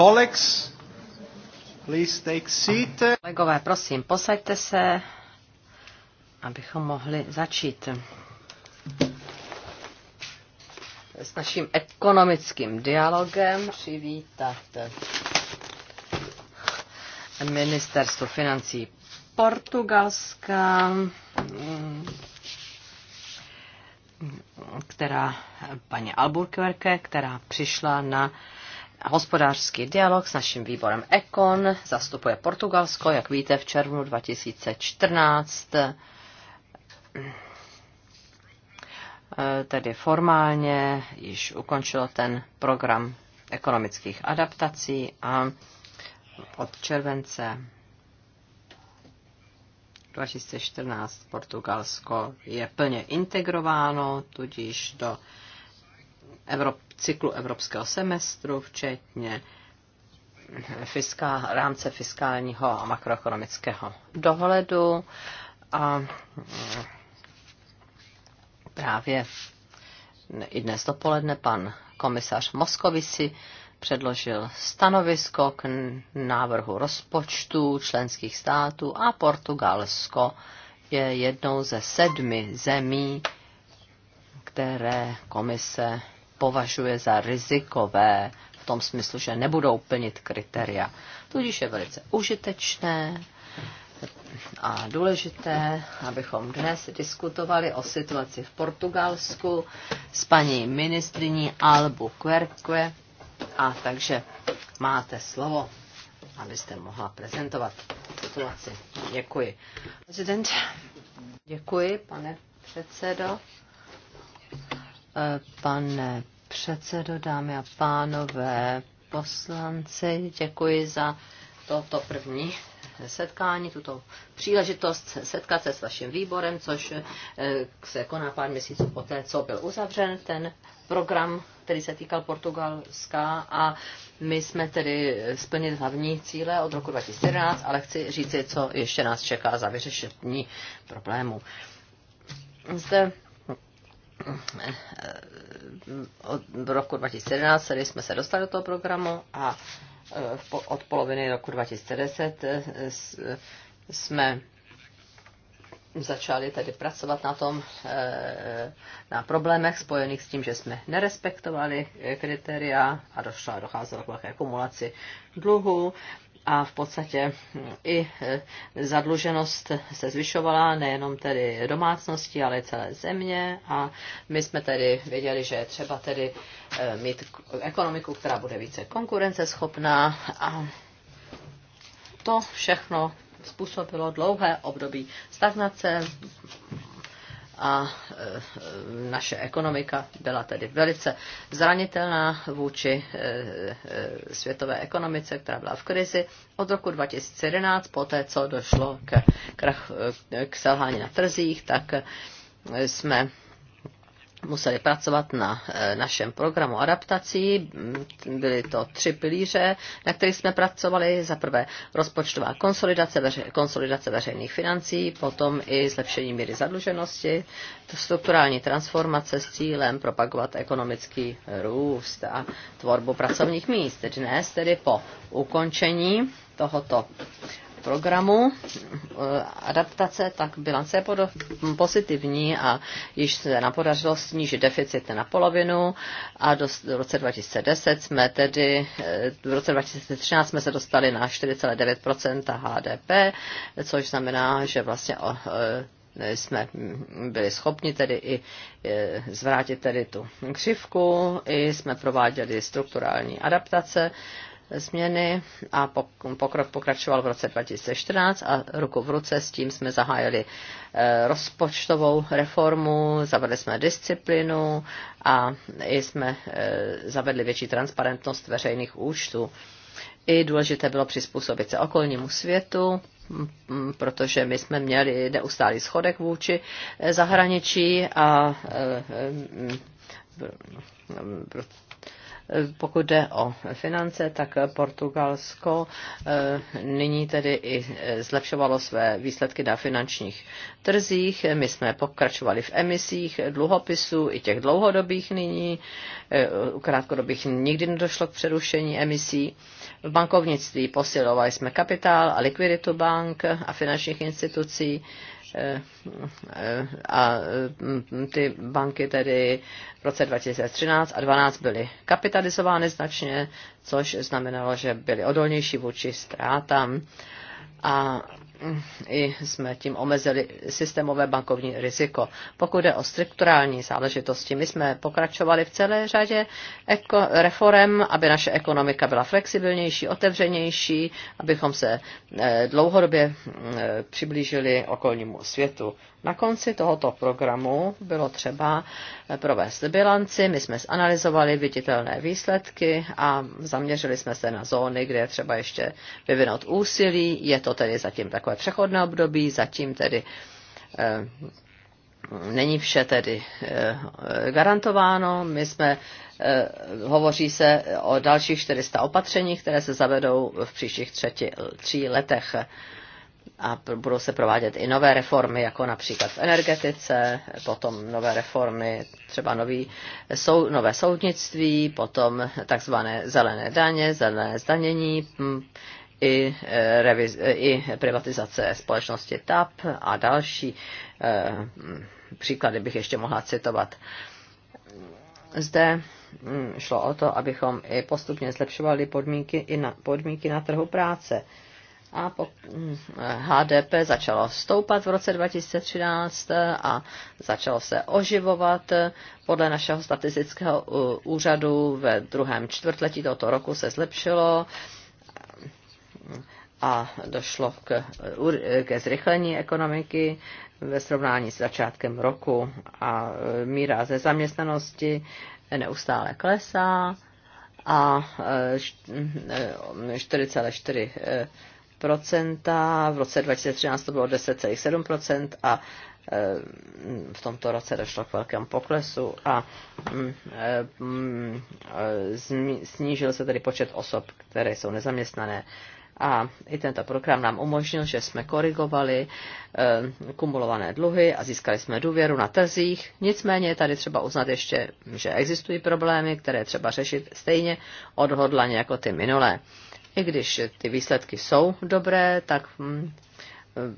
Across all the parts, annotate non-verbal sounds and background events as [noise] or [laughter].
Colleagues, please take seat. Kolegové, prosím, posaďte se, abychom mohli začít s naším ekonomickým dialogem přivítat ministerstvo financí Portugalska, která paní Alburquerque, která přišla na hospodářský dialog s naším výborem Econ, zastupuje Portugalsko, jak víte, v červnu 2014 tedy formálně již ukončilo ten program ekonomických adaptací a od července 2014 Portugalsko je plně integrováno, tudíž do Evrop, cyklu evropského semestru, včetně fiská, rámce fiskálního a makroekonomického dohledu. A mm, právě i dnes dopoledne pan komisař Moskovici předložil stanovisko k návrhu rozpočtu členských států a Portugalsko je jednou ze sedmi zemí, které komise považuje za rizikové v tom smyslu, že nebudou plnit kritéria. Tudíž je velice užitečné a důležité, abychom dnes diskutovali o situaci v Portugalsku s paní ministriní Albu Querque. A takže máte slovo, abyste mohla prezentovat situaci. Děkuji. Prezident. Děkuji, pane předsedo pane předsedo, dámy a pánové poslanci, děkuji za toto první setkání, tuto příležitost setkat se s vaším výborem, což eh, se koná pár měsíců poté, co byl uzavřen ten program, který se týkal Portugalska a my jsme tedy splnili hlavní cíle od roku 2014, ale chci říci, co ještě nás čeká za vyřešení problémů. Zde od roku 2017 tady jsme se dostali do toho programu a e, od poloviny roku 2010 e, jsme začali tedy pracovat na tom, e, na problémech spojených s tím, že jsme nerespektovali kritéria a došlo, docházelo k velké kumulaci dluhu a v podstatě i e, zadluženost se zvyšovala, nejenom tedy domácnosti, ale celé země a my jsme tedy věděli, že je třeba tedy e, mít ekonomiku, která bude více konkurenceschopná a to všechno způsobilo dlouhé období stagnace, a e, naše ekonomika byla tedy velice zranitelná vůči e, e, světové ekonomice, která byla v krizi od roku 2011, poté co došlo k, krach, k selhání na trzích, tak jsme museli pracovat na eh, našem programu adaptací. Byly to tři pilíře, na kterých jsme pracovali. Za prvé rozpočtová konsolidace, veře, konsolidace veřejných financí, potom i zlepšení míry zadluženosti, strukturální transformace s cílem propagovat ekonomický růst a tvorbu pracovních míst. Dnes tedy po ukončení tohoto programu eh, adaptace, tak bilance je pozitivní a již se nám podařilo snížit deficit na polovinu a do, v roce 2010 jsme tedy, eh, v roce 2013 jsme se dostali na 4,9% HDP, což znamená, že vlastně o, eh, jsme byli schopni tedy i zvrátit tedy tu křivku, i jsme prováděli strukturální adaptace změny a pokrok pokračoval v roce 2014 a ruku v ruce s tím jsme zahájili eh, rozpočtovou reformu, zavedli jsme disciplinu a i jsme eh, zavedli větší transparentnost veřejných účtů. I důležité bylo přizpůsobit se okolnímu světu, mm, protože my jsme měli neustálý schodek vůči eh, zahraničí a mm, pokud jde o finance, tak Portugalsko eh, nyní tedy i eh, zlepšovalo své výsledky na finančních trzích. My jsme pokračovali v emisích dluhopisů, i těch dlouhodobých nyní. Eh, u krátkodobých nikdy nedošlo k přerušení emisí. V bankovnictví posilovali jsme kapitál a likviditu bank a finančních institucí. Eh, eh, a mm, ty banky tedy v roce 2013 a 2012 byly kapitalizovány značně, což znamenalo, že byly odolnější vůči ztrátám. A i jsme tím omezili systémové bankovní riziko. Pokud je o strukturální záležitosti, my jsme pokračovali v celé řadě eko- reform, aby naše ekonomika byla flexibilnější, otevřenější, abychom se eh, dlouhodobě eh, přiblížili okolnímu světu. Na konci tohoto programu bylo třeba eh, provést bilanci, my jsme zanalizovali viditelné výsledky a zaměřili jsme se na zóny, kde je třeba ještě vyvinout úsilí. Je to tedy zatím takové takové přechodné období, zatím tedy eh, není vše tedy eh, garantováno. My jsme, eh, hovoří se o dalších 400 opatření, které se zavedou v příštích třetí, tří letech a budou se provádět i nové reformy, jako například v energetice, potom nové reformy, třeba nový, sou, nové soudnictví, potom takzvané zelené daně, zelené zdanění, hm, i, eh, reviz, eh, i privatizace společnosti TAP a další eh, příklady bych ještě mohla citovat. Zde hm, šlo o to, abychom i postupně zlepšovali podmínky, i na, podmínky na trhu práce. A po, HDP hm, začalo stoupat v roce 2013 a začalo se oživovat. Podle našeho statistického úřadu ve druhém čtvrtletí tohoto roku se zlepšilo a došlo k, ke zrychlení ekonomiky ve srovnání s začátkem roku a míra ze zaměstnanosti neustále klesá a 4,4 e, v roce 2013 to bylo 10,7 a e, v tomto roce došlo k velkému poklesu a mm, e, mm, snížil se tedy počet osob, které jsou nezaměstnané. A i tento program nám umožnil, že jsme korigovali eh, kumulované dluhy a získali jsme důvěru na trzích. Nicméně je tady třeba uznat ještě, že existují problémy, které třeba řešit stejně odhodlaně jako ty minulé. I když ty výsledky jsou dobré, tak hm,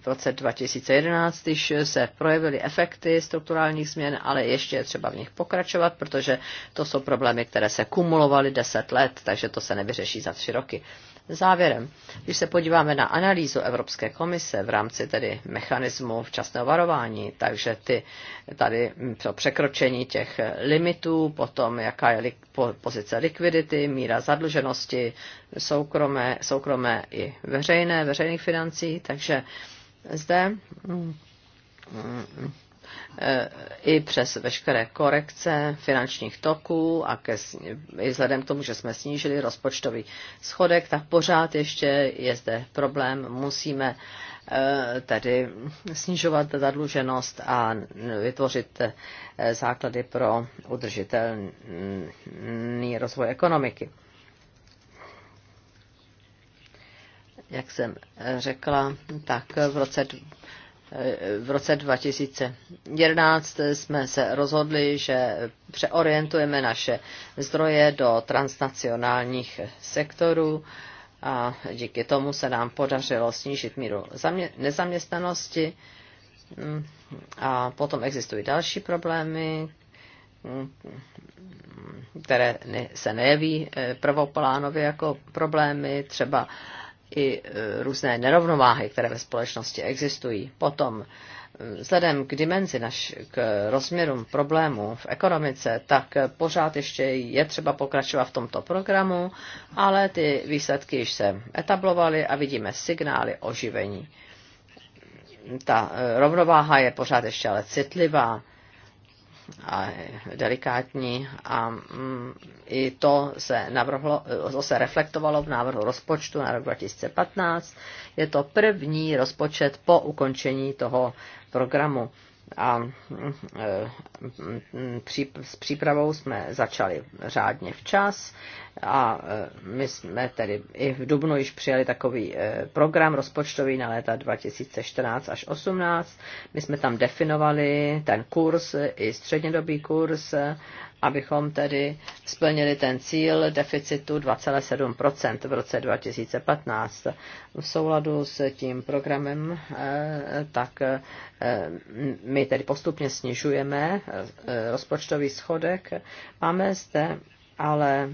v roce 2011 když se projevily efekty strukturálních změn, ale ještě je třeba v nich pokračovat, protože to jsou problémy, které se kumulovaly 10 let, takže to se nevyřeší za 3 roky. Závěrem, když se podíváme na analýzu Evropské komise v rámci tedy mechanismu včasného varování, takže ty tady to překročení těch limitů, potom jaká je pozice likvidity, míra zadluženosti, soukromé, soukromé i veřejné, veřejných financí, takže zde mm, mm, Eh, i přes veškeré korekce finančních toků a ke, i vzhledem k tomu, že jsme snížili rozpočtový schodek, tak pořád ještě je zde problém. Musíme eh, tedy snižovat zadluženost a vytvořit eh, základy pro udržitelný rozvoj ekonomiky. Jak jsem řekla, tak v roce v roce 2011 jsme se rozhodli, že přeorientujeme naše zdroje do transnacionálních sektorů a díky tomu se nám podařilo snížit míru nezaměstnanosti. A potom existují další problémy, které se nejeví eh, prvoplánově jako problémy, třeba i e, různé nerovnováhy, které ve společnosti existují. Potom e, vzhledem k dimenzi, naš, k rozměrům problémů v ekonomice, tak pořád ještě je třeba pokračovat v tomto programu, ale ty výsledky již se etablovaly a vidíme signály oživení. Ta e, rovnováha je pořád ještě ale citlivá a delikátní a mm, i to se, navrhlo, to se reflektovalo v návrhu rozpočtu na rok 2015. Je to první rozpočet po ukončení toho programu a mm, e, s přípravou jsme začali řádně včas a e, my jsme tedy i v Dubnu již přijali takový e, program rozpočtový na léta 2014 až 2018. My jsme tam definovali ten kurz i střednědobý kurz abychom tedy splnili ten cíl deficitu 2,7 v roce 2015. V souladu s tím programem, eh, tak eh, my tedy postupně snižujeme eh, rozpočtový schodek. Máme zde ale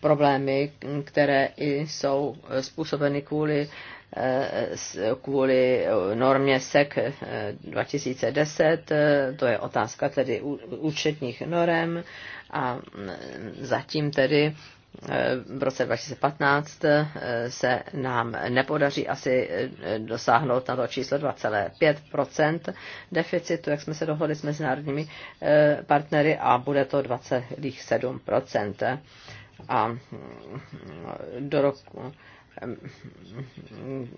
problémy, které i jsou způsobeny kvůli kvůli eh, normě e SEC 2010, eh, to je otázka tedy účetních norem a mm, zatím tedy eh, v roce 2015 se nám nepodaří asi dosáhnout na to číslo 2,5 deficitu, jak jsme se dohodli s mezinárodními partnery, a bude to 2,7 A mm, do roku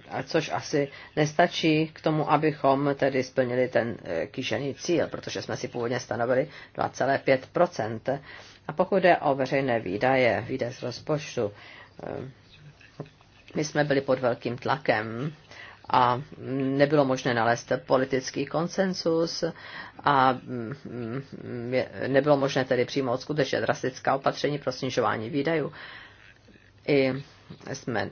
a což asi nestačí k tomu, abychom tedy splnili ten e, kýžený cíl, protože jsme si původně stanovili 2,5 A pokud jde o veřejné výdaje, výdaje z rozpočtu, e, my jsme byli pod velkým tlakem a nebylo možné nalézt politický konsensus a mm, nebylo možné tedy přijmout skutečně drastická opatření pro snižování výdajů. I jsme,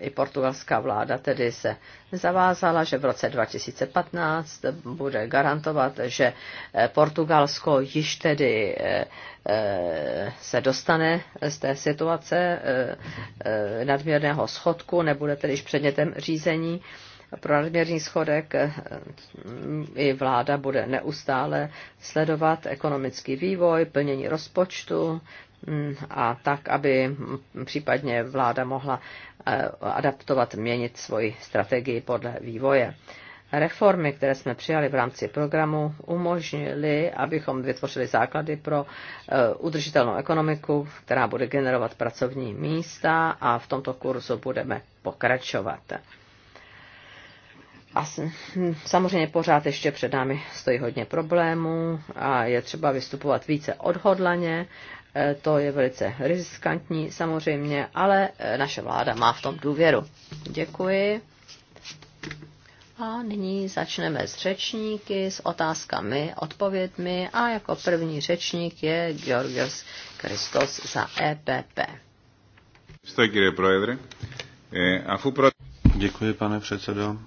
i portugalská vláda tedy se zavázala, že v roce 2015 bude garantovat, že eh, Portugalsko již tedy eh, eh, se dostane z té situace nadměrného schodku, nebude tedy již předmětem řízení pro nadměrný schodek i vláda bude neustále sledovat ekonomický vývoj, plnění rozpočtu, Mm, a tak, aby případně vláda mohla eh, adaptovat, měnit svoji strategii podle vývoje. Reformy, které jsme přijali v rámci programu, umožnily, abychom vytvořili základy pro eh, udržitelnou ekonomiku, která bude generovat pracovní místa a v tomto kurzu budeme pokračovat. A hm, samozřejmě pořád ještě před námi stojí hodně problémů a je třeba vystupovat více odhodlaně Eh, to je velice riskantní samozřejmě, ale eh, naše vláda má v tom důvěru. Děkuji. A nyní začneme s řečníky, s otázkami, odpovědmi a jako první řečník je Georgios Kristos za EPP. Eh, děkuji, pane předsedo.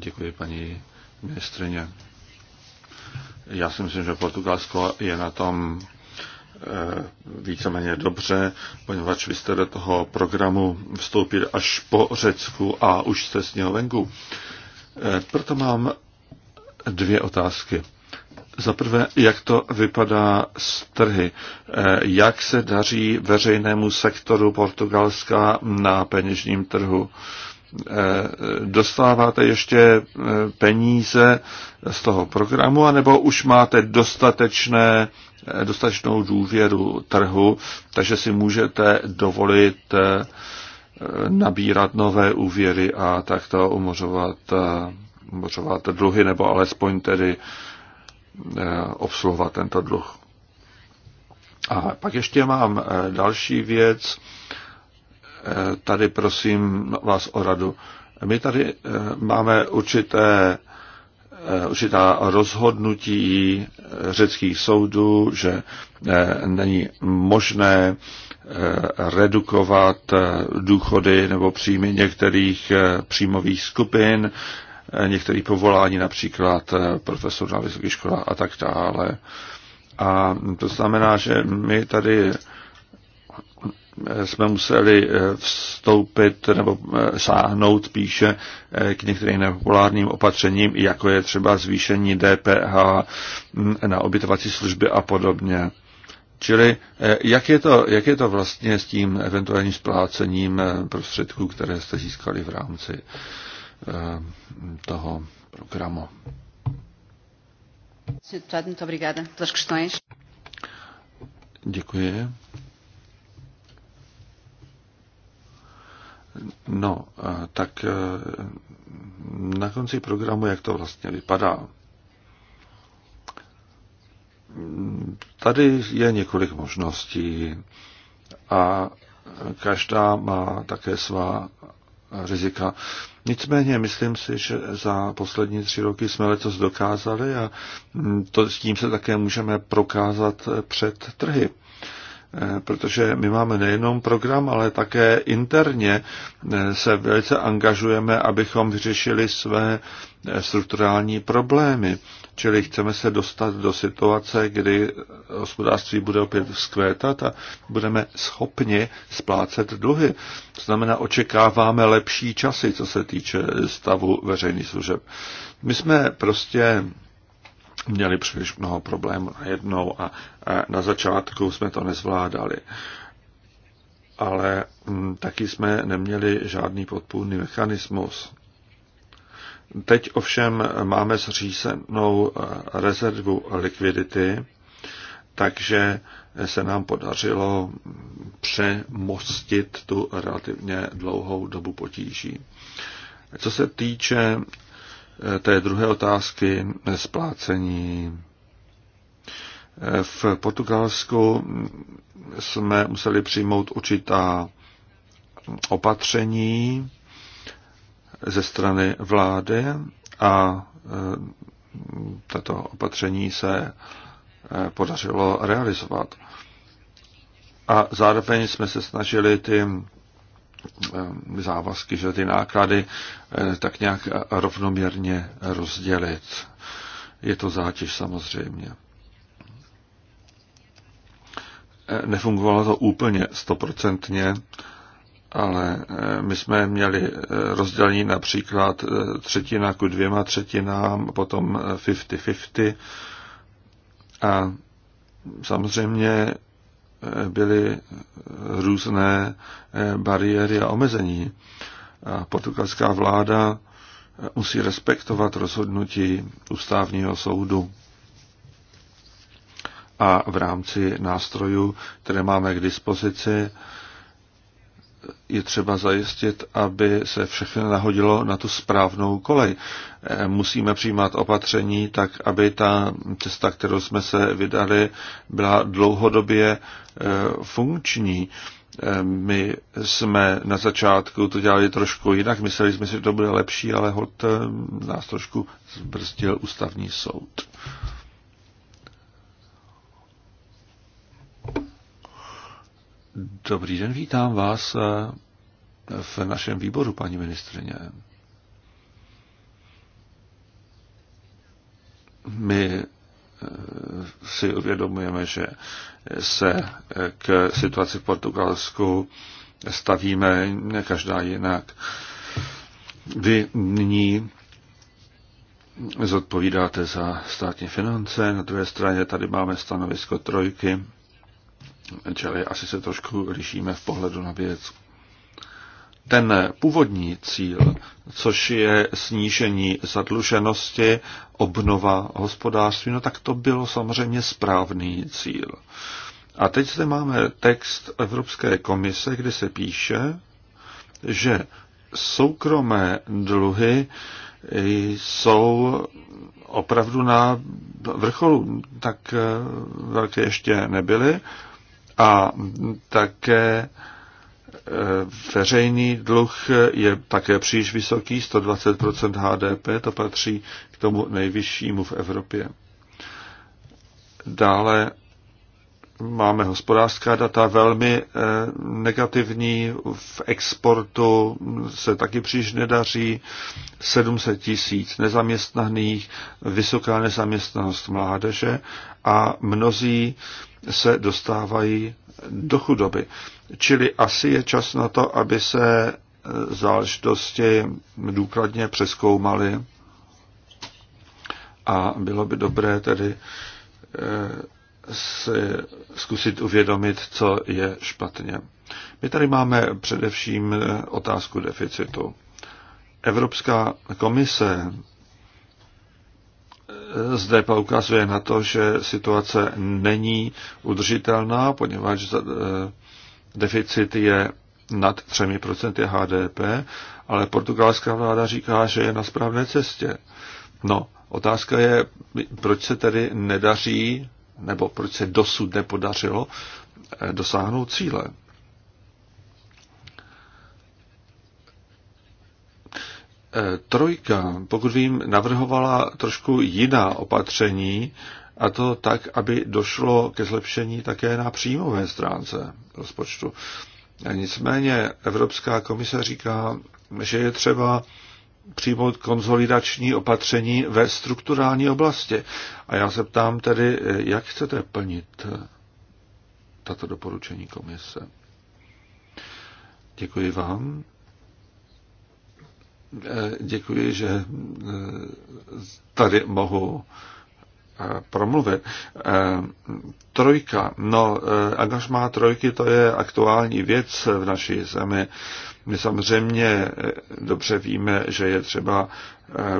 děkuji, paní ministrině. Já si myslím, že Portugalsko je na tom eh, víceméně dobře, poněvadž vy jste do toho programu vstoupil až po Řecku a už jste z něho venku. Eh, proto mám dvě otázky. Za prvé, jak to vypadá s trhy? Eh, jak se daří veřejnému sektoru Portugalska na peněžním trhu? Eh, dostáváte ještě eh, peníze z toho programu, anebo už máte dostatečné, eh, dostatečnou důvěru trhu, takže si můžete dovolit nabírat nové úvěry a takto umořovat, umořovat dluhy, nebo alespoň tedy obsluhovat tento dluh. A pak ještě mám další věc, tady prosím vás o radu. My tady eh, máme určité, eh, určitá rozhodnutí řeckých soudů, že eh, není možné redukovat důchody nebo příjmy některých příjmových skupin, některých povolání, například profesor na vysoké škole a tak dále. A to znamená, že my tady jsme museli eh, vstoupit nebo eh, sáhnout píše eh, k některým nepopulárním opatřením, jako je třeba zvýšení DPH mm, na obytovací služby a podobně. Čili jak je, to, jak je to vlastně s tím eventuálním splácením prostředků, které jste získali v rámci toho programu? Děkuji. No, eh, tak eh, na konci programu, jak to vlastně vypadá. Tady je několik možností a každá má také svá rizika. Nicméně myslím si, že za poslední tři roky jsme letos dokázali a to, s tím se také můžeme prokázat před trhy. Eh, protože my máme nejenom program, ale také interně eh, se velice angažujeme, abychom vyřešili své eh, strukturální problémy. Čili chceme se dostat do situace, kdy hospodářství bude opět vzkvétat a budeme schopni splácet dluhy. To znamená, očekáváme lepší časy, co se týče stavu veřejných služeb. My jsme prostě měli příliš mnoho problémů najednou a na začátku jsme to nezvládali. Ale mm, taky jsme neměli žádný podpůrný mechanismus. Teď ovšem máme zřízenou eh, rezervu likvidity, takže se nám podařilo přemostit tu relativně dlouhou dobu potíží. Co se týče té druhé otázky splácení. V Portugalsku jsme museli přijmout určitá opatření ze strany vlády a e, tato opatření se e, podařilo realizovat. A zároveň jsme se snažili ty Eh, závazky, že ty náklady eh, tak nějak rovnoměrně rozdělit. Je to zátěž samozřejmě. Eh, nefungovalo to úplně stoprocentně, ale my jsme měli rozdělení například třetina ku dvěma třetinám, potom 50-50 a samozřejmě byly různé eh, bariéry a omezení. Portugalská vláda eh, musí respektovat rozhodnutí ústavního soudu. A v rámci nástrojů, které máme k dispozici, je třeba zajistit, aby se všechno nahodilo na tu správnou kolej. Eh, musíme přijímat opatření tak, aby ta cesta, kterou jsme se vydali, byla dlouhodobě eh, funkční. Eh, my jsme na začátku to dělali trošku jinak, mysleli jsme si, že to bude lepší, ale hod nás trošku zbrzdil ústavní soud. Dobrý den, vítám vás eh, v našem výboru, paní ministrině. My eh, si uvědomujeme, že se eh, k situaci v Portugalsku stavíme každá jinak. Vy nyní zodpovídáte za státní finance, na druhé straně tady máme stanovisko trojky Čili asi se trošku lišíme v pohledu na věc. Ten původní cíl, což je snížení zadluženosti, obnova hospodářství, no tak to bylo samozřejmě správný cíl. A teď zde máme text Evropské komise, kde se píše, že soukromé dluhy jsou opravdu na vrcholu tak eh, velké ještě nebyly a také e, veřejný dluh je také příliš vysoký, 120 HDP, to patří k tomu nejvyššímu v Evropě. Dále máme hospodářská data velmi eh, negativní, v exportu se taky příliš nedaří, 700 tisíc nezaměstnaných, vysoká nezaměstnanost mládeže a mnozí se dostávají do chudoby. Čili asi je čas na to, aby se eh, záležitosti důkladně přeskoumaly a bylo by dobré tedy eh, zkusit uvědomit, co je špatně. My tady máme především otázku deficitu. Evropská komise zde poukazuje na to, že situace není udržitelná, poněvadž e, deficit je nad 3% HDP, ale portugalská vláda říká, že je na správné cestě. No, otázka je, proč se tedy nedaří nebo proč se dosud nepodařilo eh, dosáhnout cíle. Eh, trojka, pokud vím, navrhovala trošku jiná opatření, a to tak, aby došlo ke zlepšení také na příjmové stránce rozpočtu. Nicméně Evropská komise říká, že je třeba přijmout konzolidační opatření ve strukturální oblasti. A já se ptám tedy, jak chcete plnit tato doporučení komise. Děkuji vám. Eh, děkuji, že eh, tady mohu promluvit. E, trojka, no, e, angažmá trojky, to je aktuální věc v naší zemi. My samozřejmě e, dobře víme, že je třeba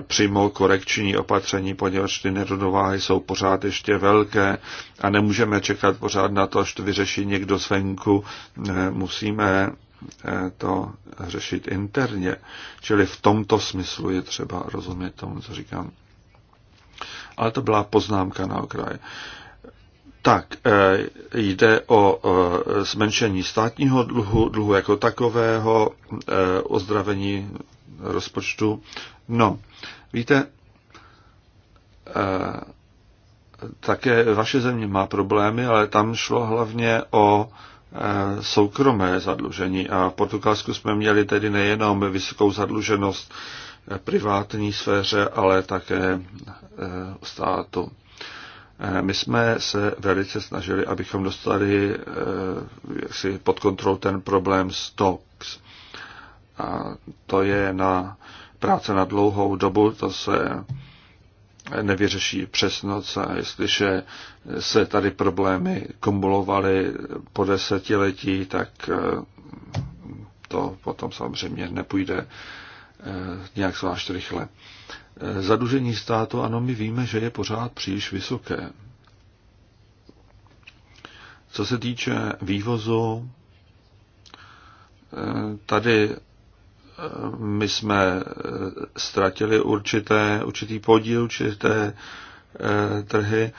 přijmout korekční opatření, poněvadž ty nerodováhy jsou pořád ještě velké a nemůžeme čekat pořád na to, až to vyřeší někdo zvenku. Musíme to řešit interně. Čili v tomto smyslu je třeba rozumět tomu, co říkám ale to byla poznámka na okraj. Tak, eh, jde o eh, zmenšení státního dluhu, dluhu jako takového, eh, ozdravení rozpočtu. No, víte, také vaše země má problémy, ale tam šlo hlavně o soukromé zadlužení. A v Portugalsku jsme měli tedy nejenom vysokou zadluženost privátní sféře, ale také eh, státu. Eh, my jsme se velice snažili, abychom dostali eh, si pod kontrolu ten problém stocks. A to je na práce na dlouhou dobu, to se nevyřeší přes noc a jestliže se tady problémy kumulovaly po desetiletí, tak to potom samozřejmě nepůjde Eh, nějak zvlášť rychle. Eh, Zadužení státu, ano, my víme, že je pořád příliš vysoké. Co se týče vývozu, eh, tady my jsme ztratili určité, určitý podíl, určité trhy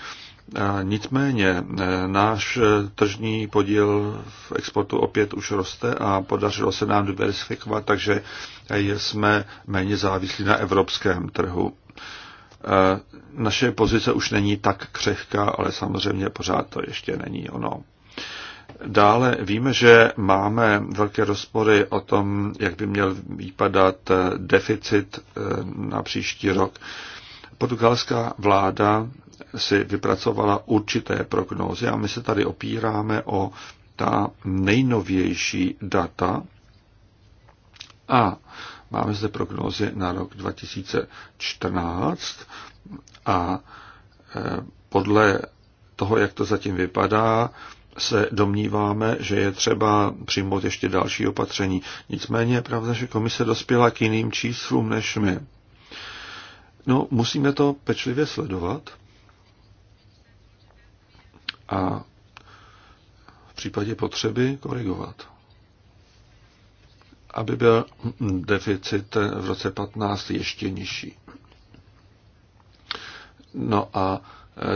Nicméně e, náš e, tržní podíl v exportu opět už roste a podařilo se nám diversifikovat, takže jsme méně závislí na evropském trhu. E, naše pozice už není tak křehká, ale samozřejmě pořád to ještě není ono. Dále víme, že máme velké rozpory o tom, jak by měl vypadat deficit na příští rok. Portugalská vláda si vypracovala určité prognózy a my se tady opíráme o ta nejnovější data a máme zde prognózy na rok 2014 a e, podle toho, jak to zatím vypadá, se domníváme, že je třeba přijmout ještě další opatření. Nicméně je pravda, že komise dospěla k jiným číslům než my. No, musíme to pečlivě sledovat a v případě potřeby korigovat. Aby byl deficit v roce 15 ještě nižší. No a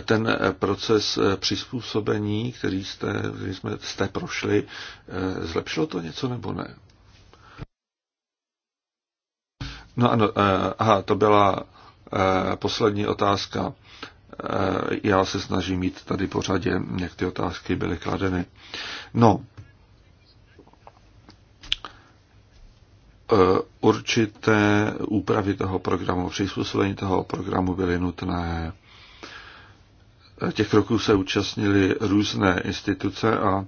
ten proces přizpůsobení, který jste, který jsme, jste prošli, zlepšilo to něco nebo ne? No ano, eh, aha, to byla eh, poslední otázka. Eh, já se snažím mít tady pořadě, jak ty otázky byly kladeny. No, eh, určité úpravy toho programu, přizpůsobení toho programu byly nutné. Eh, těch kroků se účastnili různé instituce a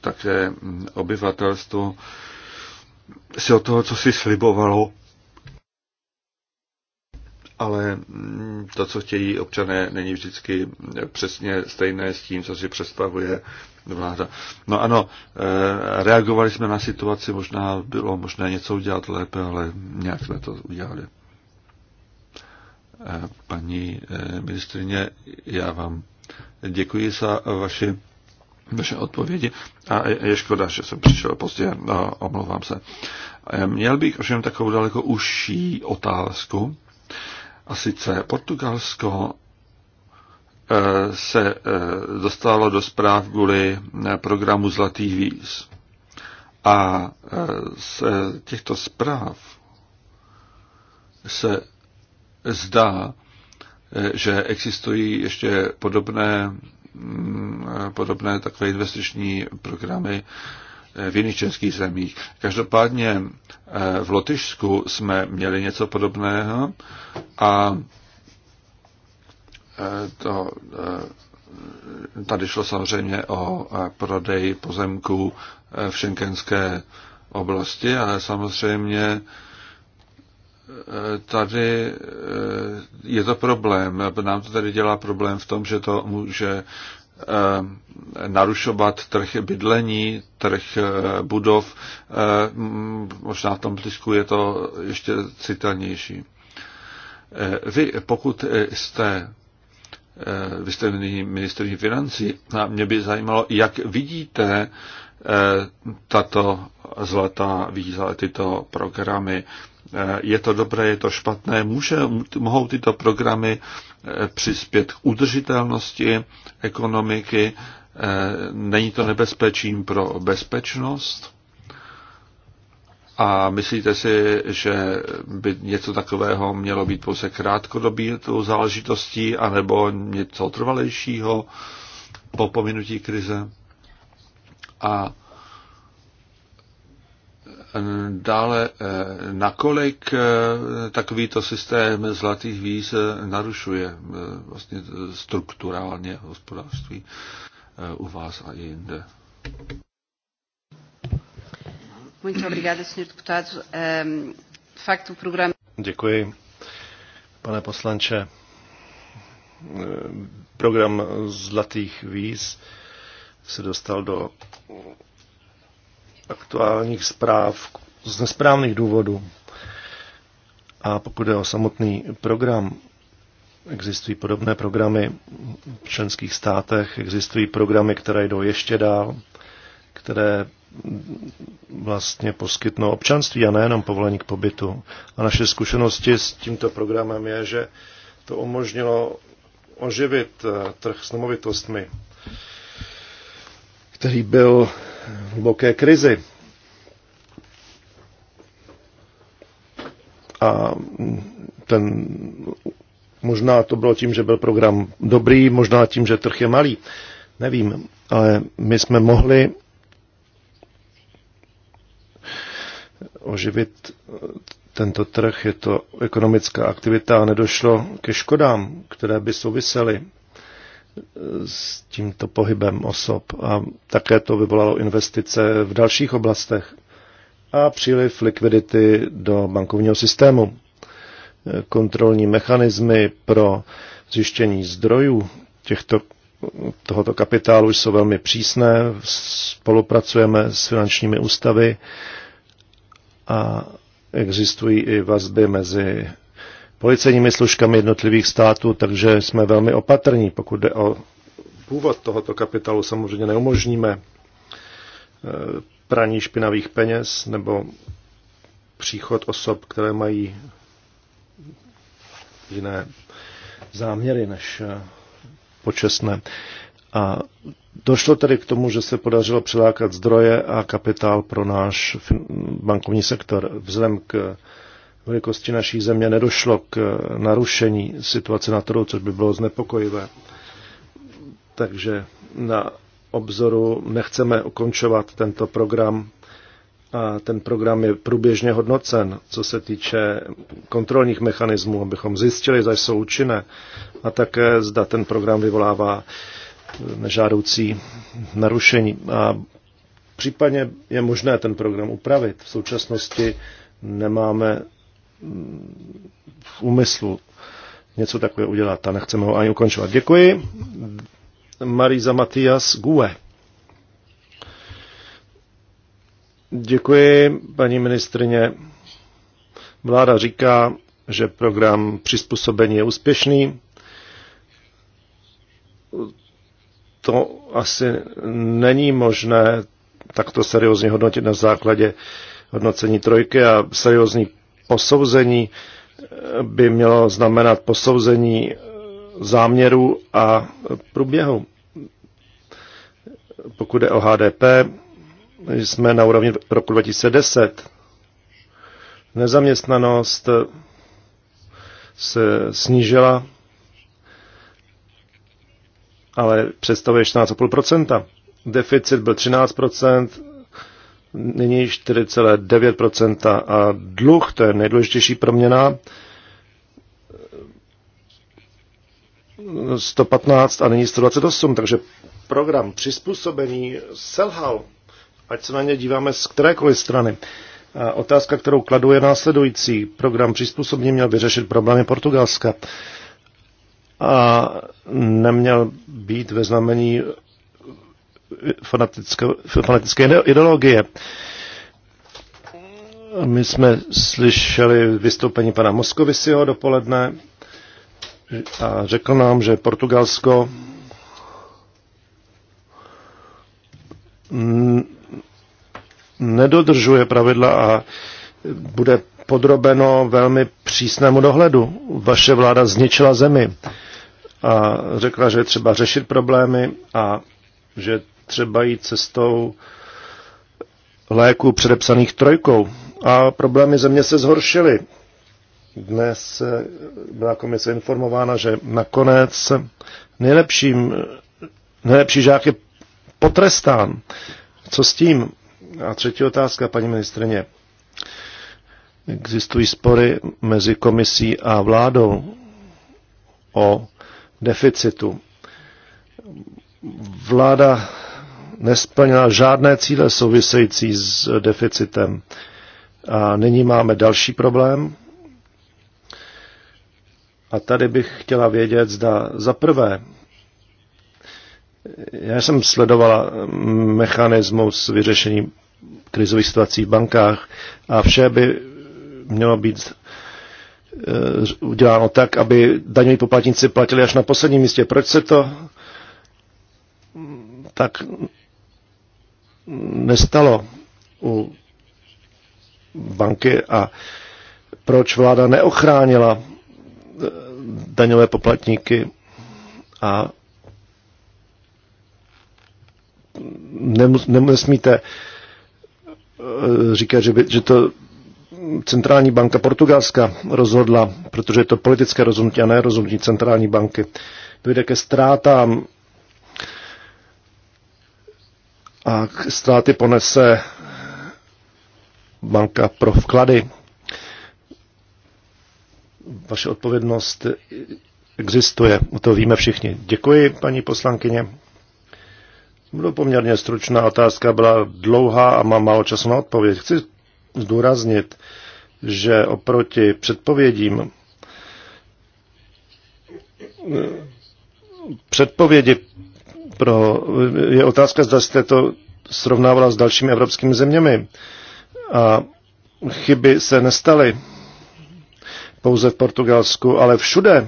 také obyvatelstvo si od toho, co si slibovalo, ale mm, to, co chtějí občané, není vždycky přesně stejné s tím, co si představuje vláda. No ano, eh, reagovali jsme na situaci, možná bylo možné něco udělat lépe, ale nějak jsme to udělali. Eh, paní eh, ministrině, já vám děkuji za vaši vaše odpovědi. A je škoda, že jsem přišel pozdě, no, omlouvám se. Měl bych ovšem takovou daleko užší otázku. A sice Portugalsko eh, se eh, dostalo do zpráv kvůli eh, programu Zlatých víz. A z těchto zpráv se zdá, že existují ještě podobné, mm, podobné takové investiční programy v jiných českých zemích. Každopádně eh, v Lotyšsku jsme měli něco podobného a eh, to, eh, tady šlo samozřejmě o prodej pozemků v šenkenské oblasti, ale samozřejmě tady je to problém. Nám to tady dělá problém v tom, že to může Eh, narušovat trh bydlení, trh eh, budov. Eh, možná v tom tisku je to ještě citelnější. Vy, pokud jste vy jste ministrní financí a mě by zajímalo, jak vidíte tato zlatá víza, tyto programy, Eh, je to dobré, je to špatné. Může, mohou tyto programy eh, přispět k udržitelnosti ekonomiky, eh, není to nebezpečím pro bezpečnost. A myslíte si, že by něco takového mělo být pouze krátkodobí tou záležitostí, anebo něco trvalejšího po pominutí krize? A Dále, eh, nakolik eh, takovýto systém zlatých víz eh, narušuje vlastně strukturálně hospodářství u vás a jinde? Ehm, Děkuji, pane poslanče. Program zlatých víz se dostal do aktuálních zpráv z nesprávných důvodů. A pokud je o samotný program, existují podobné programy v členských státech, existují programy, které jdou ještě dál, které vlastně poskytnou občanství a nejenom povolení k pobytu. A naše zkušenosti s tímto programem je, že to umožnilo oživit eh, trh s nemovitostmi který byl v hluboké krizi. A ten, možná to bylo tím, že byl program dobrý, možná tím, že trh je malý, nevím, ale my jsme mohli oživit tento trh, je to ekonomická aktivita a nedošlo ke škodám, které by souvisely s tímto pohybem osob. A také to vyvolalo investice v dalších oblastech a příliv likvidity do bankovního systému. Kontrolní mechanismy pro zjištění zdrojů těchto, tohoto kapitálu jsou velmi přísné. Spolupracujeme s finančními ústavy a existují i vazby mezi policejními služkami jednotlivých států, takže jsme velmi opatrní, pokud jde o původ tohoto kapitálu. Samozřejmě neumožníme eh, praní špinavých peněz nebo příchod osob, které mají jiné záměry než eh, počestné. A došlo tedy k tomu, že se podařilo přilákat zdroje a kapitál pro náš bankovní sektor. Vzhledem k velikosti naší země nedošlo k eh, narušení situace na trhu, což by bylo znepokojivé. Takže na obzoru nechceme ukončovat tento program a ten program je průběžně hodnocen, co se týče kontrolních mechanismů, abychom zjistili, zda jsou účinné a také zda ten program vyvolává eh, nežádoucí narušení. A případně je možné ten program upravit. V současnosti nemáme v úmyslu něco takové udělat a nechceme ho ani ukončovat. Děkuji. Marisa Matias Gue. Děkuji, paní ministrině. Vláda říká, že program přizpůsobení je úspěšný. To asi není možné takto seriózně hodnotit na základě hodnocení trojky a seriózní posouzení by mělo znamenat posouzení záměru a průběhu. Pokud je o HDP, jsme na úrovni roku 2010. Nezaměstnanost se snížila, ale představuje 14,5%. Deficit byl 13%, nyní 4,9% a dluh, to je nejdůležitější proměna, 115 a nyní 128, takže program přizpůsobení selhal, ať se na ně díváme z kterékoliv strany. A otázka, kterou kladu, je následující. Program přizpůsobení měl vyřešit problémy Portugalska a neměl být ve znamení fanatické ideologie. My jsme slyšeli vystoupení pana Moskovisiho dopoledne a řekl nám, že Portugalsko nedodržuje pravidla a bude podrobeno velmi přísnému dohledu. Vaše vláda zničila zemi a řekla, že je třeba řešit problémy a že třeba jít cestou léků předepsaných trojkou. A problémy země se zhoršily. Dnes eh, byla komise informována, že nakonec nejlepším, nejlepší žák je potrestán. Co s tím? A třetí otázka, paní ministrině. Existují spory mezi komisí a vládou o deficitu. Vláda nesplnila žádné cíle související s deficitem. A nyní máme další problém. A tady bych chtěla vědět, zda za prvé, já jsem sledovala mechanismus vyřešení krizových situací v bankách a vše by mělo být eh, uděláno tak, aby daňoví poplatníci platili až na posledním místě. Proč se to tak nestalo u banky a proč vláda neochránila eh, daňové poplatníky a nemus, nesmíte eh, říkat, že, by, že to centrální banka portugalská rozhodla, protože je to politické rozhodnutí a ne rozhodnutí centrální banky. Dojde ke ztrátám a ztráty ponese banka pro vklady. Vaše odpovědnost existuje, o to víme všichni. Děkuji, paní poslankyně. Byla poměrně stručná otázka, byla dlouhá a mám málo času na odpověď. Chci zdůraznit, že oproti předpovědím předpovědi pro, je otázka, zda jste to srovnávala s dalšími evropskými zeměmi. A chyby se nestaly pouze v Portugalsku, ale všude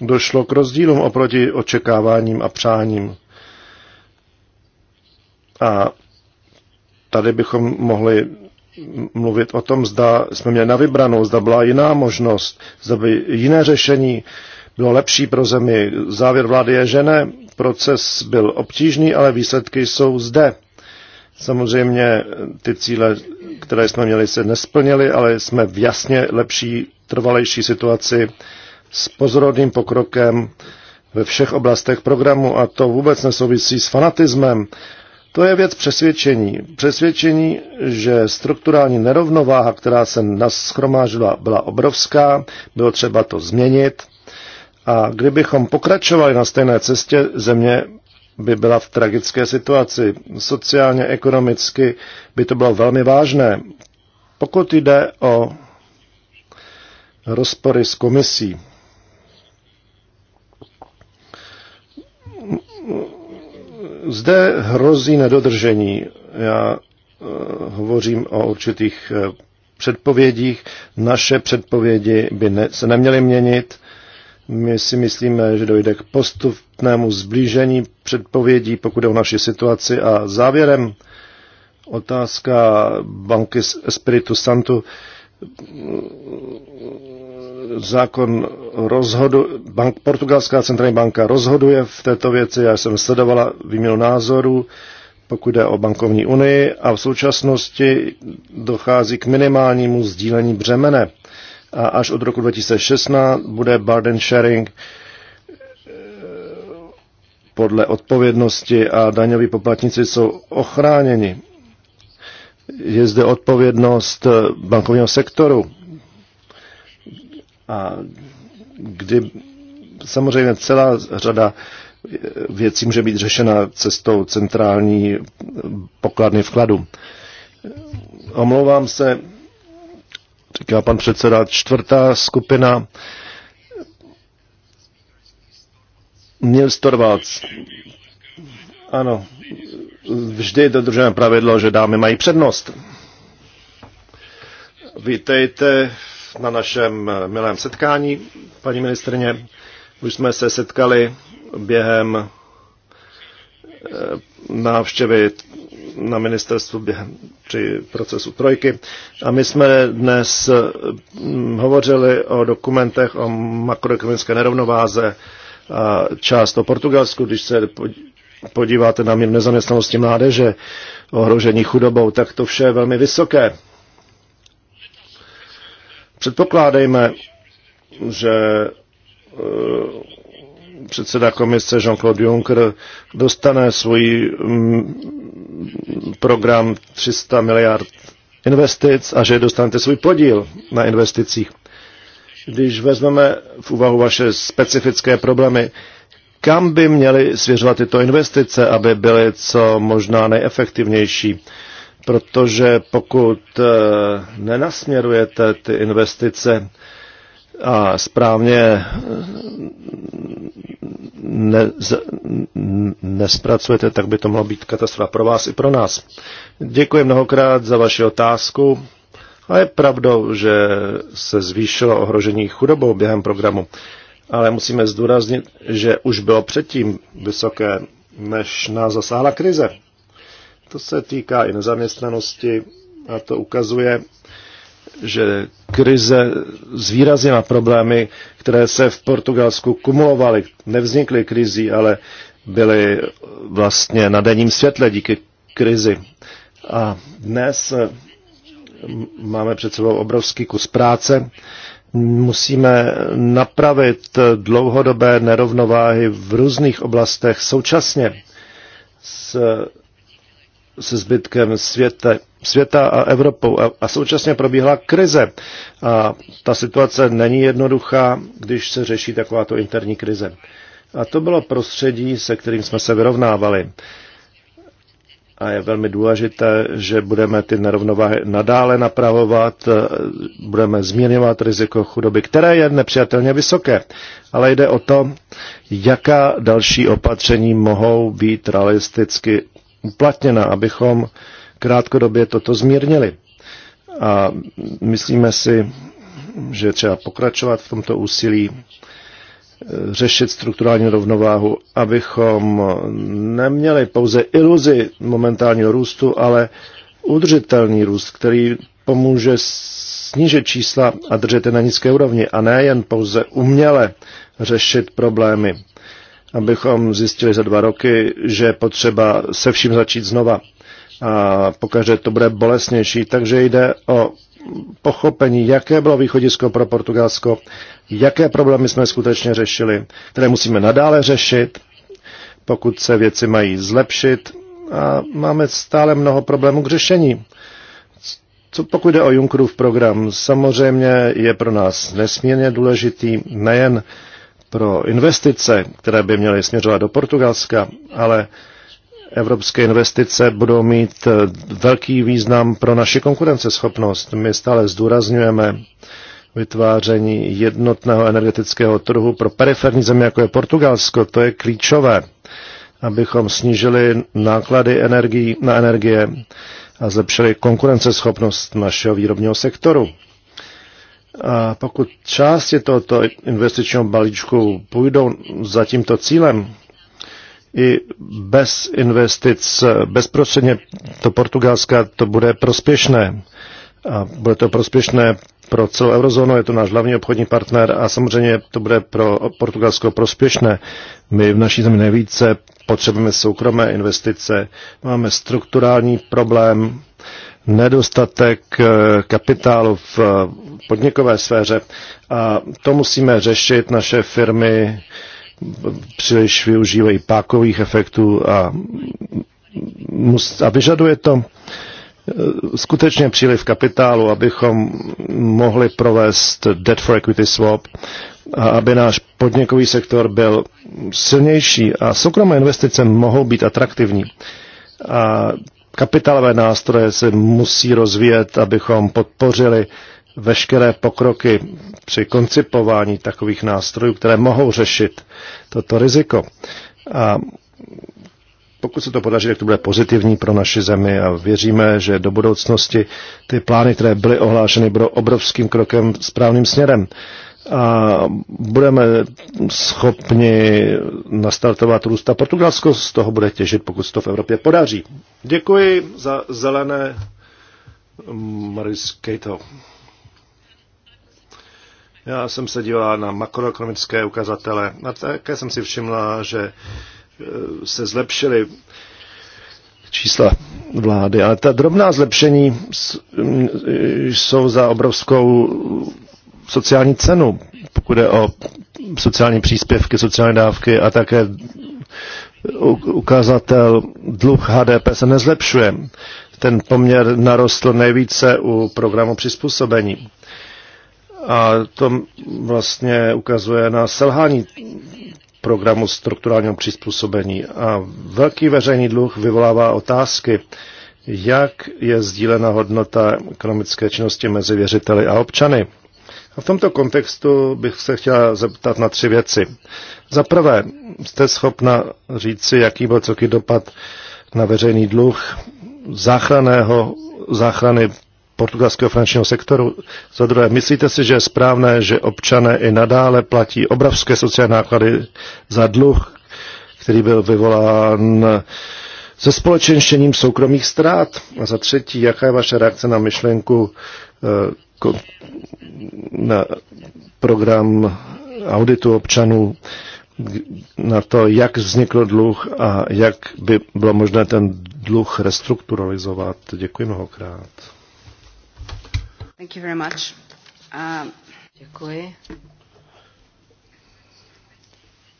došlo k rozdílům oproti očekáváním a přáním. A tady bychom mohli mluvit o tom, zda jsme měli na vybranou, zda byla jiná možnost, zda by jiné řešení bylo lepší pro zemi. Závěr vlády je, že ne. Proces byl obtížný, ale výsledky jsou zde. Samozřejmě eh, ty cíle, které jsme měli, se nesplnily, ale jsme v jasně lepší, trvalejší situaci s pozorodným pokrokem ve všech oblastech programu a to vůbec nesouvisí s fanatismem. To je věc přesvědčení. Přesvědčení, že strukturální nerovnováha, která se nashromážila, byla obrovská, bylo třeba to změnit a kdybychom pokračovali na stejné cestě, země by byla v tragické situaci. Sociálně, ekonomicky by to bylo velmi vážné. Pokud jde o rozpory s komisí, zde hrozí nedodržení. Já eh, hovořím o určitých eh, předpovědích. Naše předpovědi by ne, se neměly měnit my si myslíme, že dojde k postupnému zblížení předpovědí, pokud je o naši situaci. A závěrem otázka banky Spiritu Santu. Zákon rozhodu, bank, portugalská centrální banka rozhoduje v této věci. Já jsem sledovala výměnu názorů, pokud jde o bankovní unii a v současnosti dochází k minimálnímu sdílení břemene a až od roku 2016 bude burden sharing eh, podle odpovědnosti a daňoví poplatníci jsou ochráněni. Je zde odpovědnost eh, bankovního sektoru. A kdy samozřejmě celá řada eh, věcí může být řešena cestou centrální pokladny vkladu. Omlouvám se, říká pan předseda. Čtvrtá skupina Nils Torvalds. Ano, vždy dodržujeme pravidlo, že dámy mají přednost. Vítejte na našem milém setkání, paní ministrně. Už jsme se setkali během eh, návštěvy na ministerstvu během, při procesu trojky. A my jsme dnes mm, hovořili o dokumentech o makroekonomické nerovnováze a část o Portugalsku, když se podíváte na míru nezaměstnanosti mládeže, ohrožení chudobou, tak to vše je velmi vysoké. Předpokládejme, že eh, předseda komise Jean-Claude Juncker dostane svůj mm, program 300 miliard investic a že dostanete svůj podíl na investicích. Když vezmeme v úvahu vaše specifické problémy, kam by měly svěřovat tyto investice, aby byly co možná nejefektivnější? Protože pokud eh, nenasměrujete ty investice a správně ne, z, nespracujete, tak by to mohla být katastrofa pro vás i pro nás. Děkuji mnohokrát za vaši otázku. A je pravdou, že se zvýšilo ohrožení chudobou během programu, ale musíme zdůraznit, že už bylo předtím vysoké, než nás zasáhla krize. To se týká i nezaměstnanosti a to ukazuje, že krize zvýrazněla problémy, které se v Portugalsku kumulovaly. Nevznikly krizí, ale byly vlastně na denním světle díky krizi. A dnes eh, máme před sebou obrovský kus práce. Musíme napravit dlouhodobé nerovnováhy v různých oblastech současně s se zbytkem světa, světa a Evropou a, a současně probíhala krize. A ta situace není jednoduchá, když se řeší takováto interní krize. A to bylo prostředí, se kterým jsme se vyrovnávali. A je velmi důležité, že budeme ty nerovnováhy nadále napravovat, budeme zmírňovat riziko chudoby, které je nepřijatelně vysoké. Ale jde o to, jaká další opatření mohou být realisticky uplatněna, abychom krátkodobě toto zmírnili. A myslíme si, že třeba pokračovat v tomto úsilí, e, řešit strukturální rovnováhu, abychom neměli pouze iluzi momentálního růstu, ale udržitelný růst, který pomůže snížit čísla a držet je na nízké úrovni a ne jen pouze uměle řešit problémy abychom zjistili za dva roky, že je potřeba se vším začít znova. A pokaže to bude bolesnější, takže jde o pochopení, jaké bylo východisko pro Portugalsko, jaké problémy jsme skutečně řešili, které musíme nadále řešit, pokud se věci mají zlepšit. A máme stále mnoho problémů k řešení. Co pokud jde o Junckerův program, samozřejmě je pro nás nesmírně důležitý, nejen pro investice, které by měly směřovat do Portugalska, ale evropské investice budou mít eh, velký význam pro naši konkurenceschopnost. My stále zdůrazňujeme vytváření jednotného energetického trhu pro periferní země, jako je Portugalsko. To je klíčové, abychom snížili náklady energii, na energie a zlepšili konkurenceschopnost našeho výrobního sektoru. A pokud části tohoto investičního balíčku půjdou za tímto cílem, i bez investic bezprostředně do Portugalska to bude prospěšné. A bude to prospěšné pro celou eurozónu, je to náš hlavní obchodní partner a samozřejmě to bude pro Portugalsko prospěšné. My v naší zemi nejvíce potřebujeme soukromé investice, máme strukturální problém, nedostatek eh, kapitálu v podnikové sféře. A to musíme řešit. Naše firmy příliš využívají pákových efektů a, a vyžaduje to eh, skutečně příliv kapitálu, abychom mohli provést debt for equity swap a aby náš podnikový sektor byl silnější a soukromé investice mohou být atraktivní. A kapitálové nástroje se musí rozvíjet, abychom podpořili veškeré pokroky při koncipování takových nástrojů, které mohou řešit toto riziko. A pokud se to podaří, tak to bude pozitivní pro naši zemi a věříme, že do budoucnosti ty plány, které byly ohlášeny, budou obrovským krokem správným směrem. A budeme schopni nastartovat růst a Portugalsko z toho bude těžit, pokud se to v Evropě podaří. Děkuji za zelené Maris Kejto. Já jsem se díval na makroekonomické ukazatele a také jsem si všimla, že e, se zlepšily čísla vlády, ale ta drobná zlepšení jsou za obrovskou sociální cenu, pokud je o sociální příspěvky, sociální dávky a také ukazatel dluh HDP se nezlepšuje. Ten poměr narostl nejvíce u programu přizpůsobení. A to vlastně ukazuje na selhání programu strukturálního přizpůsobení. A velký veřejný dluh vyvolává otázky, jak je sdílena hodnota ekonomické činnosti mezi věřiteli a občany. A v tomto kontextu bych se chtěla zeptat na tři věci. Za prvé, jste schopna říci, jaký byl celký dopad na veřejný dluh záchranného, záchrany portugalského finančního sektoru. Za druhé, myslíte si, že je správné, že občané i nadále platí obrovské sociální náklady za dluh, který byl vyvolán se společenštěním soukromých ztrát? A za třetí, jaká je vaše reakce na myšlenku eh, na program auditu občanů na to, jak vznikl dluh a jak by bylo možné ten dluh restrukturalizovat. Děkuji mnohokrát. Thank you very much. Um... Děkuji.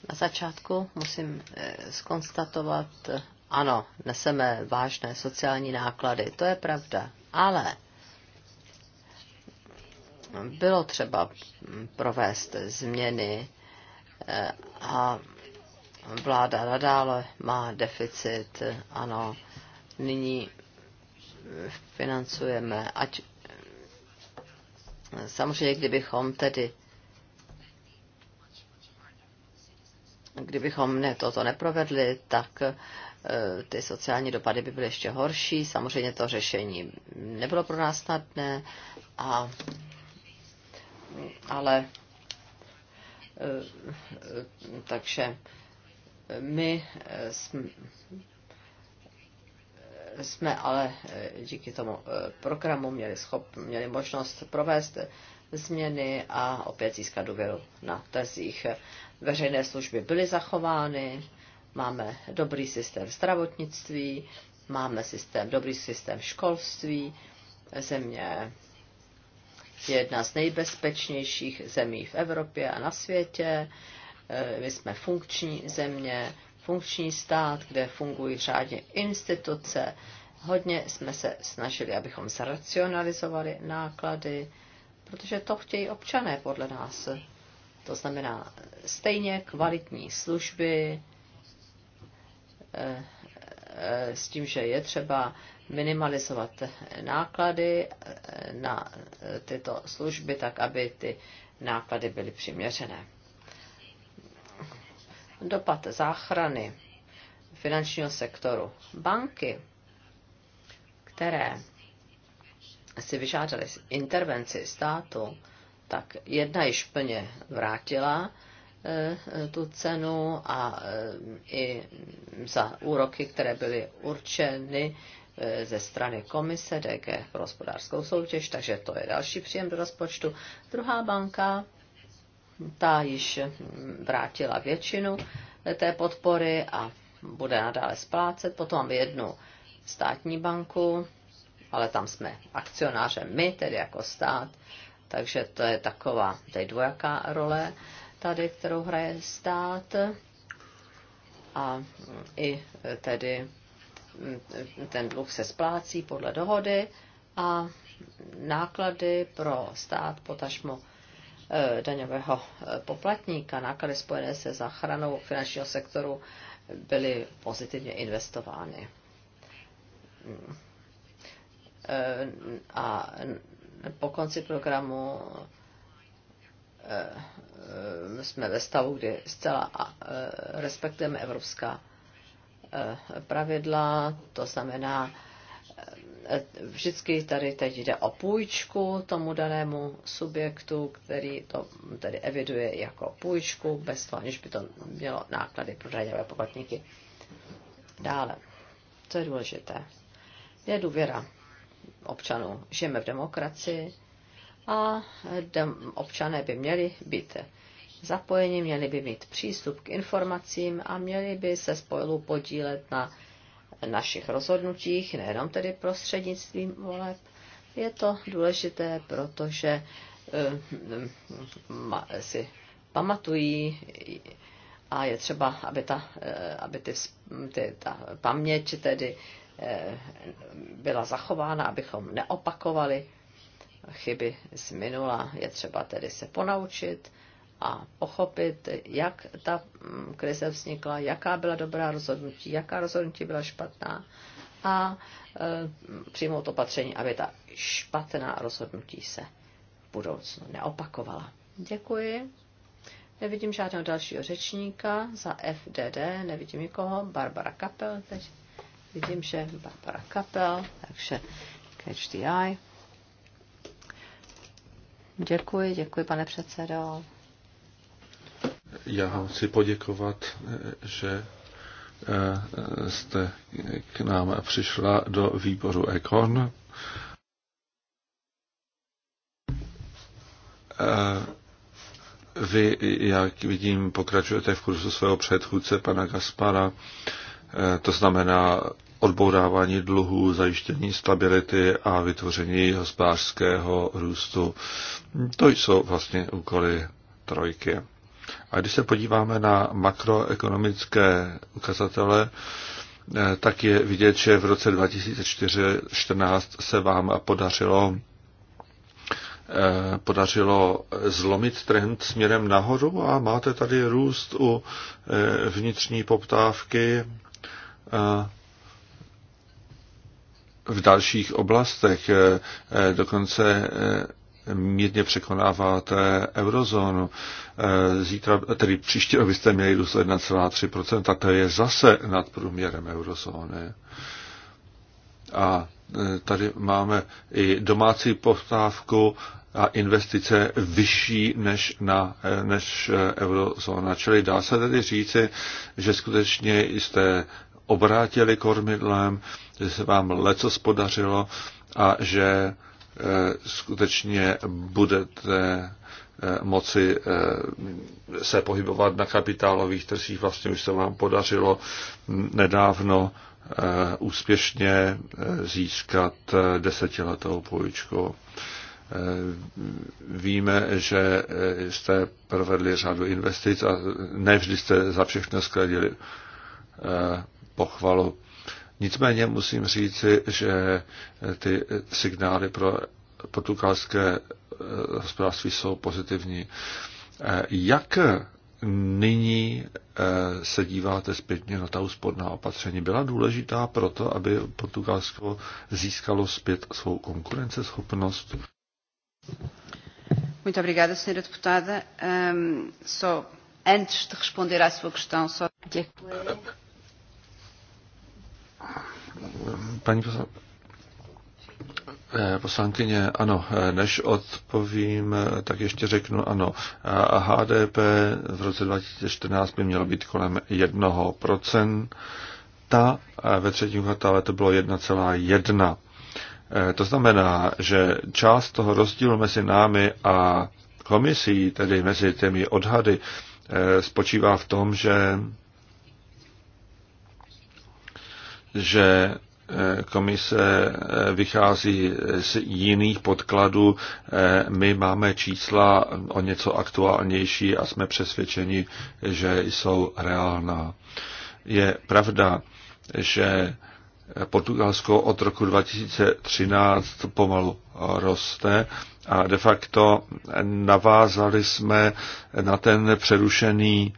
Na začátku musím eh, skonstatovat, eh, ano, neseme vážné sociální náklady, to je pravda, ale bylo třeba provést změny eh, a vláda nadále má deficit, ano, nyní financujeme, ať samozřejmě, kdybychom tedy kdybychom ne, toto neprovedli, tak eh, ty sociální dopady by byly ještě horší. Samozřejmě to řešení nebylo pro nás snadné, a, ale eh, eh, takže my jsme ale eh, díky tomu eh, programu měli, schop, měli možnost provést změny a opět získat důvěru na trzích. Veřejné služby byly zachovány, máme dobrý systém zdravotnictví, máme systém, dobrý systém školství, země je jedna z nejbezpečnějších zemí v Evropě a na světě, eh, my jsme funkční země, funkční stát, kde fungují řádně instituce. Hodně jsme se snažili, abychom zracionalizovali náklady, protože to chtějí občané podle nás. To znamená stejně kvalitní služby, eh, eh, s tím, že je třeba minimalizovat náklady eh, na tyto služby, tak aby ty náklady byly přiměřené dopad záchrany finančního sektoru. Banky, které si vyžádaly intervenci státu, tak jedna již plně vrátila eh, tu cenu a eh, i za úroky, které byly určeny eh, ze strany komise DG pro hospodářskou soutěž, takže to je další příjem do rozpočtu. Druhá banka ta již vrátila většinu té podpory a bude nadále splácet. Potom máme jednu státní banku, ale tam jsme akcionářem my, tedy jako stát, takže to je taková tady dvojaká role tady, kterou hraje stát a i tedy ten dluh se splácí podle dohody a náklady pro stát potažmo Eh, daňového eh, poplatníka, náklady spojené se záchranou finančního sektoru byly pozitivně investovány. Hmm. Eh, a po konci programu jsme ve stavu, kdy zcela respektujeme evropská pravidla, to znamená, vždycky tady teď jde o půjčku tomu danému subjektu, který to tedy eviduje jako půjčku, bez toho, aniž by to mělo náklady pro daňové poplatníky. Dále, co je důležité, je důvěra občanů. Žijeme v demokracii a občané by měli být zapojeni, měli by mít přístup k informacím a měli by se spojilu podílet na našich rozhodnutích, nejenom tedy prostřednictvím voleb. Je to důležité, protože eh, si pamatují a je třeba, aby, ta, eh, aby ty, ty, ta paměť tedy eh, byla zachována, abychom neopakovali chyby z minula. Je třeba tedy se ponaučit a pochopit, jak ta mm, krize vznikla, jaká byla dobrá rozhodnutí, jaká rozhodnutí byla špatná a e, přijmout opatření, aby ta špatná rozhodnutí se v budoucnu neopakovala. Děkuji. Nevidím žádného dalšího řečníka za FDD, nevidím nikoho. Barbara Kapel teď. Vidím, že Barbara Kapel, takže catch the eye. Děkuji, děkuji, pane předsedo já chci poděkovat, že eh, jste k nám přišla do výboru Ekon. Eh, vy, jak vidím, pokračujete v kurzu svého předchůdce, pana Gaspara, eh, to znamená odbourávání dluhů, zajištění stability a vytvoření hospodářského růstu. To jsou vlastně úkoly trojky. A když se podíváme na makroekonomické ukazatele, eh, tak je vidět, že v roce 2014 se vám podařilo eh, podařilo zlomit trend směrem nahoru a máte tady růst u eh, vnitřní poptávky v dalších oblastech. Dokonce mírně překonáváte eurozónu. Eh, zítra, tedy příští rok byste měli růst 1,3%, to je zase nad průměrem eurozóny. A eh, tady máme i domácí poptávku a investice vyšší než, na, eh, než eurozóna. Čili dá se tedy říci, že skutečně jste obrátili kormidlem, že se vám leco spodařilo a že Eh, skutečně budete eh, moci eh, se pohybovat na kapitálových trzích. Vlastně už se vám podařilo nedávno úspěšně získat desetiletou půjčku. Víme, že jste provedli řadu investic a nevždy jste za všechno skladili pochvalu. Nicméně musím říci, že ty signály pro portugalské eh, hospodářství jsou pozitivní. Eh, jak nyní eh, se díváte zpětně na ta úsporná opatření? Byla důležitá proto, aby Portugalsko získalo zpět svou konkurenceschopnost? Muito obrigada, senhora deputada. Um, só antes de responder à sua questão, só... Děkuji. Paní eh, poslankyně, ano, eh, než odpovím, eh, tak ještě řeknu ano. A HDP v roce 2014 by mělo být kolem 1%. Ta ve třetím kvartále to bylo 1,1. To znamená, že část toho rozdílu mezi námi a komisí, tedy mezi těmi odhady, spočívá v tom, že že eh, komise eh, vychází z jiných podkladů. Eh, my máme čísla o něco aktuálnější a jsme přesvědčeni, že jsou reálná. Je pravda, že Portugalsko od roku 2013 pomalu roste a de facto navázali jsme na ten přerušený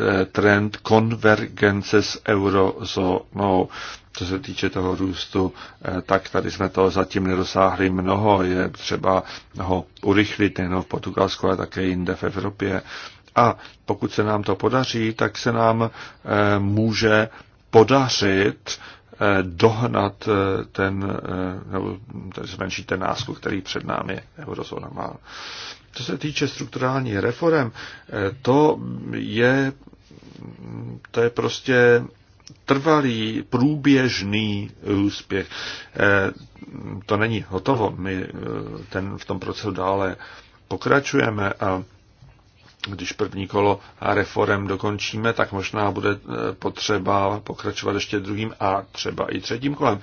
Eh, trend konvergence s eurozónou. Co se týče toho růstu, eh, tak tady jsme toho zatím nedosáhli mnoho. Je třeba ho urychlit nejen v Portugalsku, ale také jinde v Evropě. A pokud se nám to podaří, tak se nám eh, může podařit dohnat ten, nebo zmenšit ten náskok, který před námi eurozóna má. Co se týče strukturální reform, eh, to je, to je prostě trvalý, průběžný úspěch. Eh, to není hotovo, my eh, ten v tom procesu dále pokračujeme a když první kolo reform dokončíme, tak možná bude e, potřeba pokračovat ještě druhým a třeba i třetím kolem.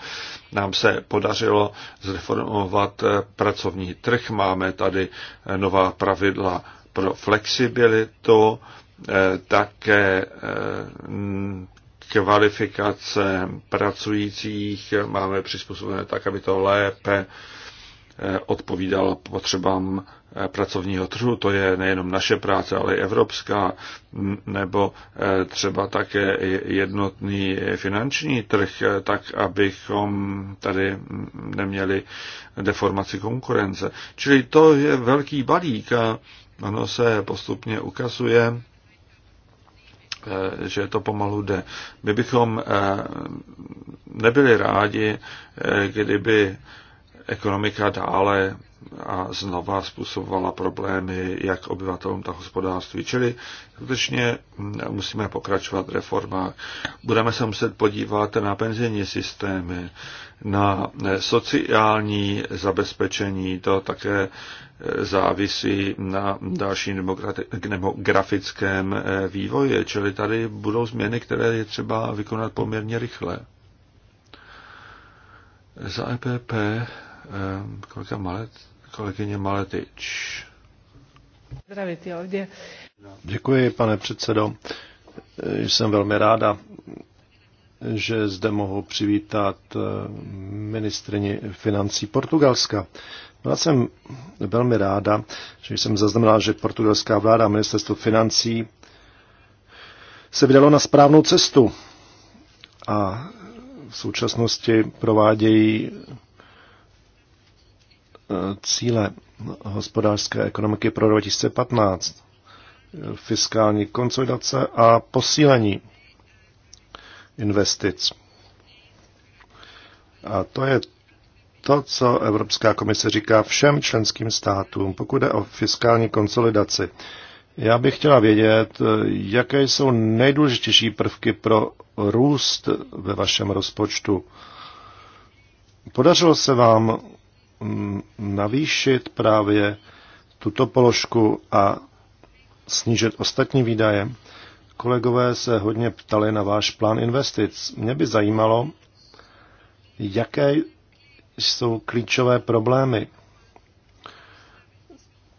Nám se podařilo zreformovat e, pracovní trh, máme tady e, nová pravidla pro flexibilitu, také kvalifikace pracujících máme přizpůsobené tak, aby to lépe odpovídalo potřebám Eh, pracovního trhu, to je nejenom naše práce, ale i evropská, nebo eh, třeba také jednotný finanční trh, eh, tak abychom tady mm, neměli deformaci konkurence. Čili to je velký balík a ono se postupně ukazuje, že to pomalu jde. My bychom nebyli rádi, kdyby ekonomika dále a znova způsobovala problémy jak obyvatelům, tak hospodářství. Čili skutečně mm, musíme pokračovat v reformách. Budeme se muset podívat na penzijní systémy, na eh, sociální zabezpečení. To také eh, závisí na dalším demografickém eh, vývoji. Čili tady budou změny, které je třeba vykonat poměrně rychle. Za EPP Eh, kolega Malet, kolegyně Maletič. Zdravit ovdě. Děkuji, pane předsedo. Eh, jsem velmi ráda, že zde mohu přivítat eh, ministrině financí Portugalska. Byla jsem velmi ráda, že jsem zaznamenala, že portugalská vláda a ministerstvo financí se vydalo na správnou cestu a v současnosti provádějí cíle hospodářské ekonomiky pro 2015, fiskální konsolidace a posílení investic. A to je to, co Evropská komise říká všem členským státům, pokud jde o fiskální konsolidaci. Já bych chtěla vědět, jaké jsou nejdůležitější prvky pro růst ve vašem rozpočtu. Podařilo se vám Mm, navýšit právě tuto položku a snížit ostatní výdaje. Kolegové se hodně ptali na váš plán investic. Mě by zajímalo, jaké jsou klíčové problémy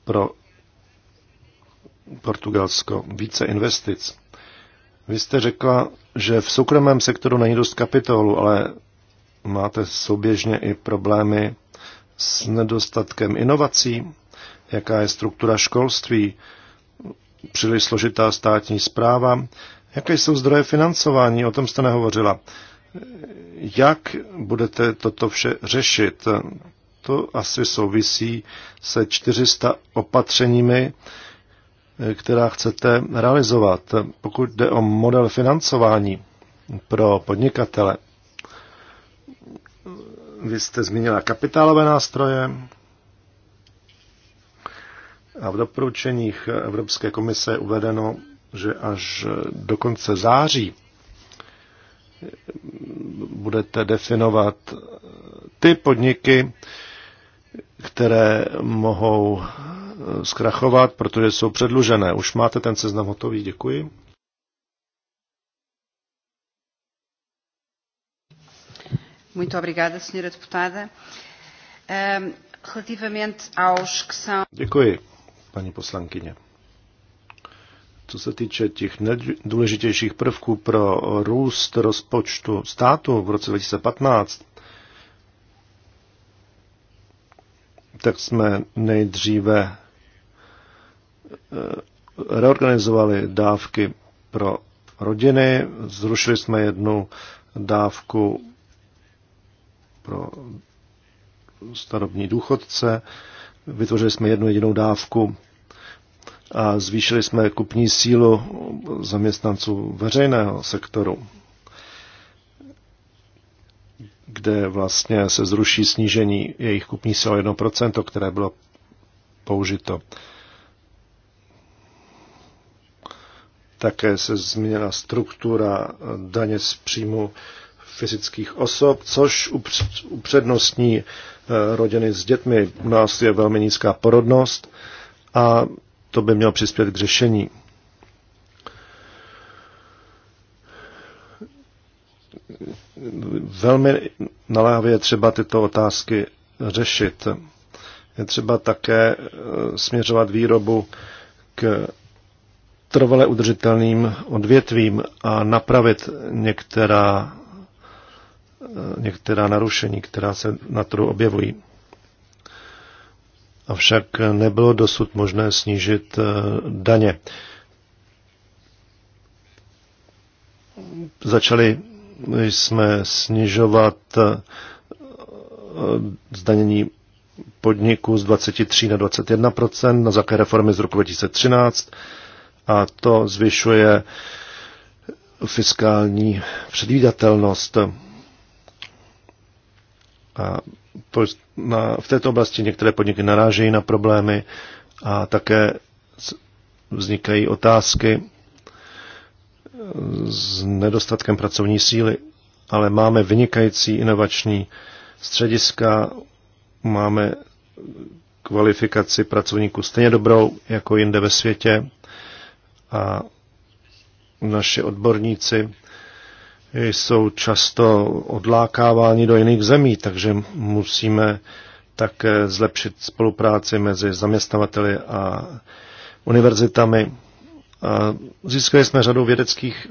pro Portugalsko, více investic. Vy jste řekla, že v soukromém sektoru není dost kapitolu, ale máte souběžně i problémy s nedostatkem inovací, jaká je struktura školství, příliš složitá státní zpráva, jaké jsou zdroje financování, o tom jste nehovořila. Jak budete toto vše řešit? To asi souvisí se 400 opatřeními, která chcete realizovat, pokud jde o model financování pro podnikatele. Vy jste zmínila kapitálové nástroje a v doporučeních Evropské komise je uvedeno, že až do konce září budete definovat ty podniky, které mohou zkrachovat, protože jsou předlužené. Už máte ten seznam hotový, děkuji. Muito obrigada, senhora deputada. relativamente aos que são... Děkuji, paní poslankyně. Co se týče těch nejdůležitějších prvků pro růst rozpočtu státu v roce 2015, tak jsme nejdříve eh, reorganizovali dávky pro rodiny, zrušili jsme jednu dávku pro starobní důchodce. Vytvořili jsme jednu jedinou dávku a zvýšili jsme kupní sílu zaměstnanců veřejného sektoru, kde vlastně se zruší snížení jejich kupní síly o 1%, které bylo použito. Také se změnila struktura daně z příjmu fyzických osob, což upřednostní eh, rodiny s dětmi. U nás je velmi nízká porodnost a to by mělo přispět k řešení. Velmi naléhavě je třeba tyto otázky řešit. Je třeba také eh, směřovat výrobu k trvale udržitelným odvětvím a napravit některá některá narušení, která se na trhu objevují. Avšak nebylo dosud možné snížit eh, daně. Začali jsme snižovat eh, zdanění podniku z 23 na 21 na základě reformy z roku 2013 a to zvyšuje fiskální předvídatelnost a to, na, v této oblasti některé podniky narážejí na problémy a také vznikají otázky s nedostatkem pracovní síly, ale máme vynikající inovační střediska, máme kvalifikaci pracovníků stejně dobrou jako jinde ve světě a naši odborníci jsou často odlákáváni do jiných zemí, takže musíme také zlepšit spolupráci mezi zaměstnavateli a univerzitami. A získali jsme řadu vědeckých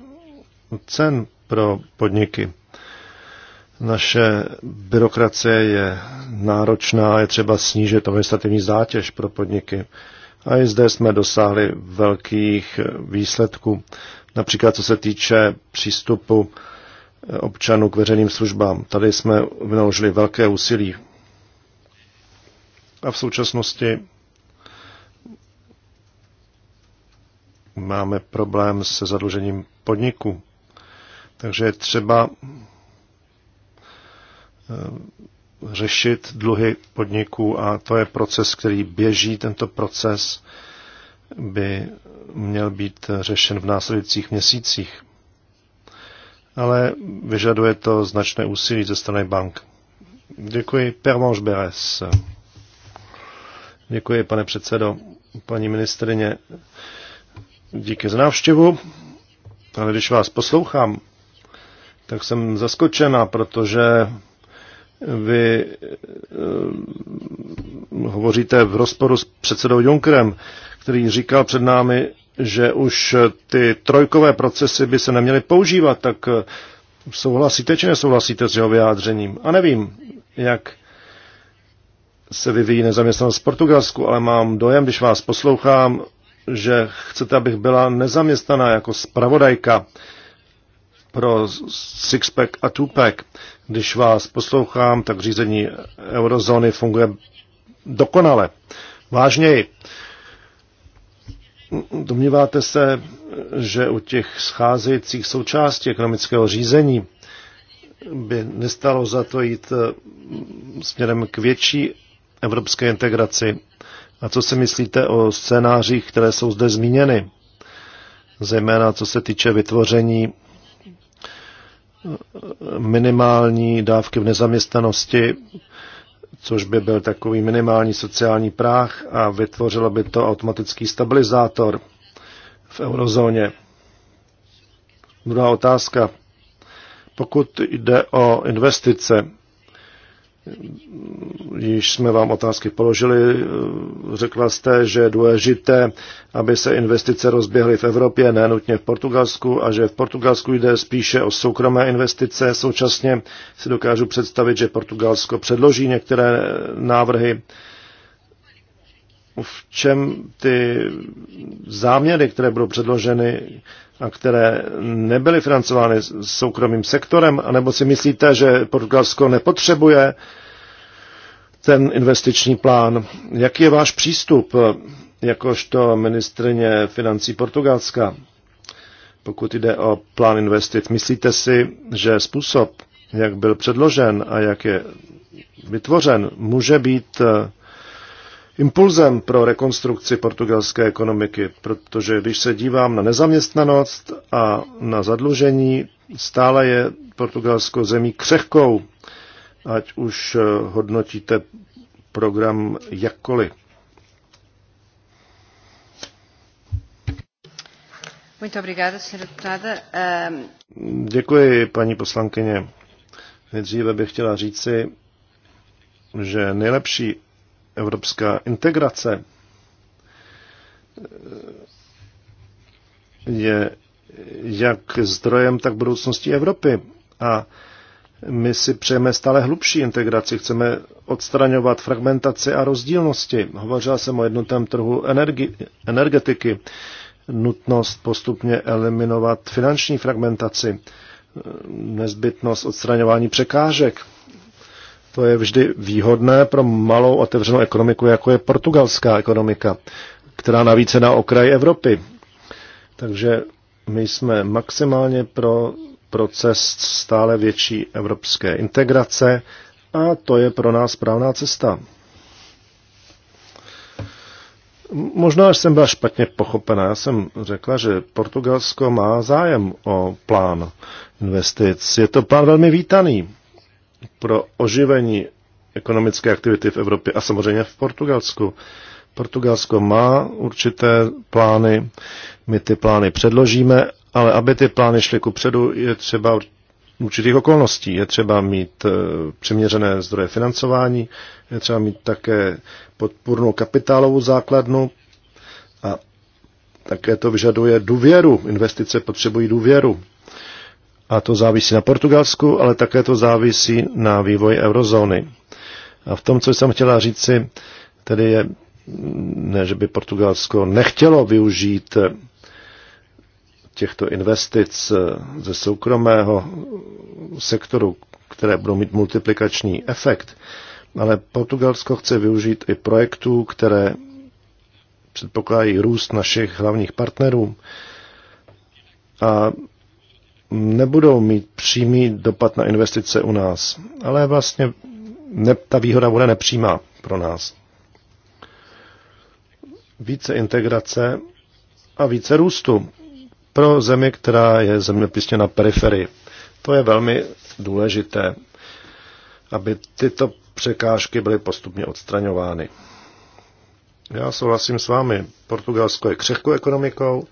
cen pro podniky. Naše byrokracie je náročná, je třeba snížit administrativní zátěž pro podniky. A i zde jsme dosáhli velkých výsledků, například co se týče přístupu občanů k veřejným službám. Tady jsme vynaložili velké úsilí. A v současnosti máme problém se zadlužením podniku. Takže je třeba eh, řešit dluhy podniků a to je proces, který běží. Tento proces by měl být řešen v následujících měsících ale vyžaduje to značné úsilí ze strany bank. Děkuji. Permanche Beres. Děkuji, pane předsedo. Paní ministrině, díky za návštěvu. Ale když vás poslouchám, tak jsem zaskočena, protože vy eh, hovoříte v rozporu s předsedou Junkerem, který říkal před námi, že už ty trojkové procesy by se neměly používat, tak souhlasíte či nesouhlasíte s jeho vyjádřením? A nevím, jak se vyvíjí nezaměstnanost v Portugalsku, ale mám dojem, když vás poslouchám, že chcete, abych byla nezaměstnaná jako spravodajka pro Sixpack a Tupac. Když vás poslouchám, tak řízení eurozóny funguje dokonale. Vážněji, Domníváte se, že u těch scházejících součástí ekonomického řízení by nestalo za to jít eh, směrem k větší evropské integraci? A co si myslíte o scénářích, které jsou zde zmíněny? Zejména co se týče vytvoření eh, minimální dávky v nezaměstnanosti což by byl takový minimální sociální práh a vytvořilo by to automatický stabilizátor v eurozóně. Druhá otázka. Pokud jde o investice, již jsme vám otázky položili. Řekla jste, že je důležité, aby se investice rozběhly v Evropě, ne nutně v Portugalsku, a že v Portugalsku jde spíše o soukromé investice. Současně si dokážu představit, že Portugalsko předloží některé návrhy. V čem ty záměry, které budou předloženy a které nebyly financovány soukromým sektorem, anebo si myslíte, že Portugalsko nepotřebuje uh, ten investiční plán. Jaký je váš přístup eh, jakožto ministrně financí Portugalska, pokud jde o plán investic? Myslíte si, že způsob, jak byl předložen a jak je vytvořen, může být eh, impulzem pro rekonstrukci portugalské ekonomiky, protože když se dívám na nezaměstnanost a na zadlužení, stále je Portugalsko zemí křehkou ať už eh, hodnotíte program jakkoliv. Ehm, Děkuji, paní poslankyně. Nejdříve bych chtěla říci, že nejlepší evropská integrace eh, je jak zdrojem, tak budoucností Evropy. A my si přejeme stále hlubší integraci, chceme odstraňovat fragmentaci a rozdílnosti. Hovořil jsem o jednotném trhu energi- energetiky, nutnost postupně eliminovat finanční fragmentaci, nezbytnost odstraňování překážek. To je vždy výhodné pro malou otevřenou ekonomiku, jako je portugalská ekonomika, která navíc je na okraji Evropy. Takže my jsme maximálně pro proces stále větší evropské integrace a to je pro nás správná cesta. Možná jsem byla špatně pochopená. Já jsem řekla, že Portugalsko má zájem o plán investic. Je to plán velmi vítaný pro oživení ekonomické aktivity v Evropě a samozřejmě v Portugalsku. Portugalsko má určité plány, my ty plány předložíme ale aby ty plány šly kupředu, je třeba určitých okolností. Je třeba mít eh, přiměřené zdroje financování, je třeba mít také podpůrnou kapitálovou základnu a také to vyžaduje důvěru. Investice potřebují důvěru. A to závisí na Portugalsku, ale také to závisí na vývoji eurozóny. A v tom, co jsem chtěla říci, tedy je, ne, že by Portugalsko nechtělo využít eh, těchto investic eh, ze soukromého sektoru, které budou mít multiplikační efekt, ale Portugalsko chce využít i projektů, které předpokládají růst našich hlavních partnerů a nebudou mít přímý dopad na investice u nás, ale vlastně ne, ta výhoda bude nepřímá pro nás. Více integrace a více růstu pro zemi, která je zeměpisně na periferii. To je velmi důležité, aby tyto překážky byly postupně odstraňovány. Já souhlasím s vámi. Portugalsko je křehkou ekonomikou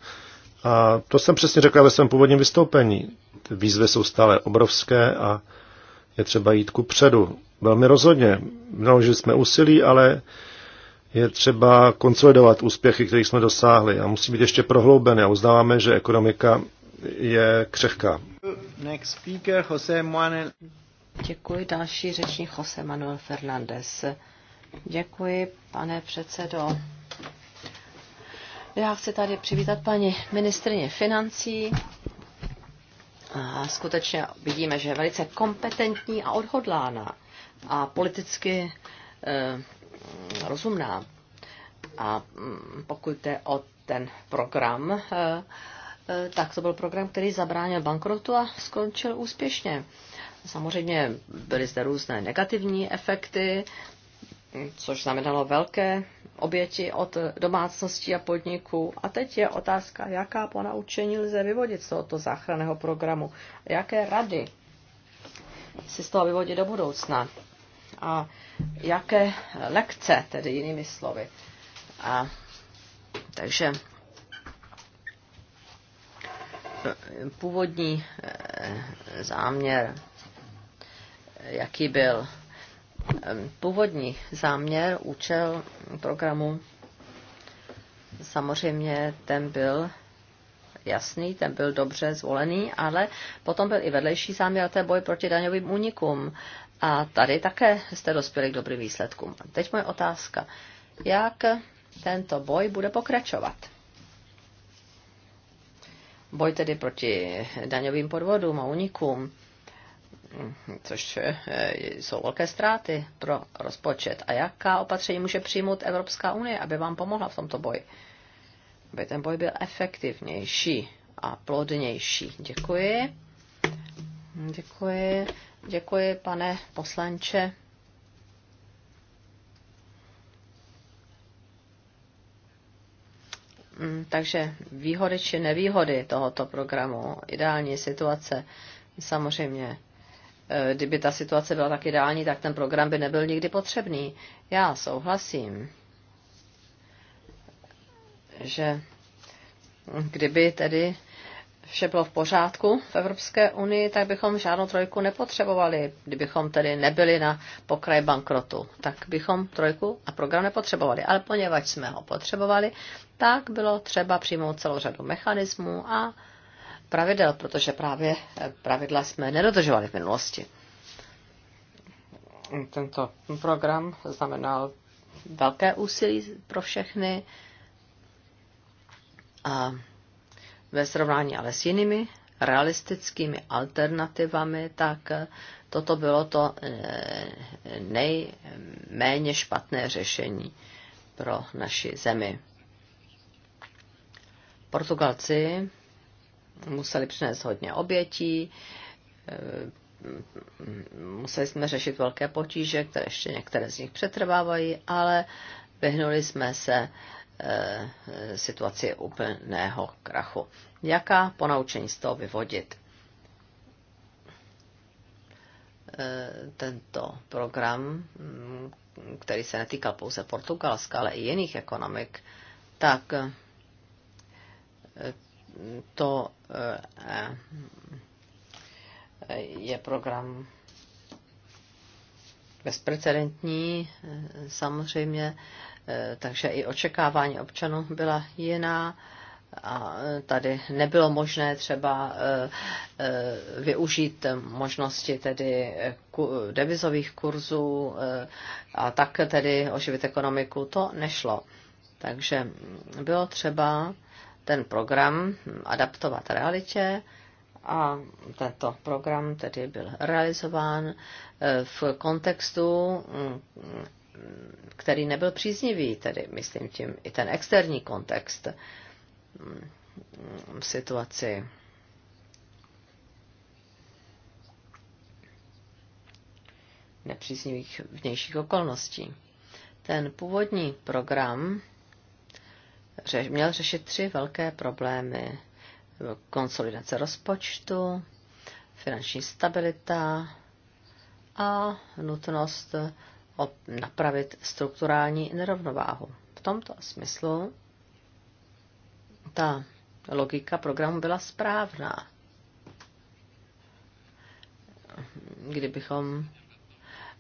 a to jsem přesně řekl, ve svém původním vystoupení. Ty výzvy jsou stále obrovské a je třeba jít ku předu. Velmi rozhodně. že jsme úsilí, ale je třeba konsolidovat úspěchy, které jsme dosáhli a musí být ještě prohloubeny a uznáváme, že ekonomika je křehká. Next speaker, Jose Manuel. Děkuji další řeční Jose Manuel Fernández. Děkuji, pane předsedo. Já chci tady přivítat paní ministrině financí. A skutečně vidíme, že je velice kompetentní a odhodlána a politicky eh, rozumná. A mm, pokud jde o ten program, eh, eh, tak to byl program, který zabránil bankrotu a skončil úspěšně. Samozřejmě byly zde různé negativní efekty, což znamenalo velké oběti od domácností a podniků. A teď je otázka, jaká ponaučení lze vyvodit z tohoto záchranného programu, jaké rady si z toho vyvodit do budoucna a jaké lekce, tedy jinými slovy. A takže eh, původní eh, záměr, jaký byl eh, původní záměr, účel programu, samozřejmě ten byl jasný, ten byl dobře zvolený, ale potom byl i vedlejší záměr, to je boj proti daňovým únikům. A tady také jste dospěli k dobrým výsledkům. A teď moje otázka. Jak tento boj bude pokračovat? Boj tedy proti daňovým podvodům a unikům, což eh, jsou velké ztráty pro rozpočet. A jaká opatření může přijmout Evropská unie, aby vám pomohla v tomto boji? Aby ten boj byl efektivnější a plodnější. Děkuji. Děkuji. Děkuji, pane poslanče. Mm, takže výhody či nevýhody tohoto programu, ideální situace, samozřejmě eh, kdyby ta situace byla tak ideální, tak ten program by nebyl nikdy potřebný. Já souhlasím, že kdyby tedy vše bylo v pořádku v Evropské unii, tak bychom žádnou trojku nepotřebovali. Kdybychom tedy nebyli na pokraji bankrotu, tak bychom trojku a program nepotřebovali. Ale poněvadž jsme ho potřebovali, tak bylo třeba přijmout celou řadu mechanismů a pravidel, protože právě eh, pravidla jsme nedodržovali v minulosti. Tento program znamenal velké úsilí pro všechny a ve srovnání ale s jinými realistickými alternativami, tak toto bylo to eh, nejméně špatné řešení pro naši zemi. Portugalci museli přinést hodně obětí, eh, museli jsme řešit velké potíže, které ještě některé z nich přetrvávají, ale vyhnuli jsme se Eh, situaci úplného krachu. Jaká ponaučení z toho vyvodit? Eh, tento program, mm, který se netýkal pouze Portugalska, ale i jiných ekonomik, tak eh, to je program bezprecedentní samozřejmě Eh, takže i očekávání občanů byla jiná a eh, tady nebylo možné třeba eh, využít možnosti tedy devizových kurzů a tak tedy oživit ekonomiku, to nešlo. Takže bylo třeba ten program adaptovat realitě a tento program tedy byl realizován v kontextu mm, který nebyl příznivý, tedy myslím tím i ten externí kontext mm, situaci. nepříznivých vnějších okolností. Ten původní program měl řešit tři velké problémy. Konsolidace rozpočtu, finanční stabilita a nutnost napravit strukturální nerovnováhu. V tomto smyslu ta logika programu byla správná. Kdybychom.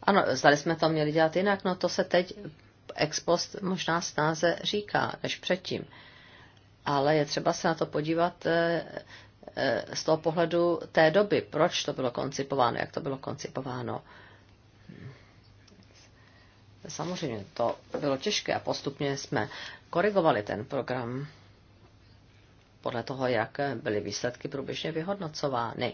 Ano, zdali jsme to měli dělat jinak, no to se teď ex post možná snáze říká než předtím. Ale je třeba se na to podívat eh, eh, z toho pohledu té doby, proč to bylo koncipováno, jak to bylo koncipováno. Samozřejmě to bylo těžké a postupně jsme korigovali ten program podle toho, jak byly výsledky průběžně vyhodnocovány.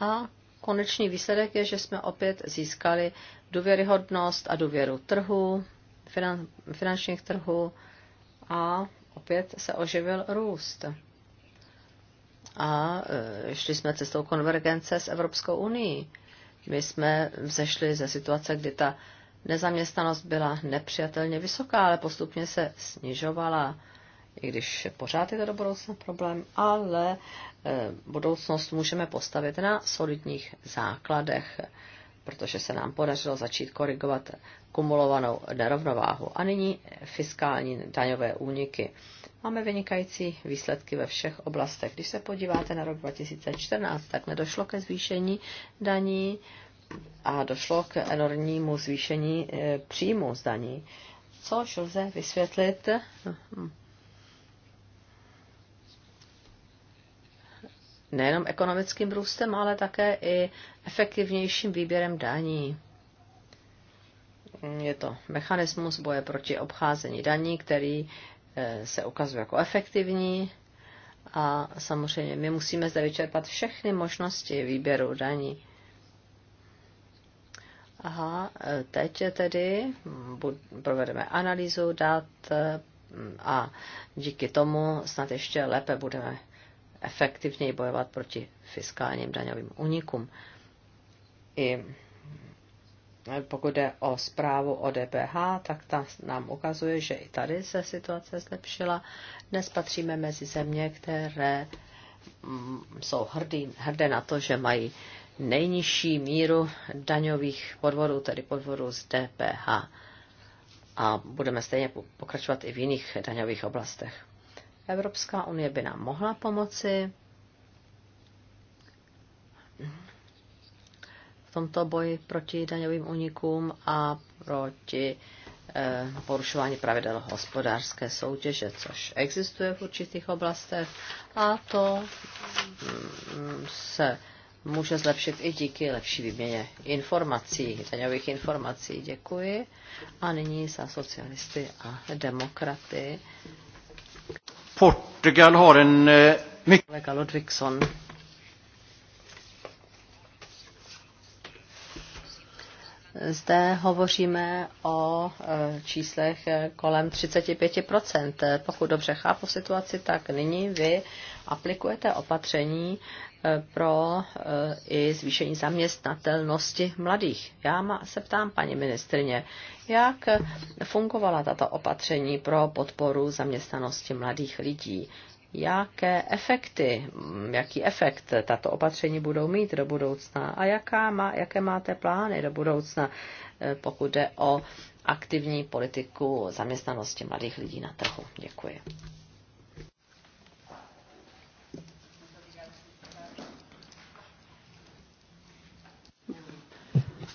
A konečný výsledek je, že jsme opět získali důvěryhodnost a důvěru trhu, finan, finančních trhů a opět se oživil růst. A e, šli jsme cestou konvergence s Evropskou unii. My jsme vzešli ze situace, kdy ta Nezaměstnanost byla nepřijatelně vysoká, ale postupně se snižovala, i když pořád je to do budoucna problém, ale eh, budoucnost můžeme postavit na solidních základech, protože se nám podařilo začít korigovat kumulovanou nerovnováhu. A nyní fiskální daňové úniky. Máme vynikající výsledky ve všech oblastech. Když se podíváte na rok 2014, tak nedošlo ke zvýšení daní, a došlo k enormnímu zvýšení eh, příjmu z daní, což lze vysvětlit nejenom ekonomickým růstem, ale také i efektivnějším výběrem daní. Je to mechanismus boje proti obcházení daní, který eh, se ukazuje jako efektivní a samozřejmě my musíme zde vyčerpat všechny možnosti výběru daní Aha, e, teď tedy provedeme analýzu dat e, a díky tomu snad ještě lépe budeme efektivněji bojovat proti fiskálním daňovým unikům. I pokud jde o zprávu o DPH, tak ta nám ukazuje, že i tady se situace zlepšila. Dnes patříme mezi země, které mm, jsou hrdý, hrdé na to, že mají nejnižší míru daňových podvodů, tedy podvodů z DPH. A budeme stejně pokračovat i v jiných daňových oblastech. Evropská unie by nám mohla pomoci v tomto boji proti daňovým unikům a proti eh, porušování pravidel hospodářské soutěže, což existuje v určitých oblastech a to mm, se může zlepšit i díky lepší výměně informací, daňových informací. Děkuji. A nyní za socialisty a demokraty. Portugal har en... Eh, Kolega Ludvigsson. Zde hovoříme o eh, číslech eh, kolem 35%. Pokud dobře chápu situaci, tak nyní vy aplikujete opatření eh, pro eh, i zvýšení zaměstnatelnosti mladých. Já se ptám, paní ministrině, jak fungovala tato opatření pro podporu zaměstnanosti mladých lidí? Jaké efekty, mm, jaký efekt tato opatření budou mít do budoucna a jaká má, jaké máte plány do budoucna, eh, pokud jde o aktivní politiku zaměstnanosti mladých lidí na trhu? Děkuji.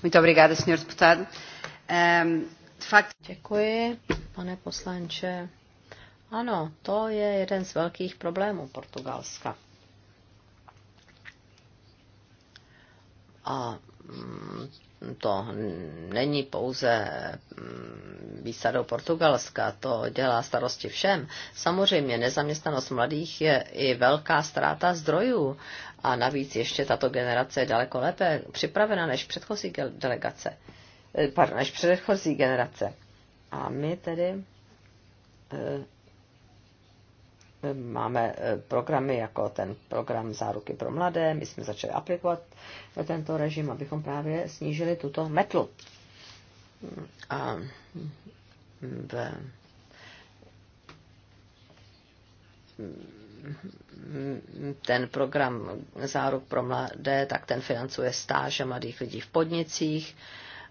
Muito obrigada, senhor deputado. Ehm, de facto... Děkuji, pane poslanče. Ano, to je jeden z velkých problémů Portugalska. A mm, to není pouze mm, výsadou Portugalska, to dělá starosti všem. Samozřejmě nezaměstnanost mladých je i velká ztráta zdrojů a navíc ještě tato generace je daleko lépe připravena než předchozí delegace, eh, pardon, než předchozí generace. A my tedy eh, máme e, programy jako ten program Záruky pro mladé. My jsme začali aplikovat tento režim, abychom právě snížili tuto metlu. A v, ten program Záruk pro mladé, tak ten financuje stáže mladých lidí v podnicích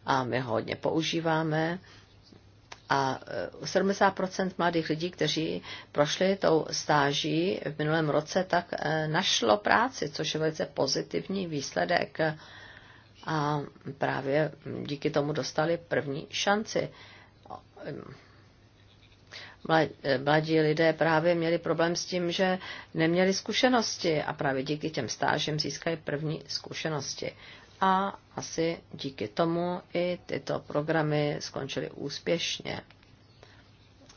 a my ho hodně používáme a 70% e, mladých lidí, kteří prošli tou stáží v minulém roce, tak e, našlo práci, což je velice pozitivní výsledek. A právě díky tomu dostali první šanci. E, mladí lidé právě měli problém s tím, že neměli zkušenosti a právě díky těm stážím získají první zkušenosti a asi díky tomu i tyto programy skončily úspěšně.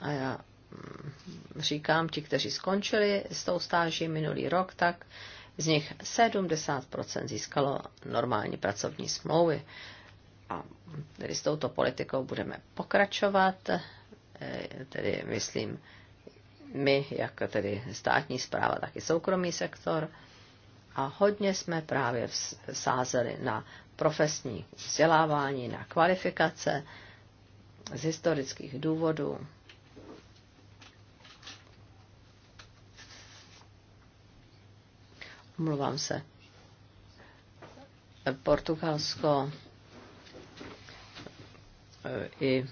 A já mm, říkám, ti, kteří skončili s tou stáží minulý rok, tak z nich 70% získalo normální pracovní smlouvy. A tedy s touto politikou budeme pokračovat, e, tedy myslím my, jak tedy státní zpráva, tak i soukromý sektor a hodně jsme právě sázeli na profesní vzdělávání, na kvalifikace z historických důvodů. Omlouvám se. Portugalsko e, i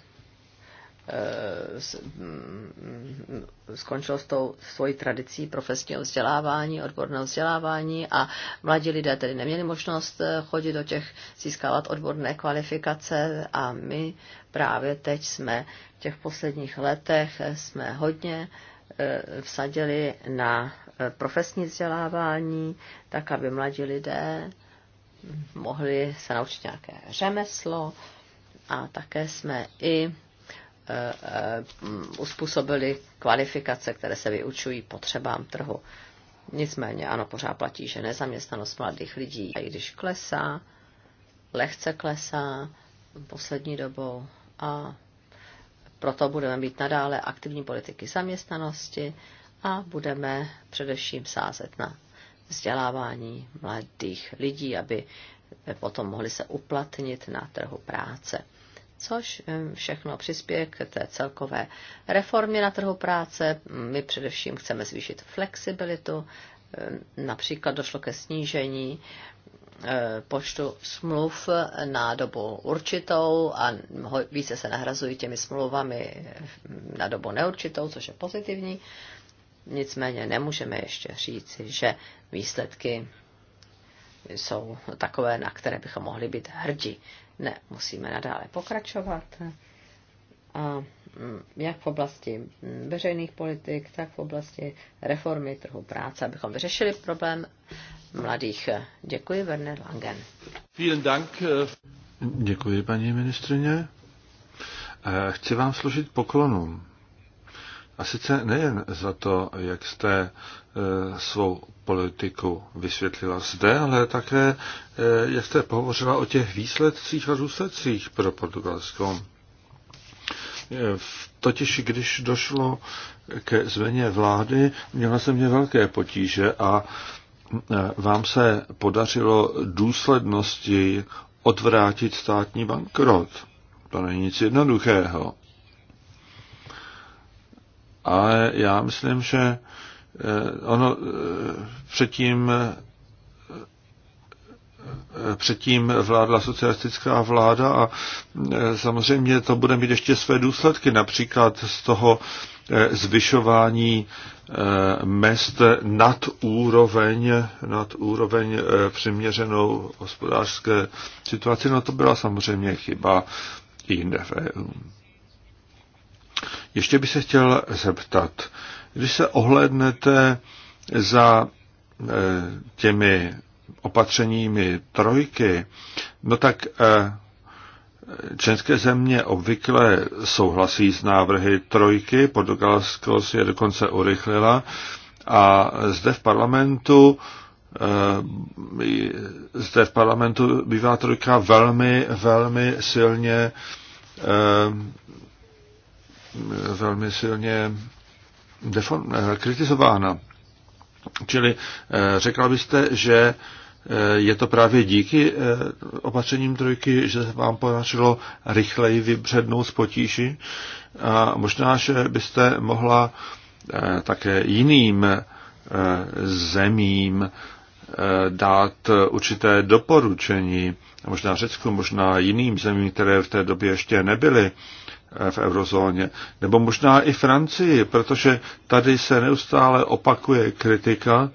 Eh, mm, skončil s tou svojí tradicí profesního vzdělávání, odborného vzdělávání a mladí lidé tedy neměli možnost eh, chodit do těch, získávat odborné kvalifikace a my právě teď jsme v těch posledních letech eh, jsme hodně vsadili na profesní vzdělávání, tak aby mladí lidé mohli se naučit nějaké řemeslo a také jsme i Eh, eh, uspůsobili kvalifikace, které se vyučují potřebám trhu. Nicméně ano, pořád platí, že nezaměstnanost mladých lidí, i když klesá, lehce klesá poslední dobou a proto budeme mít nadále aktivní politiky zaměstnanosti a budeme především sázet na vzdělávání mladých lidí, aby potom mohli se uplatnit na trhu práce což eh, všechno přispěje k té celkové reformě na trhu práce. My především chceme zvýšit flexibilitu, eh, například došlo ke snížení eh, počtu smluv na dobu určitou a více se nahrazují těmi smluvami na dobu neurčitou, což je pozitivní. Nicméně nemůžeme ještě říci, že výsledky jsou takové, na které bychom mohli být hrdí. Ne, musíme nadále pokračovat. A mm, jak v oblasti veřejných politik, tak v oblasti reformy trhu práce, abychom vyřešili problém mladých. Děkuji, Werner Langen. Vielen Dank. Děkuji, paní ministrině. Eh, chci vám složit poklonu. A sice nejen za to, jak jste e, svou politiku vysvětlila zde, ale také, e, jak jste pohovořila o těch výsledcích a důsledcích pro Portugalsko. E, totiž, když došlo ke změně vlády, měla jsem mě velké potíže a vám se podařilo důslednosti odvrátit státní bankrot. To není nic jednoduchého. Ale já myslím, že eh, ono eh, předtím eh, předtím vládla socialistická vláda a samozřejmě to bude mít ještě své důsledky, například z toho zvyšování mest nad úroveň, nad úroveň přiměřenou hospodářské situaci. No to byla samozřejmě chyba i jinde v EU. Ještě bych se chtěl zeptat, když se ohlédnete za eh, těmi opatřeními trojky, no tak eh, České země obvykle souhlasí s návrhy trojky, Portugalsko si je dokonce urychlila a zde v parlamentu eh, zde v parlamentu bývá trojka velmi, velmi silně velmi silně eh, kritizována. Čili eh, řekla byste, že eh, je to právě díky opatřením trojky, že se vám podařilo rychleji vybřednout z potíži a možná, že byste mohla také jiným zemím dát určité doporučení, možná Řecku, možná jiným zemím, které v té době ještě nebyly v eurozóně. Nebo možná i Francii, protože tady se neustále opakuje kritika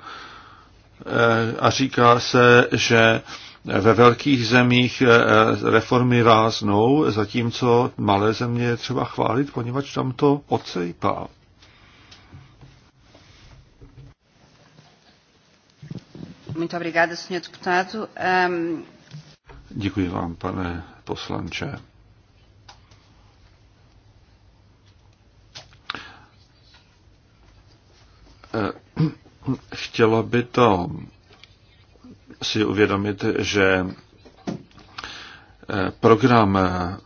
eh, a říká se, že ve velkých zemích eh, reformy váznou, zatímco malé země je třeba chválit, poněvadž tam to ocejpá. Ehm, Děkuji vám, pane poslanče. Eh, chtělo by to si uvědomit, že eh, program eh,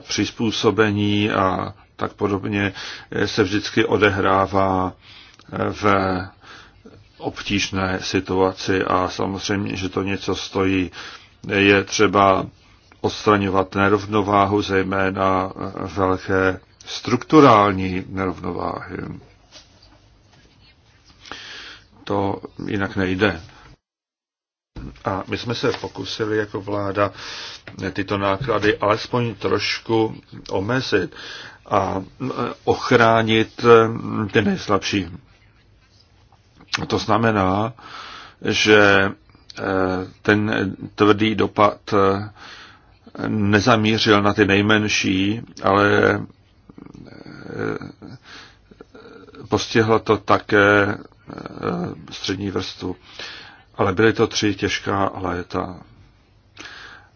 přizpůsobení a tak podobně se vždycky odehrává v obtížné situaci a samozřejmě, že to něco stojí. Je třeba odstraňovat nerovnováhu, zejména velké strukturální nerovnováhy to jinak nejde. A my jsme se pokusili jako vláda tyto náklady alespoň trošku omezit a e, ochránit e, ty nejslabší. To znamená, že e, ten tvrdý dopad nezamířil na ty nejmenší, ale postihlo to také Eh, střední vrstvu. Ale byly to tři těžká léta.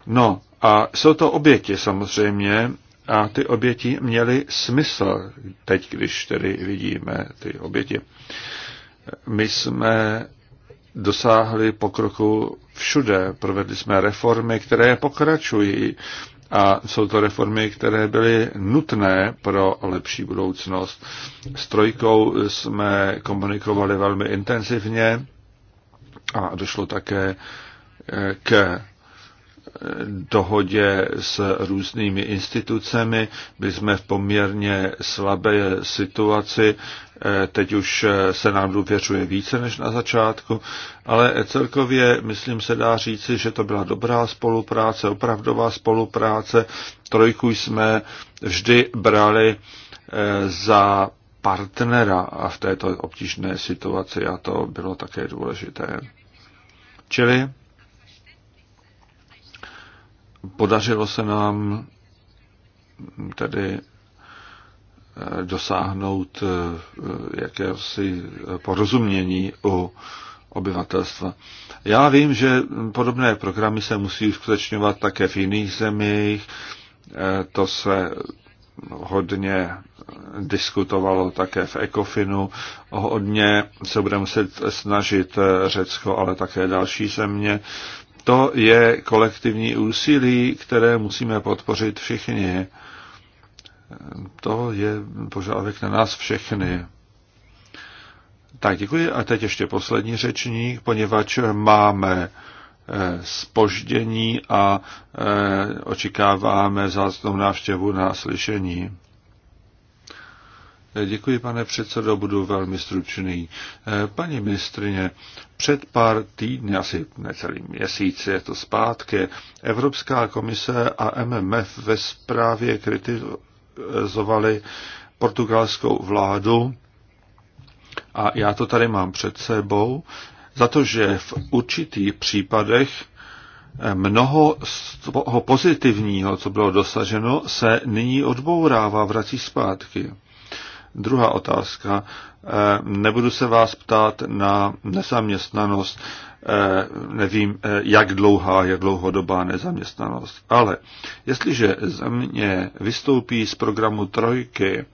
No a jsou to oběti samozřejmě a ty oběti měly smysl, teď když tedy vidíme ty oběti. My jsme dosáhli pokroku všude, provedli jsme reformy, které pokračují a jsou to reformy, které byly nutné pro lepší budoucnost. S trojkou jsme komunikovali velmi intenzivně a došlo také k dohodě s různými institucemi. by jsme v poměrně slabé situaci, teď už se nám důvěřuje více než na začátku, ale celkově, myslím, se dá říci, že to byla dobrá spolupráce, opravdová spolupráce. Trojku jsme vždy brali eh, za partnera a v této obtížné situaci a to bylo také důležité. Čili Podařilo se nám tedy eh, dosáhnout eh, jakéhosi porozumění o obyvatelstva. Já vím, že podobné programy se musí uskutečňovat také v jiných zemích. Eh, to se hodně diskutovalo také v Ekofinu. Hodně se bude muset snažit Řecko, ale také další země. To je kolektivní úsilí, které musíme podpořit všichni. To je požadavek na nás všechny. Tak děkuji. A teď ještě poslední řečník, poněvadž máme spoždění eh, a eh, očekáváme zástupnou návštěvu na slyšení. Děkuji, pane předsedo, budu velmi stručný. Paní ministrině, před pár týdny, asi necelý měsíc je to zpátky, Evropská komise a MMF ve zprávě kritizovali portugalskou vládu a já to tady mám před sebou, za to, že v určitých případech mnoho z toho pozitivního, co bylo dosaženo, se nyní odbourává, vrací zpátky. Druhá otázka. Eh, nebudu se vás ptát na nezaměstnanost. Eh, nevím, eh, jak dlouhá je dlouhodobá nezaměstnanost. Ale jestliže země vystoupí z programu Trojky,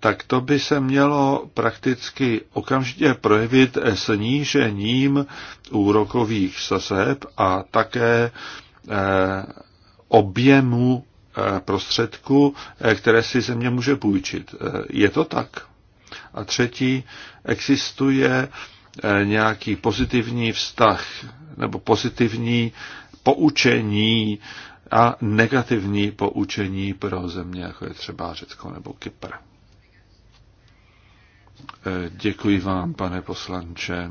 tak to by se mělo prakticky okamžitě projevit snížením úrokových sazeb a také objemu Eh, prostředků, eh, které si země může půjčit. Eh, je to tak? A třetí, existuje nějaký pozitivní vztah nebo pozitivní poučení a negativní poučení pro země, jako je třeba Řecko nebo Kypr. Děkuji vám, pane poslanče.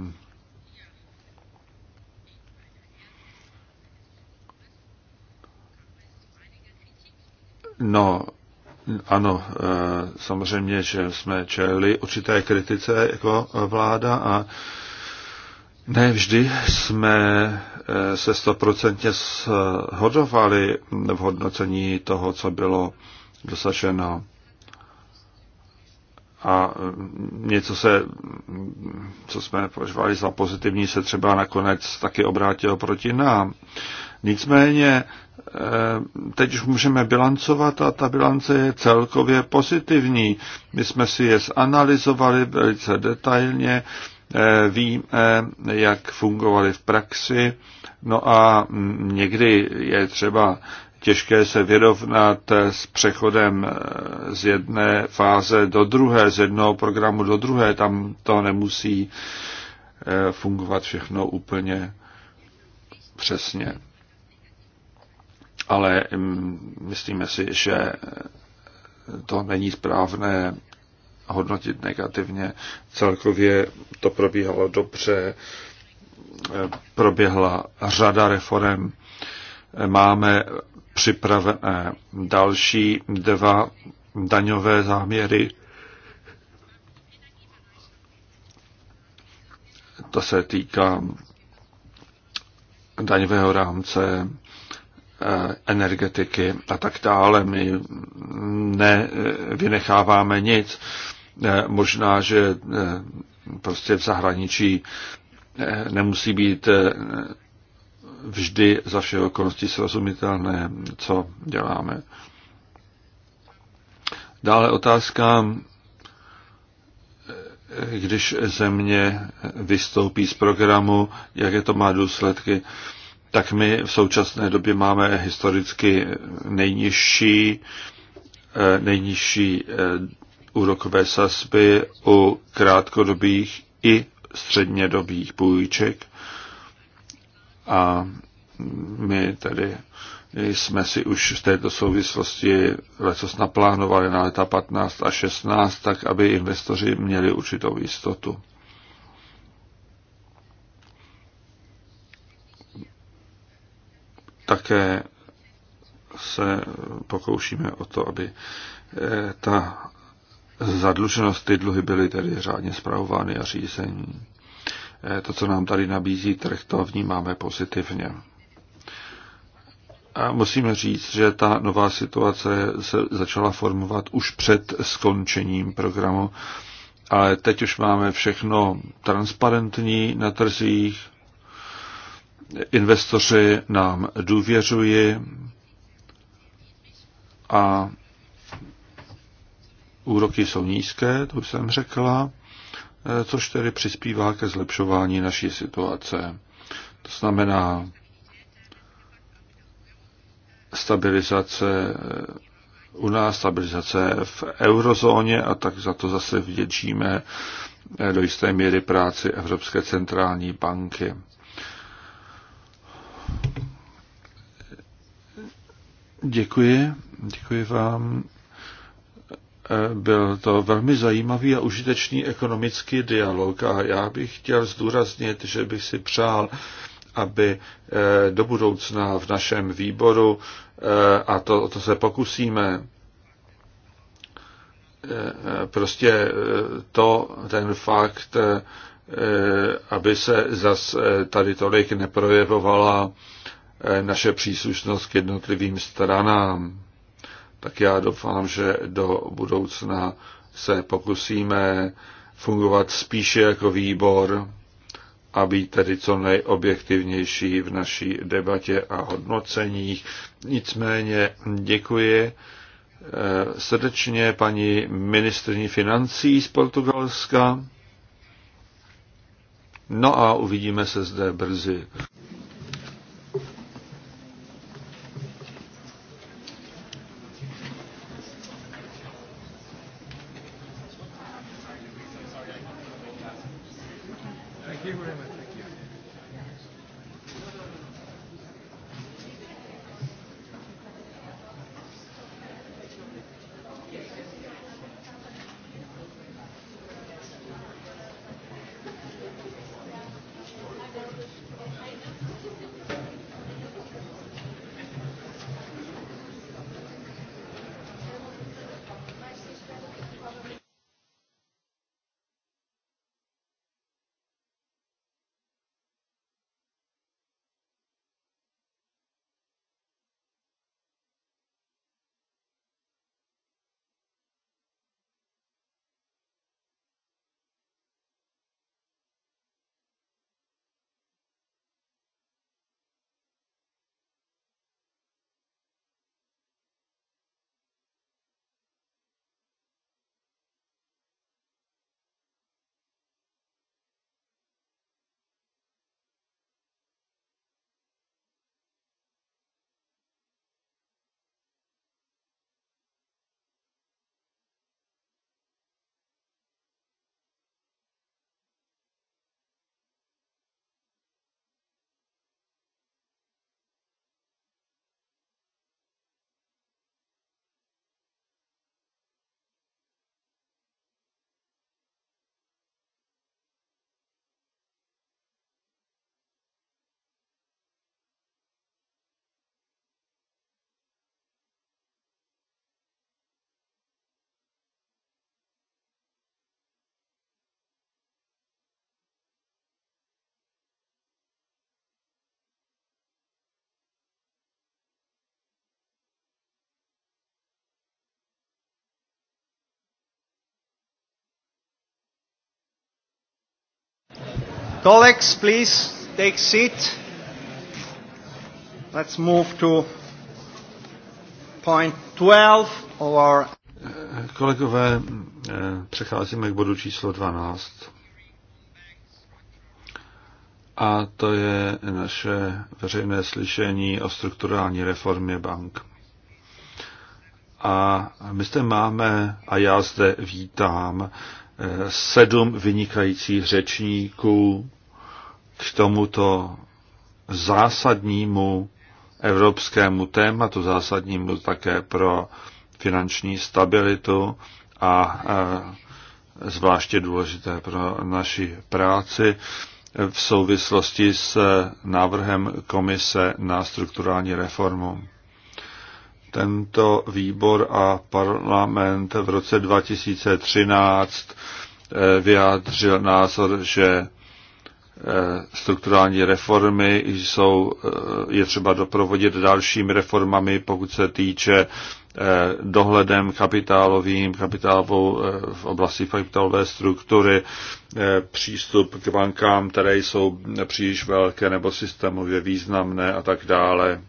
No, ano, e, samozřejmě, že jsme čelili určité kritice jako vláda a ne vždy jsme e, se stoprocentně shodovali v hodnocení toho, co bylo dosaženo. A e, něco se, co jsme považovali za pozitivní, se třeba nakonec taky obrátilo proti nám. Nicméně eh, teď už můžeme bilancovat a ta bilance je celkově pozitivní. My jsme si je zanalizovali velice detailně, eh, víme, jak fungovaly v praxi, no a mm, někdy je třeba těžké se vyrovnat eh, s přechodem z jedné fáze do druhé, z jednoho programu do druhé, tam to nemusí fungovat všechno úplně přesně ale mm, myslíme si, že to není správné hodnotit negativně. Celkově to probíhalo dobře, proběhla řada reform. Máme připravené další dva daňové záměry. To se týká daňového rámce Eh, energetiky a tak dále. My nevynecháváme eh, nic. Eh, možná, že prostě v zahraničí nemusí být vždy za vše okolnosti srozumitelné, co děláme. Dále otázka, když země vystoupí z programu, jaké to má důsledky tak my v současné době máme historicky nejnižší, eh, nejnižší eh, úrokové sazby u krátkodobých i střednědobých půjček. A my tedy jsme si už v této souvislosti lecos naplánovali na leta 15 a 16, tak aby investoři měli určitou jistotu. také se pokoušíme o to, aby eh, ta zadluženost, ty dluhy byly tedy řádně zpravovány a řízení. Eh, to, co nám tady nabízí trh, to vnímáme pozitivně. A musíme říct, že ta nová situace se začala formovat už před skončením programu, ale teď už máme všechno transparentní na trzích, Investoři nám důvěřují a úroky jsou nízké, to jsem řekla, eh, což tedy přispívá ke zlepšování naší situace. To znamená stabilizace eh, u nás, stabilizace v eurozóně a tak za to zase vděčíme eh, do jisté míry práci Evropské centrální banky. Děkuji, děkuji vám. Byl to velmi zajímavý a užitečný ekonomický dialog a já bych chtěl zdůraznit, že bych si přál, aby eh, do budoucna v našem výboru, eh, a to, to se pokusíme, eh, prostě to, ten fakt, Eh, aby se zas eh, tady tolik neprojevovala eh, naše příslušnost k jednotlivým stranám. Tak já doufám, že do budoucna se pokusíme fungovat spíše jako výbor a být tedy co nejobjektivnější v naší debatě a hodnoceních. Nicméně děkuji srdečně paní ministrní financí z Portugalska No a uvidíme se zde brzy. Colleagues, please take seat. Let's move to point 12 of our... Kolegové, eh, přecházíme k bodu číslo 12. A to je naše veřejné slyšení o strukturální reformě bank. A my zde máme, a já zde vítám, eh, sedm vynikajících řečníků, k tomuto zásadnímu evropskému tématu, zásadnímu také pro finanční stabilitu a zvláště důležité pro naši práci v souvislosti s návrhem Komise na strukturální reformu. Tento výbor a parlament v roce 2013 eh, vyjádřil názor, že Eh, strukturální reformy jsou, eh, je třeba doprovodit dalšími reformami, pokud se týče eh, dohledem kapitálovým, kapitálovou v oblasti kapitálové struktury, přístup k bankám, které jsou příliš velké nebo systémově významné a tak dále.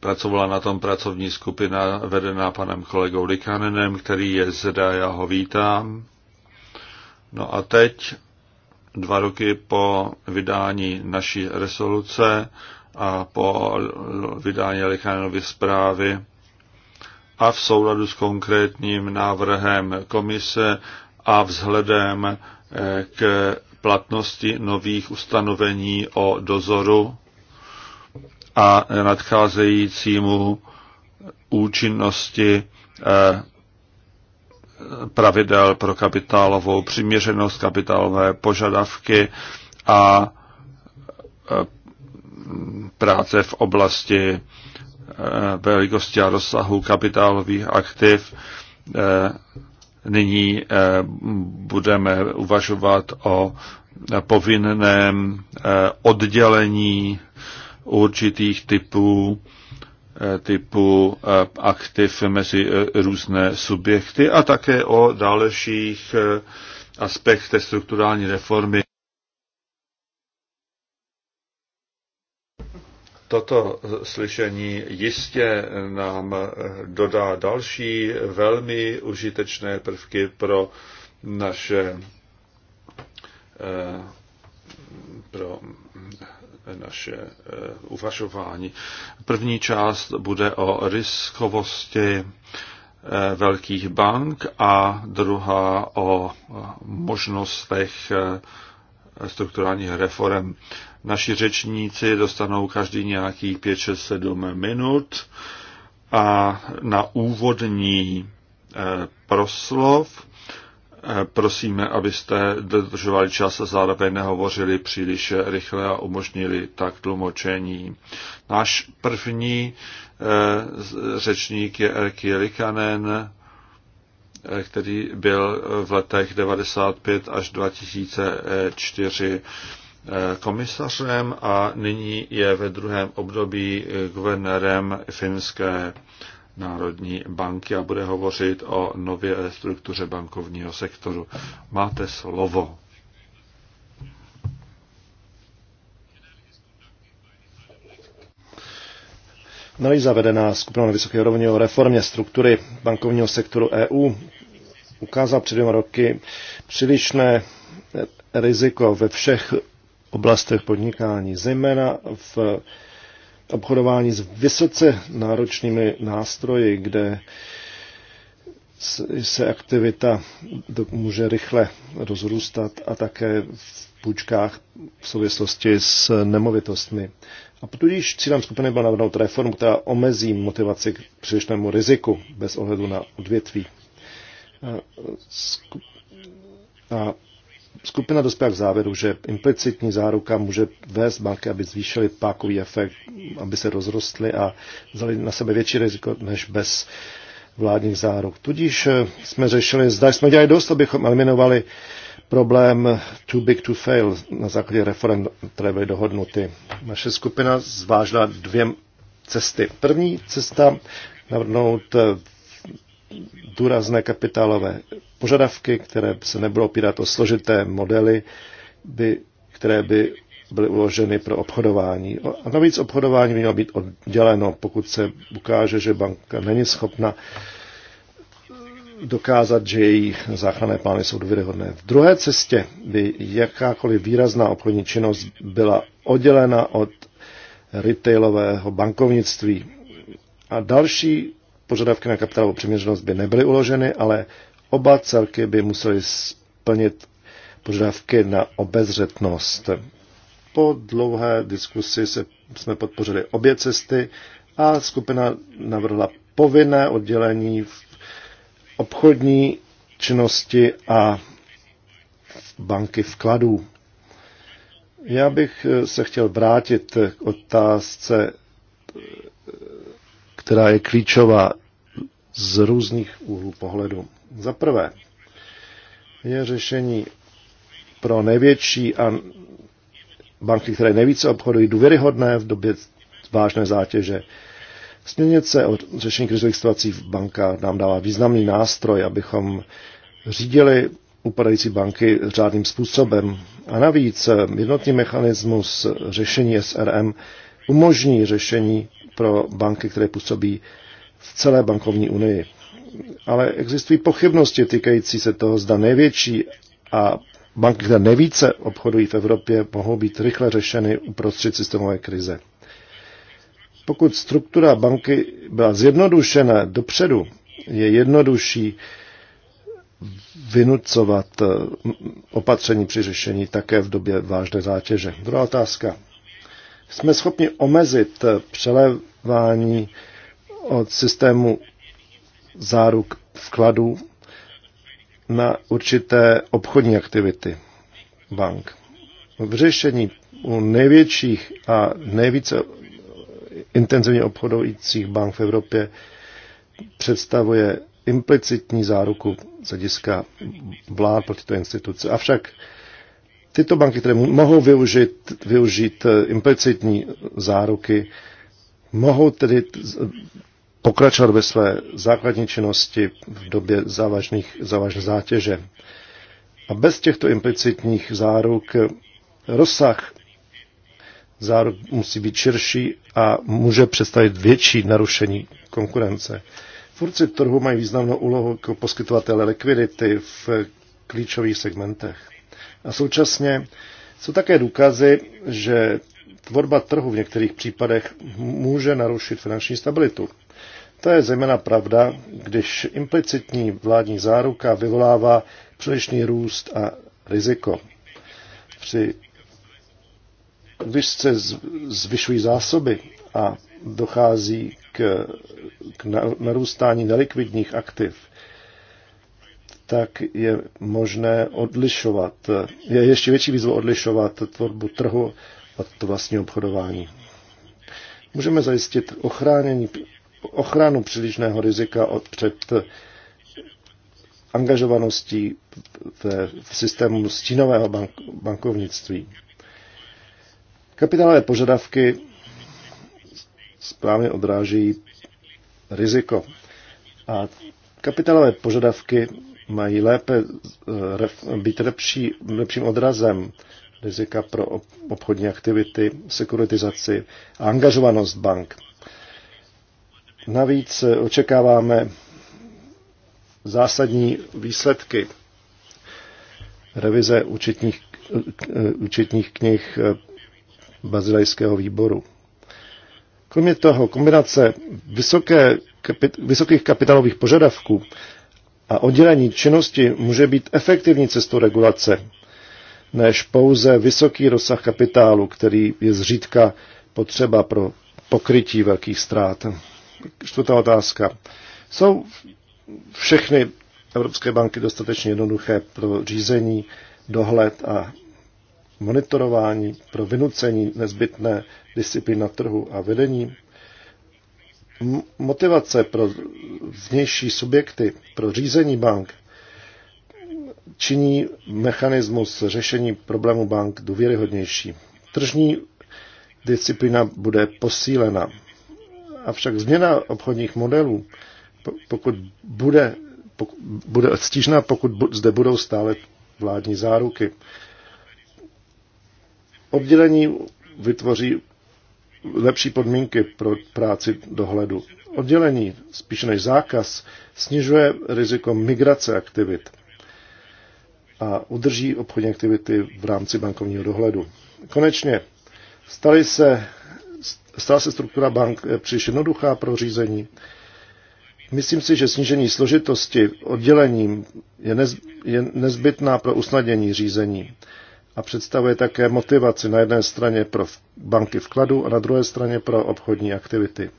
Pracovala na tom pracovní skupina vedená panem kolegou Likanenem, který je zde, já ho vítám. No a teď dva roky po vydání naší resoluce a po vydání Lichanovy zprávy a v souladu s konkrétním návrhem komise a vzhledem eh, k platnosti nových ustanovení o dozoru a nadcházejícímu účinnosti eh, pravidel pro kapitálovou přiměřenost, kapitálové požadavky a e, práce v oblasti e, velikosti a rozsahu kapitálových aktiv. E, nyní budeme uvažovat o povinném oddělení určitých typů typu eh, aktiv mezi eh, různé subjekty a také o dalších eh, aspektech strukturální reformy. Toto slyšení jistě nám dodá další velmi užitečné prvky pro naše pro naše eh, uvažování. První část bude o riskovosti eh, velkých bank a druhá o eh, možnostech strukturálních reform. Naši řečníci dostanou každý nějakých 5-6-7 minut a na úvodní proslov prosíme, abyste dodržovali čas a zároveň nehovořili příliš rychle a umožnili tak tlumočení. Náš první eh, řečník je Erky Likanen, eh, který byl v letech 95 až 2004 eh, komisařem a nyní je ve druhém období guvernérem finské Národní banky a bude hovořit o nové struktuře bankovního sektoru. Máte slovo. No i zavedená skupina na vysoké úrovni o reformě struktury bankovního sektoru EU ukázala před dvěma roky přílišné riziko ve všech oblastech podnikání, zejména v obchodování s vysoce náročnými nástroji, kde se aktivita může rychle rozrůstat a také v půjčkách v souvislosti s nemovitostmi. A tudíž cílem skupiny byla navrhnout reformu, která omezí motivaci k přílišnému riziku bez ohledu na odvětví. A skupina dospěla k závěru, že implicitní záruka může vést banky, aby zvýšily pákový efekt, aby se rozrostly a vzali na sebe větší riziko než bez vládních záruk. Tudíž eh, jsme řešili, zda jsme dělali dost, abychom eliminovali problém too big to fail na základě reform, které byly dohodnuty. Naše skupina zvážila dvě cesty. První cesta navrhnout eh, důrazné kapitálové požadavky, které se nebudou opírat o složité modely, by, které by byly uloženy pro obchodování. A navíc obchodování by mělo být odděleno, pokud se ukáže, že banka není schopna dokázat, že její záchranné plány jsou důvěryhodné. V druhé cestě by jakákoliv výrazná obchodní činnost byla oddělena od retailového bankovnictví. A další požadavky na kapitálovou přiměřenost by nebyly uloženy, ale oba celky by musely splnit požadavky na obezřetnost. Po dlouhé diskusi se, jsme podpořili obě cesty a skupina navrhla povinné oddělení v obchodní činnosti a banky vkladů. Já bych eh, se chtěl vrátit k otázce, eh, která je klíčová z různých úhlů pohledu. Za prvé je řešení pro největší a banky, které nejvíce obchodují, důvěryhodné v době vážné zátěže. Směnit se od řešení krizových situací v bankách nám dává významný nástroj, abychom řídili upadající banky řádným způsobem. A navíc jednotný mechanismus řešení SRM umožní řešení pro banky, které působí v celé bankovní unii. Ale existují pochybnosti týkající se toho, zda největší a banky, které nejvíce obchodují v Evropě, mohou být rychle řešeny uprostřed systémové krize. Pokud struktura banky byla zjednodušena dopředu, je jednodušší vynucovat eh, opatření při řešení také v době vážné zátěže. Druhá otázka. Jsme schopni omezit eh, přelevání od systému záruk vkladů na určité obchodní aktivity bank. V řešení u největších a nejvíce intenzivně obchodujících bank v Evropě představuje implicitní záruku z hlediska vlád pro tyto instituce. Avšak tyto banky, které mohou využít, využít eh, implicitní záruky, mohou tedy pokračovat ve své základní činnosti v době závažných, závažné zátěže. A bez těchto implicitních záruk rozsah záruk musí být širší a může představit větší narušení konkurence. Furci trhu mají významnou úlohu jako poskytovatele likvidity v klíčových segmentech. A současně jsou také důkazy, že tvorba trhu v některých případech může narušit finanční stabilitu. To je zejména pravda, když implicitní vládní záruka vyvolává přílišný růst a riziko. Při když se zvyšují zásoby a dochází k, k narůstání nelikvidních aktiv, tak je možné odlišovat, je ještě větší výzva odlišovat tvorbu trhu od vlastního obchodování. Můžeme zajistit ochránění ochranu přílišného rizika od, před angažovaností v, v systému stínového bank, bankovnictví. Kapitálové požadavky správně odráží riziko. A kapitálové požadavky mají lépe eh, být lepší, lepším odrazem rizika pro obchodní aktivity, sekuritizaci a angažovanost bank. Navíc eh, očekáváme zásadní výsledky revize účetních, eh, účetních knih eh, bazilejského výboru. Kromě toho kombinace vysoké, kapit, vysokých kapitálových požadavků a oddělení činnosti může být efektivní cestou regulace, než pouze vysoký rozsah kapitálu, který je zřídka potřeba pro pokrytí velkých ztrát. Čtvrtá otázka. Jsou všechny evropské banky dostatečně jednoduché pro řízení, dohled a monitorování, pro vynucení nezbytné disciplíny na trhu a vedení. Motivace pro vnější subjekty, pro řízení bank, činí mechanismus řešení problému bank důvěryhodnější. Tržní disciplína bude posílena. Avšak změna obchodních modelů, pokud bude, pokud bude stížná, pokud zde budou stále vládní záruky. Oddělení vytvoří lepší podmínky pro práci dohledu. Oddělení, spíš než zákaz, snižuje riziko migrace aktivit a udrží obchodní aktivity v rámci bankovního dohledu. Konečně staly se Stala se struktura bank eh, příliš jednoduchá pro řízení. Myslím si, že snížení složitosti oddělením je, nez, je nezbytná pro usnadnění řízení a představuje také motivaci na jedné straně pro banky vkladu a na druhé straně pro obchodní aktivity.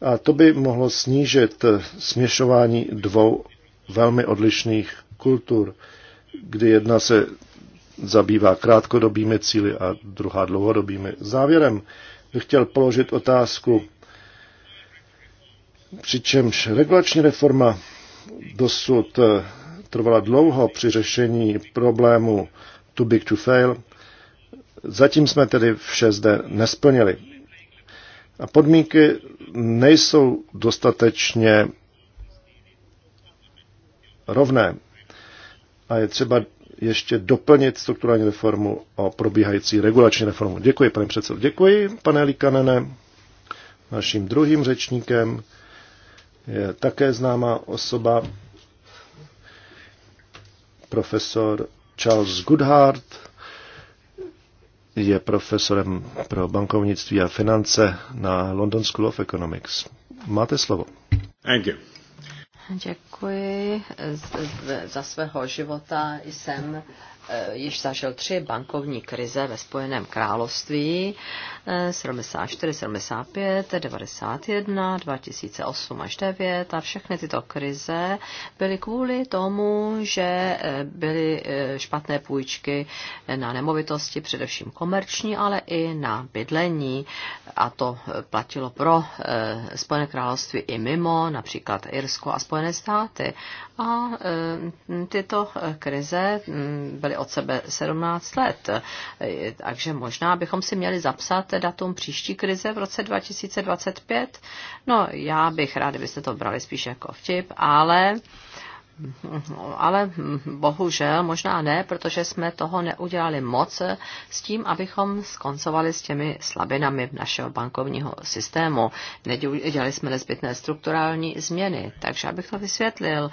A to by mohlo snížit eh, směšování dvou velmi odlišných kultur, kdy jedna se zabývá krátkodobými cíly a druhá dlouhodobými. Závěrem chtěl položit otázku. Přičemž regulační reforma dosud eh, trvala dlouho při řešení problému too big to fail. Zatím jsme tedy vše zde nesplnili. A podmínky nejsou dostatečně rovné. A je třeba ještě doplnit strukturální reformu o probíhající regulační reformu. Děkuji, pane předsedo. Děkuji, pane Likanene. Naším druhým řečníkem je také známá osoba, profesor Charles Goodhart, je profesorem pro bankovnictví a finance na London School of Economics. Máte slovo. Thank you. Děkuji. Za svého života jsem eh, již zažil tři bankovní krize ve Spojeném království 74, 75, 91, 2008 až 9 a všechny tyto krize byly kvůli tomu, že eh, byly eh, špatné půjčky na nemovitosti, především komerční, ale i na bydlení a to eh, platilo pro Spojené království i mimo, například Irsko a Spojené státy. A tyto krize mm, byly od sebe 17 let, takže možná bychom si měli zapsat datum příští krize v roce 2025? No, já bych rád, kdybyste to brali spíš jako vtip, ale ale bohužel možná ne, protože jsme toho neudělali moc s tím, abychom skoncovali s těmi slabinami našeho bankovního systému. Nedělali jsme nezbytné strukturální změny, takže abych to vysvětlil.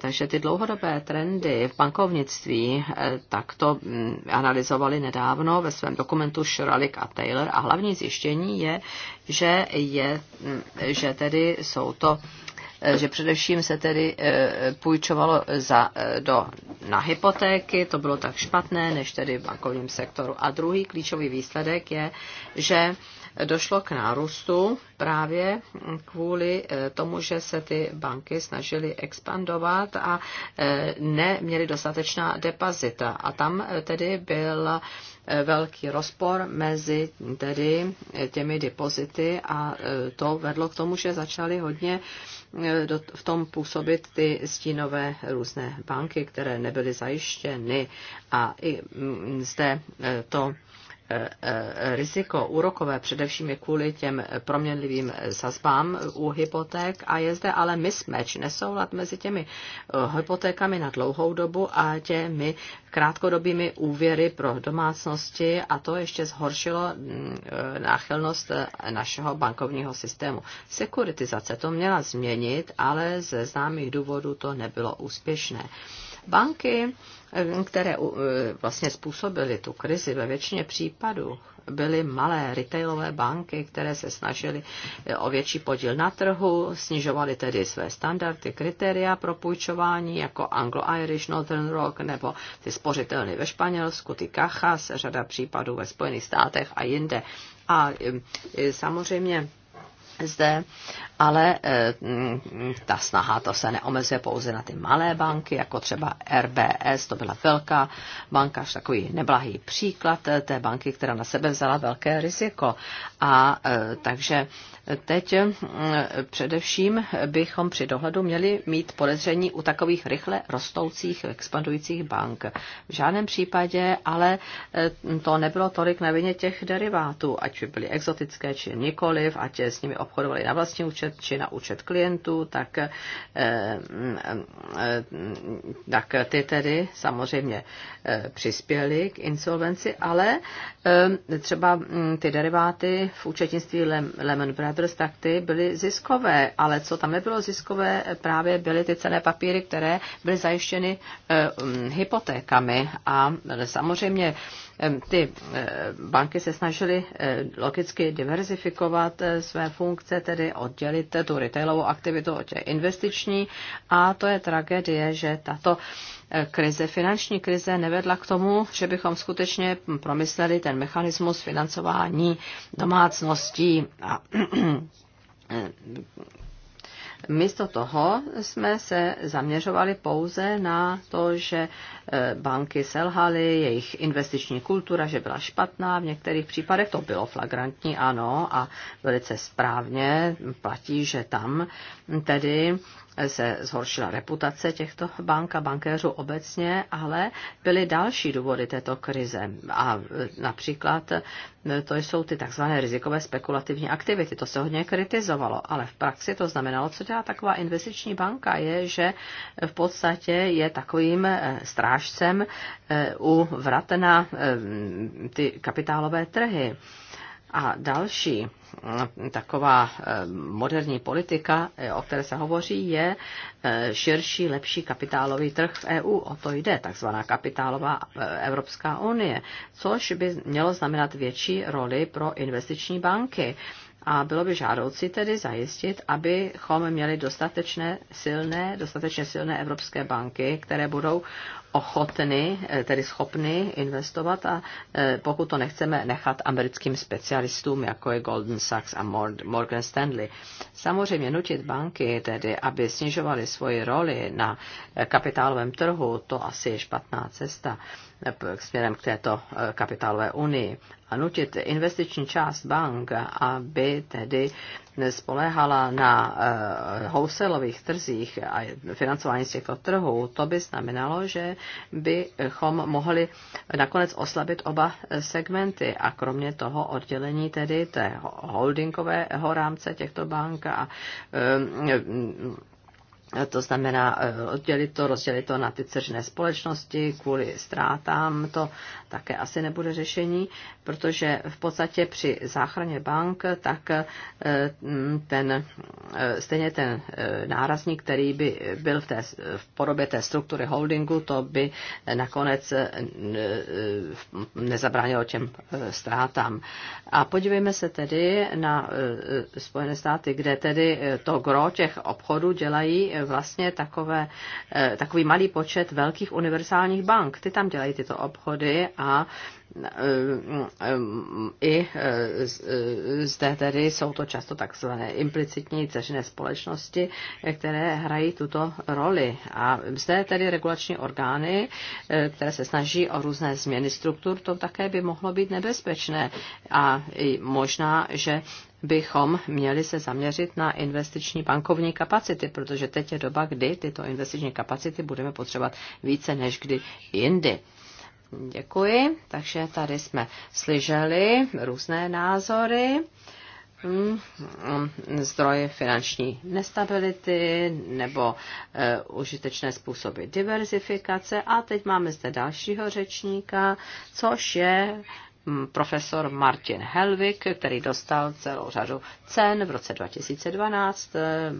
Takže ty dlouhodobé trendy v bankovnictví, tak to mm, analyzovali nedávno ve svém dokumentu Shuralik a Taylor a hlavní zjištění je, že, je, mm, že tedy jsou to Eh, že především se tedy eh, půjčovalo za, eh, do, na hypotéky, to bylo tak špatné, než tedy v bankovním sektoru. A druhý klíčový výsledek je, že došlo k nárůstu právě kvůli tomu, že se ty banky snažily expandovat a neměly dostatečná depozita. A tam tedy byl velký rozpor mezi tedy těmi depozity a e, to vedlo k tomu, že začaly hodně e, v tom působit ty stínové různé banky, které nebyly zajištěny a i zde e, to riziko úrokové především je kvůli těm proměnlivým sazbám u hypoték a je zde ale mismatch, nesoulad mezi těmi eh, hypotékami na dlouhou dobu a těmi krátkodobými úvěry pro domácnosti a to ještě zhoršilo mm, eh, náchylnost eh, našeho bankovního systému. Sekuritizace to měla změnit, ale ze známých důvodů to nebylo úspěšné. Banky Eh, které eh, vlastně způsobily tu krizi ve většině případů, byly malé retailové banky, které se snažily eh, o větší podíl na trhu, snižovaly tedy své standardy, kritéria pro půjčování, jako Anglo-Irish, Northern Rock nebo ty spořitelny ve Španělsku, ty Cajas, řada případů ve Spojených státech a jinde. A samozřejmě zde, ale eh, mm, ta snaha to se neomezuje pouze na ty malé banky, jako třeba RBS, to byla velká banka, až takový neblahý příklad eh, té banky, která na sebe vzala velké riziko. A eh, takže Teď mm, především bychom při dohledu měli mít podezření u takových rychle rostoucích, expandujících bank. V žádném případě ale mm, to nebylo tolik na vině těch derivátů, ať by byly exotické či nikoliv, ať s nimi obchodovali na vlastní účet či na účet klientů, tak, eh, mm, eh, tak ty tedy samozřejmě eh, přispěly k insolvenci, ale třeba ty deriváty v účetnictví Lehman Brothers Brothers, tak ty byly ziskové, ale co tam nebylo ziskové, právě byly ty cené papíry, které byly zajištěny eh, mm, hypotékami. A eh, samozřejmě eh, ty banky se snažily logicky diverzifikovat své funkce, tedy oddělit tu retailovou aktivitu od investiční a to je tragédie, že tato Eh, krize, finanční krize nevedla k tomu, že bychom skutečně promysleli ten mechanismus financování domácností a [clears throat] eh, Místo toho jsme se zaměřovali pouze na to, že eh, banky selhaly, jejich investiční kultura, že byla špatná, v některých případech to bylo flagrantní, ano, a velice správně platí, že tam tedy se zhoršila reputace těchto bank a bankéřů obecně, ale byly další důvody této krize. A e, například e, to jsou ty takzvané rizikové spekulativní aktivity. To se hodně kritizovalo, ale v praxi to znamenalo, co dělá taková investiční banka, je, že v podstatě je takovým e, strážcem u vrat na ty kapitálové trhy. A další Eh, taková eh, moderní politika, eh, o které se hovoří, je širší, lepší kapitálový trh v EU. O to jde, takzvaná kapitálová Evropská unie, což by mělo znamenat větší roli pro investiční banky a bylo by žádoucí tedy zajistit, abychom měli dostatečné silné, dostatečně silné evropské banky, které budou ochotny, eh, tedy schopny investovat a eh, pokud to nechceme nechat americkým specialistům, jako je Goldman Sachs a Morgan Stanley. Samozřejmě nutit banky tedy, aby snižovaly svoji roli na eh, kapitálovém trhu, to asi je špatná cesta směrem k této eh, kapitálové unii a nutit investiční část bank, aby tedy spoléhala na eh, houselových trzích a financování z těchto trhů, to by znamenalo, že bychom mohli nakonec oslabit oba eh, segmenty a kromě toho oddělení tedy té holdingového rámce těchto bank a to znamená eh, oddělit to, rozdělit to na ty ceřné společnosti kvůli ztrátám, to také asi nebude řešení, protože v podstatě při záchraně bank, tak eh, mm, ten, eh, stejně ten nárazník, který by byl v, té, v podobě té struktury holdingu, to by nakonec nezabránilo těm ztrátám. A podívejme se tedy na Spojené státy, kde tedy to gro těch obchodů dělají vlastně takové, eh, takový malý počet velkých univerzálních bank. Ty tam dělají tyto obchody a eh, mm, eh, i zde tedy jsou to často takzvané implicitní ceřiné společnosti, které hrají tuto roli. A zde tedy regulační orgány, které se snaží o různé změny struktur, to také by mohlo být nebezpečné. A možná, že bychom měli se zaměřit na investiční bankovní kapacity, protože teď je doba, kdy tyto investiční kapacity budeme potřebovat více než kdy jindy. Děkuji. Takže tady jsme slyšeli různé názory. Hmm, hmm, zdroje finanční nestability nebo e, užitečné způsoby diverzifikace. A teď máme zde dalšího řečníka, což je Mm, profesor Martin Helvik, který dostal celou řadu cen v roce 2012, eh,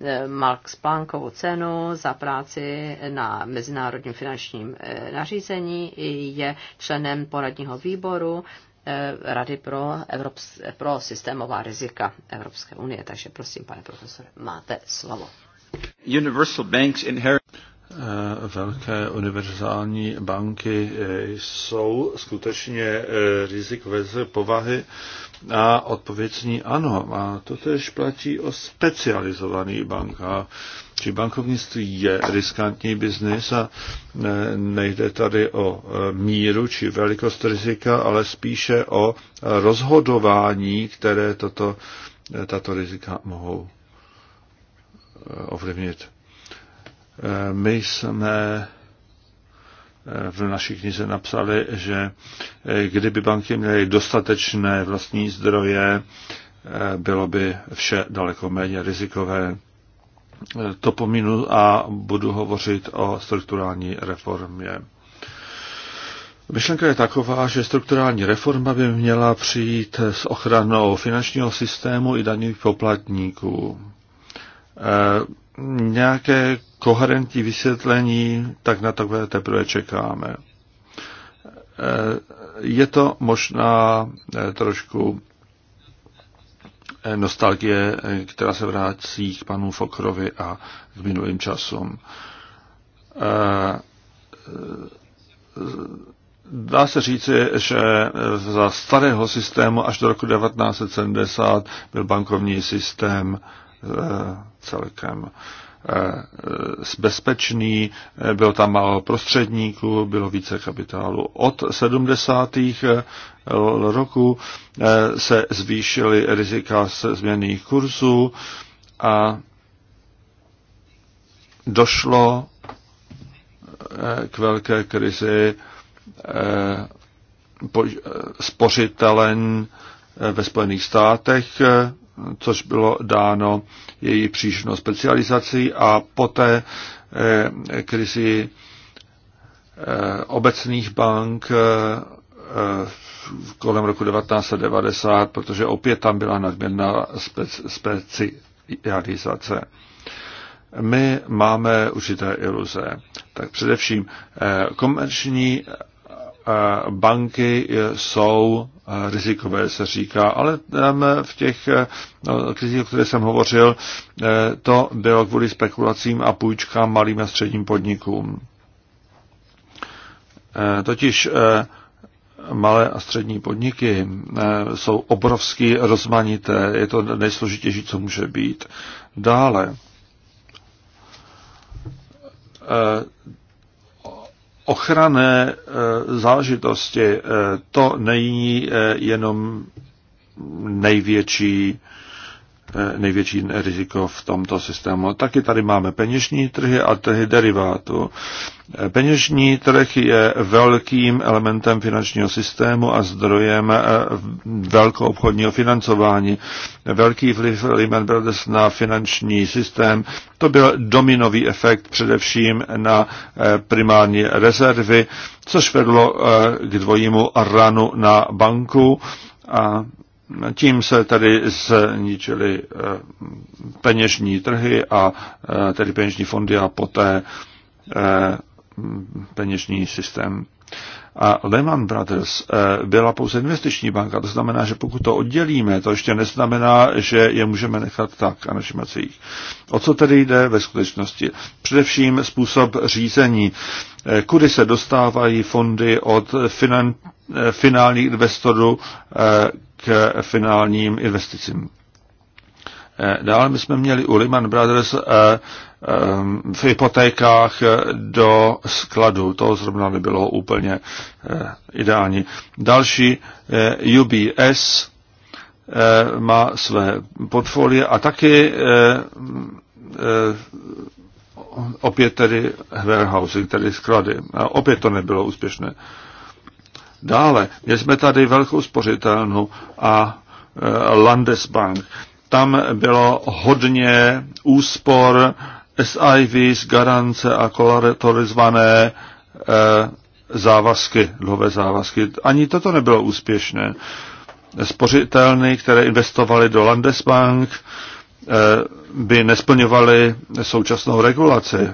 eh, Max Plankovu cenu za práci na mezinárodním finančním eh, nařízení, je členem poradního výboru Rady pro, Evrops- pro systémová rizika Evropské unie. Takže prosím, pane profesore, máte slovo. Universal banks inherit Eh, velké univerzální banky eh, jsou skutečně eh, rizikové z povahy a odpovědní ano. A to tež platí o specializovaný bankách. Či bankovnictví je riskantní biznis a nejde tady o míru či velikost rizika, ale spíše o rozhodování, které toto, tato rizika mohou ovlivnit. Eh, my jsme eh, v naší knize napsali, že eh, kdyby banky měly dostatečné vlastní zdroje, bylo by vše daleko méně rizikové. To pominu a budu hovořit o strukturální reformě. Myšlenka je taková, že strukturální reforma by měla přijít s ochranou finančního systému i daných poplatníků nějaké koherentní vysvětlení, tak na takové teprve čekáme. E, je to možná e, trošku e, nostalgie, která se vrátí k panu Fokrovi a k minulým časům. Dá se říci, že za starého systému až do roku 1970 byl bankovní systém celkem eh, bezpečný, bylo tam málo prostředníků, bylo více kapitálu. Od 70. Eh, roku eh, se zvýšily rizika se změných kurzů a došlo k velké krizi spořitelen ve Spojených státech což bylo dáno její příšnou specializací a poté eh, krizi eh, obecných bank eh, kolem roku 1990, protože opět tam byla nadměrná specializace. My máme určité iluze. Tak především komerční banky jsou rizikové se říká, ale tam eh, v těch eh, no, krizích, o které jsem hovořil, eh, to bylo kvůli spekulacím a půjčkám malým a středním podnikům. Totiž malé a střední podniky jsou obrovsky rozmanité. Je to nejsložitější, co může být. Dále ochranné eh, záležitosti, eh, to není eh, jenom největší Eh, největší riziko v tomto systému. Taky tady máme peněžní trhy a trhy derivátu. Eh, peněžní trh je velkým elementem finančního systému a zdrojem eh, velkou obchodního financování. Velký vliv Lehman Brothers na finanční systém, to byl dominový efekt především na primární rezervy, což vedlo k dvojímu ranu na banku a tím se tedy zničily eh, peněžní trhy a eh, tedy peněžní fondy a poté eh, peněžní systém. A Lehman Brothers byla pouze investiční banka, to znamená, že pokud to oddělíme, to ještě neznamená, že je můžeme nechat tak a našim jich. O co tedy jde ve skutečnosti? Především způsob řízení. Kudy se dostávají fondy od finan, finálních investorů k finálním investicím. Eh, dále my jsme měli u Lehman Brothers eh, eh, v hypotékách do skladu. To zrovna nebylo úplně ideální. Další UBS má své portfolie a taky opět tedy warehousing, tedy sklady. A opět to nebylo úspěšné. Dále, my jsme tady velkou spořitelnu a eh, Landesbank. Tam bylo hodně úspor, SIVs, garance a e, závazky, dlouhé závazky. Ani toto nebylo úspěšné. Spořitelny, které investovaly do Landesbank, eh, by nesplňovaly současnou regulaci.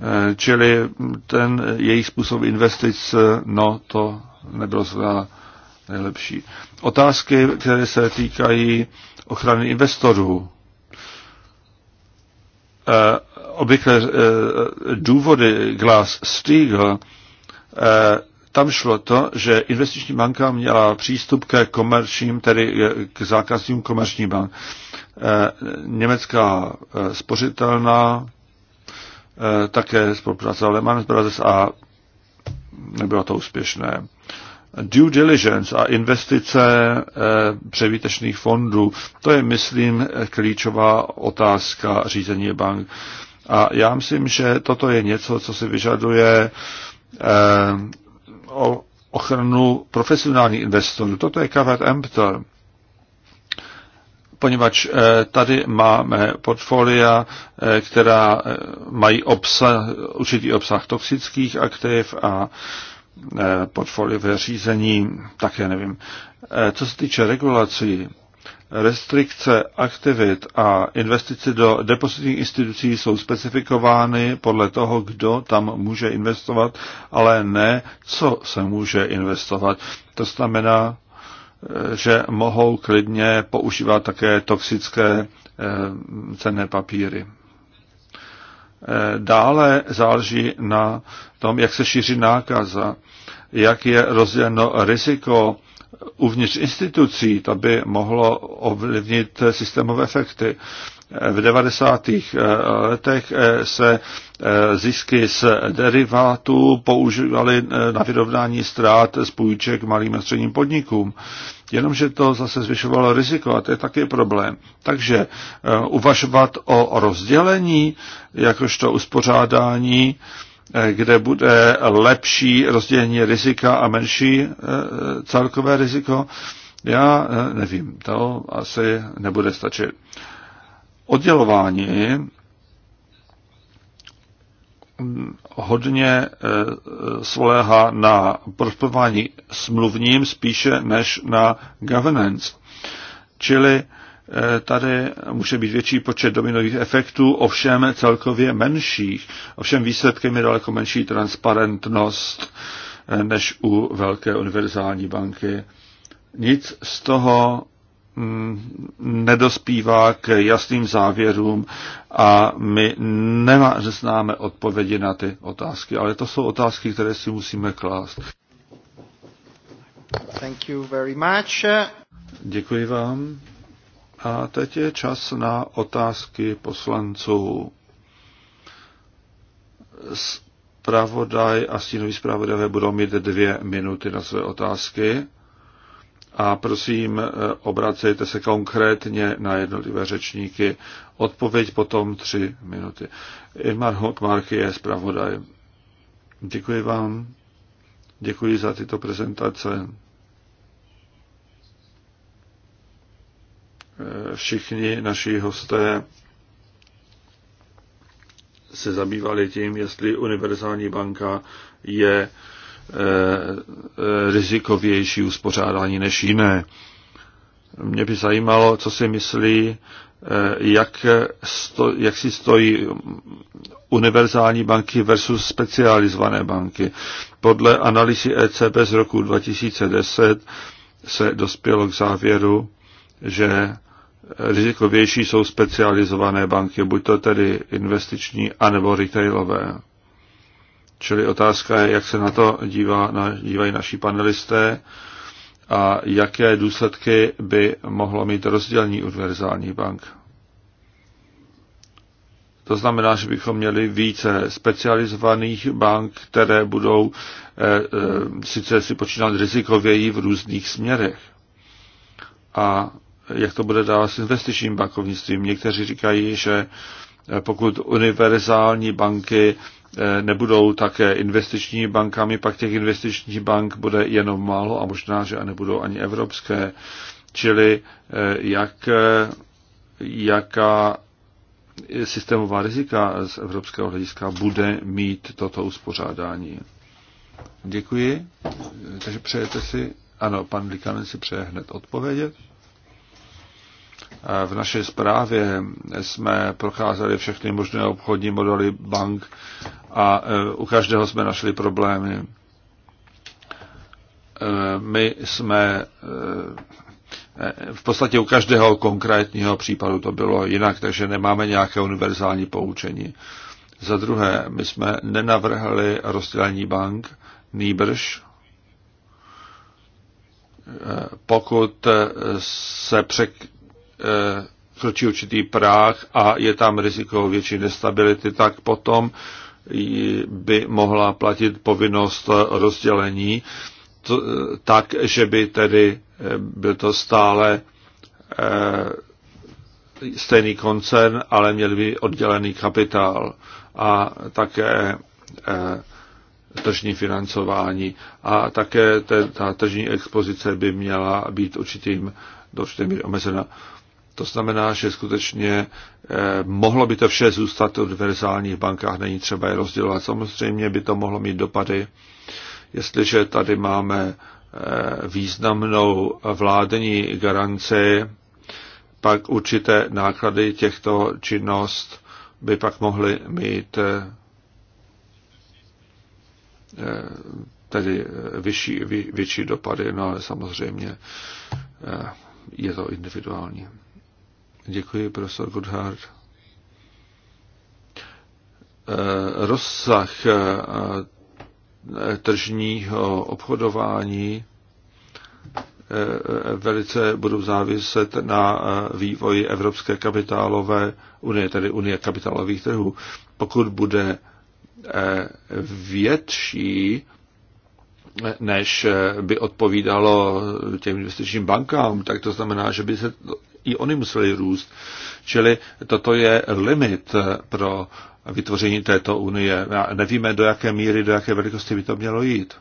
Eh, čili ten jejich způsob investic, eh, no to nebylo zrovna nejlepší. Otázky, které se týkají ochrany investorů. Eh, obvykle důvody Glass-Steagall tam šlo to, že investiční banka měla přístup ke komerčním, tedy k zákazníkům komerční bank. Německá spořitelná E, také spolupracoval Lehman Brothers a nebylo to úspěšné. Due diligence a investice e, převýtečných fondů, to je, myslím, klíčová otázka řízení bank. A já myslím, že toto je něco, co si vyžaduje e, ochranu profesionálních investorů. Toto je covered emptor poněvadž eh, tady máme portfolia, eh, která eh, mají obsah, určitý obsah toxických aktiv a portfolio ve řízení, také nevím. Co se týče regulací, restrikce aktivit a investice do depozitních institucí jsou specifikovány podle toho, kdo tam může investovat, ale ne, co se může investovat. To znamená, že mohou klidně používat také toxické eh, cenné papíry. Eh, dále záleží na tom, jak se šíří nákaza, jak je rozděleno riziko uvnitř institucí, to by mohlo ovlivnit systémové efekty. Eh, v 90. letech se zisky z derivátů používaly na vyrovnání ztrát z půjček malým a středním podnikům jenomže to zase zvyšovalo riziko a to je taky problém. Takže eh, uvažovat o rozdělení, jakožto uspořádání, eh, kde bude lepší rozdělení rizika a menší eh, celkové riziko, já nevím, to asi nebude stačit. Oddělování hodně eh, svoléhá na prospování smluvním spíše než na governance. Čili eh, tady může být větší počet dominových efektů, ovšem celkově menších. Ovšem výsledkem je daleko menší transparentnost eh, než u velké univerzální banky. Nic z toho Mm, nedospívá k jasným závěrům a my neznáme odpovědi na ty otázky, ale to jsou otázky, které si musíme klást. Thank you very much. Děkuji vám. A teď je čas na otázky poslanců. Spravodaj a stínový zpravodajové budou mít dvě minuty na své otázky a prosím, eh, obracejte se konkrétně na jednotlivé řečníky. Odpověď potom tři minuty. Ilmar Hockmark je zpravodaj. Děkuji vám. Děkuji za tyto prezentace. Eh, všichni naši hosté se zabývali tím, jestli univerzální banka je Eh, rizikovější uspořádání než jiné. Mě by zajímalo, co si myslí, eh, jak, sto, jak si stojí univerzální banky versus specializované banky. Podle analýzy ECB z roku 2010 se dospělo k závěru, že rizikovější jsou specializované banky, buď to tedy investiční, anebo retailové. Čili otázka je, jak se na to dívá, na, dívají naši panelisté a jaké důsledky by mohlo mít rozdělení univerzální bank. To znamená, že bychom měli více specializovaných bank, které budou e, e, sice si počínat rizikověji v různých směrech. A jak to bude dál s investičním bankovnictvím? Někteří říkají, že eh, pokud univerzální banky Eh, nebudou také investiční bankami, pak těch investičních bank bude jenom málo a možná, že nebudou ani evropské. Čili eh, jak, eh, jaká systémová rizika z evropského hlediska bude mít toto uspořádání. Děkuji. Takže přejete si, ano, pan Likanen si přeje hned odpovědět. V naší zprávě jsme procházeli všechny možné obchodní modely bank a e, u každého jsme našli problémy. E, my jsme e, v podstatě u každého konkrétního případu to bylo jinak, takže nemáme nějaké univerzální poučení. Za druhé, my jsme nenavrhli rozdělení bank, nýbrž pokud se přek, vklčí eh, určitý práh a je tam riziko větší nestability, tak potom by mohla platit povinnost rozdělení eh, tak, že by tedy eh, byl to stále stejný koncern, ale měl by oddělený kapitál a také tržní financování a také ta tržní expozice by měla být určitým do určité míry omezena. To znamená, že skutečně eh, mohlo by to vše zůstat v univerzálních bankách, není třeba je rozdělovat. Samozřejmě by to mohlo mít dopady, jestliže tady máme eh, významnou vládní garanci, pak určité náklady těchto činnost by pak mohly mít eh, tedy vyšší, vy, větší dopady, no ale samozřejmě je to individuální. Děkuji, profesor Godhard. Eh, rozsah eh, eh, tržního obchodování velice budou záviset na vývoji Evropské kapitálové unie, tedy unie kapitálových trhů. Pokud bude větší, než eh, by odpovídalo těm investičním bankám, tak to znamená, že by se i oni museli růst. Čili toto je limit eh, pro vytvoření této unie. Nevíme, do jaké míry, do jaké velikosti by to mělo jít.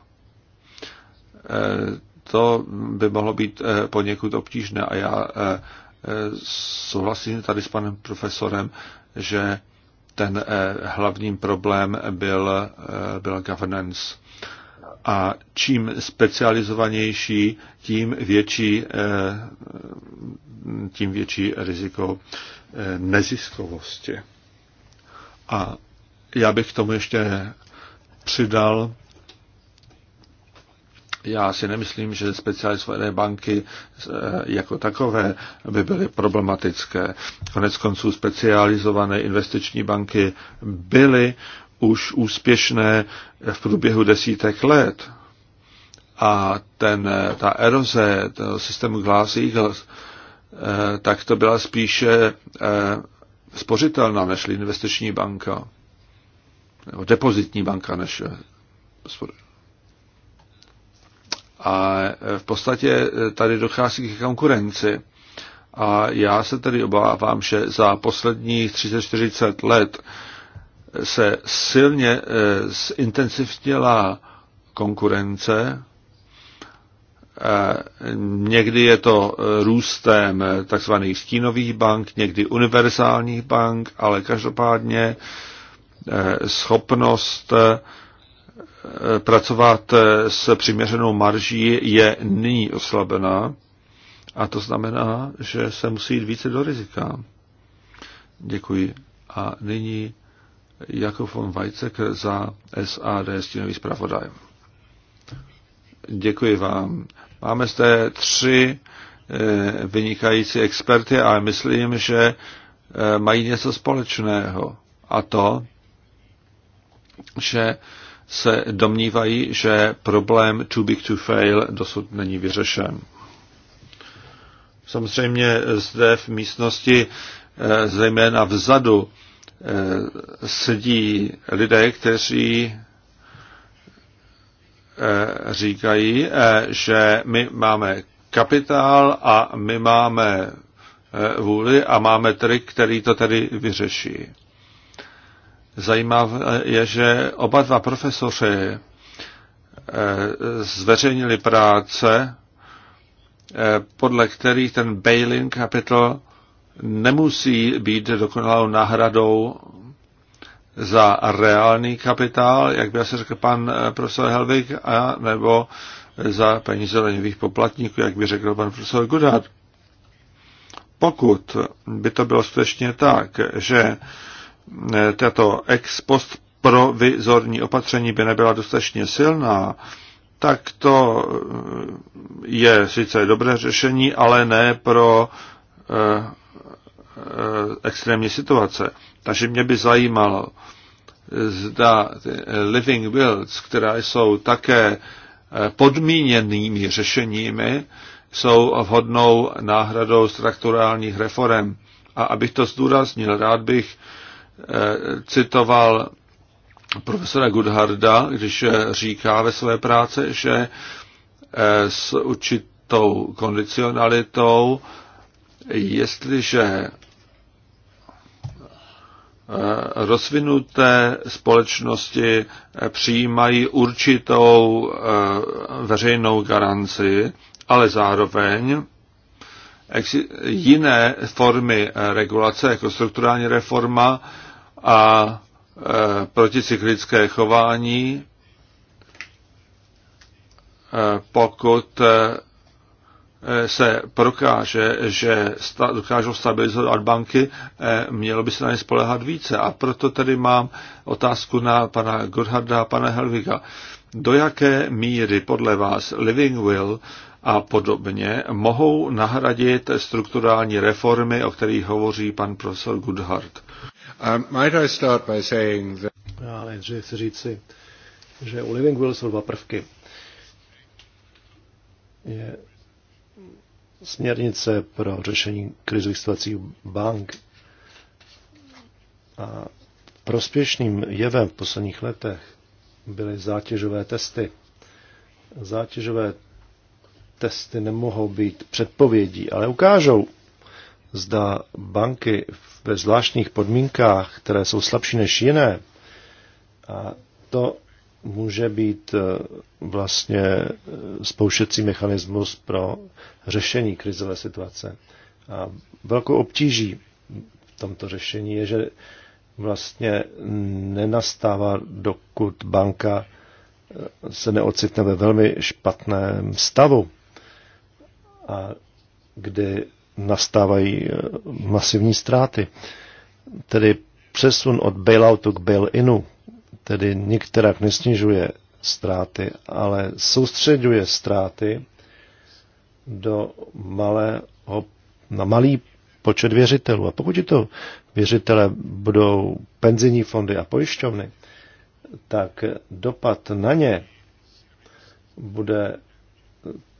Eh, to by mohlo být poněkud obtížné a já souhlasím tady s panem profesorem, že ten hlavním problém byl, byl governance a čím specializovanější, tím větší, eh, tím větší riziko eh, neziskovosti. A já bych k tomu ještě přidal, já si nemyslím, že specializované banky eh, jako takové by byly problematické. Konec konců specializované investiční banky byly už úspěšné v průběhu desítek let. A ten, ta eroze toho systému Glass Eagles, eh, tak to byla spíše eh, spořitelná než investiční banka, nebo depozitní banka než eh, a v podstatě tady dochází k konkurenci. A já se tedy obávám, že za posledních 30-40 let se silně eh, zintensivnila konkurence. Eh, někdy je to eh, růstem tzv. stínových bank, někdy univerzálních bank, ale každopádně schopnost pracovat s přiměřenou marží je nyní oslabená a to znamená, že se musí jít více do rizika. Děkuji. A nyní Jakov von Weizek za SAD stínový zpravodaj. Děkuji vám. Máme zde tři eh, vynikající experty, ale myslím, že eh, mají něco společného. A to, že se domnívají, že problém too big to fail dosud není vyřešen. Samozřejmě zde v místnosti, eh, zejména vzadu, Eh, sedí lidé, kteří eh, říkají, eh, že my máme kapitál a my máme vůli a máme trik, který to tedy vyřeší. Zajímavé je, že oba dva profesoři zveřejnili práce, podle kterých ten bail-in capital nemusí být dokonalou náhradou za reálný kapitál, jak by asi řekl pan eh, profesor Helvig, a nebo za peníze daňových poplatníků, jak by řekl pan profesor Gudard. Pokud by to bylo skutečně tak, že eh, tato ex post provizorní opatření by nebyla dostatečně silná, tak to eh, je sice dobré řešení, ale ne pro Eh, extrémní situace. Takže mě by zajímalo, zda eh, living wills, které jsou také eh, podmíněnými řešeními, jsou vhodnou náhradou strukturálních reform. A abych to zdůraznil, rád bych citoval profesora Goodharda, když říká ve své práci, že s určitou kondicionalitou, jestliže Eh, rozvinuté společnosti eh, přijímají určitou eh, veřejnou garanci, ale zároveň jiné formy regulace, jako strukturální reforma a proticyklické chování, pokud se prokáže, že sta, dokážou stabilizovat banky, eh, mělo by se na ně spolehat více. A proto tedy mám otázku na pana Godharda a pana Helviga. Do jaké míry podle vás Living Will a podobně mohou nahradit strukturální reformy, o kterých hovoří pan profesor Goodhart? Um, might I start by saying that... Já nejdřív chci říci, že u Living Will jsou dva prvky. Je směrnice pro řešení krizových situací bank. A prospěšným jevem v posledních letech byly zátěžové testy. Zátěžové testy nemohou být předpovědí, ale ukážou, zda banky ve zvláštních podmínkách, které jsou slabší než jiné, a to může být eh, vlastně eh, spouštěcí mechanismus pro řešení krizové situace. A velkou obtíží v tomto řešení je, že vlastně nenastává, dokud banka eh, se neocitne ve velmi špatném stavu, a kdy nastávají eh, masivní ztráty. Tedy přesun od bailoutu k bail-inu, tedy nikterak nesnižuje ztráty, ale soustředuje ztráty do malého, na malý počet věřitelů. A pokud to věřitele budou penzijní fondy a pojišťovny, tak dopad na ně bude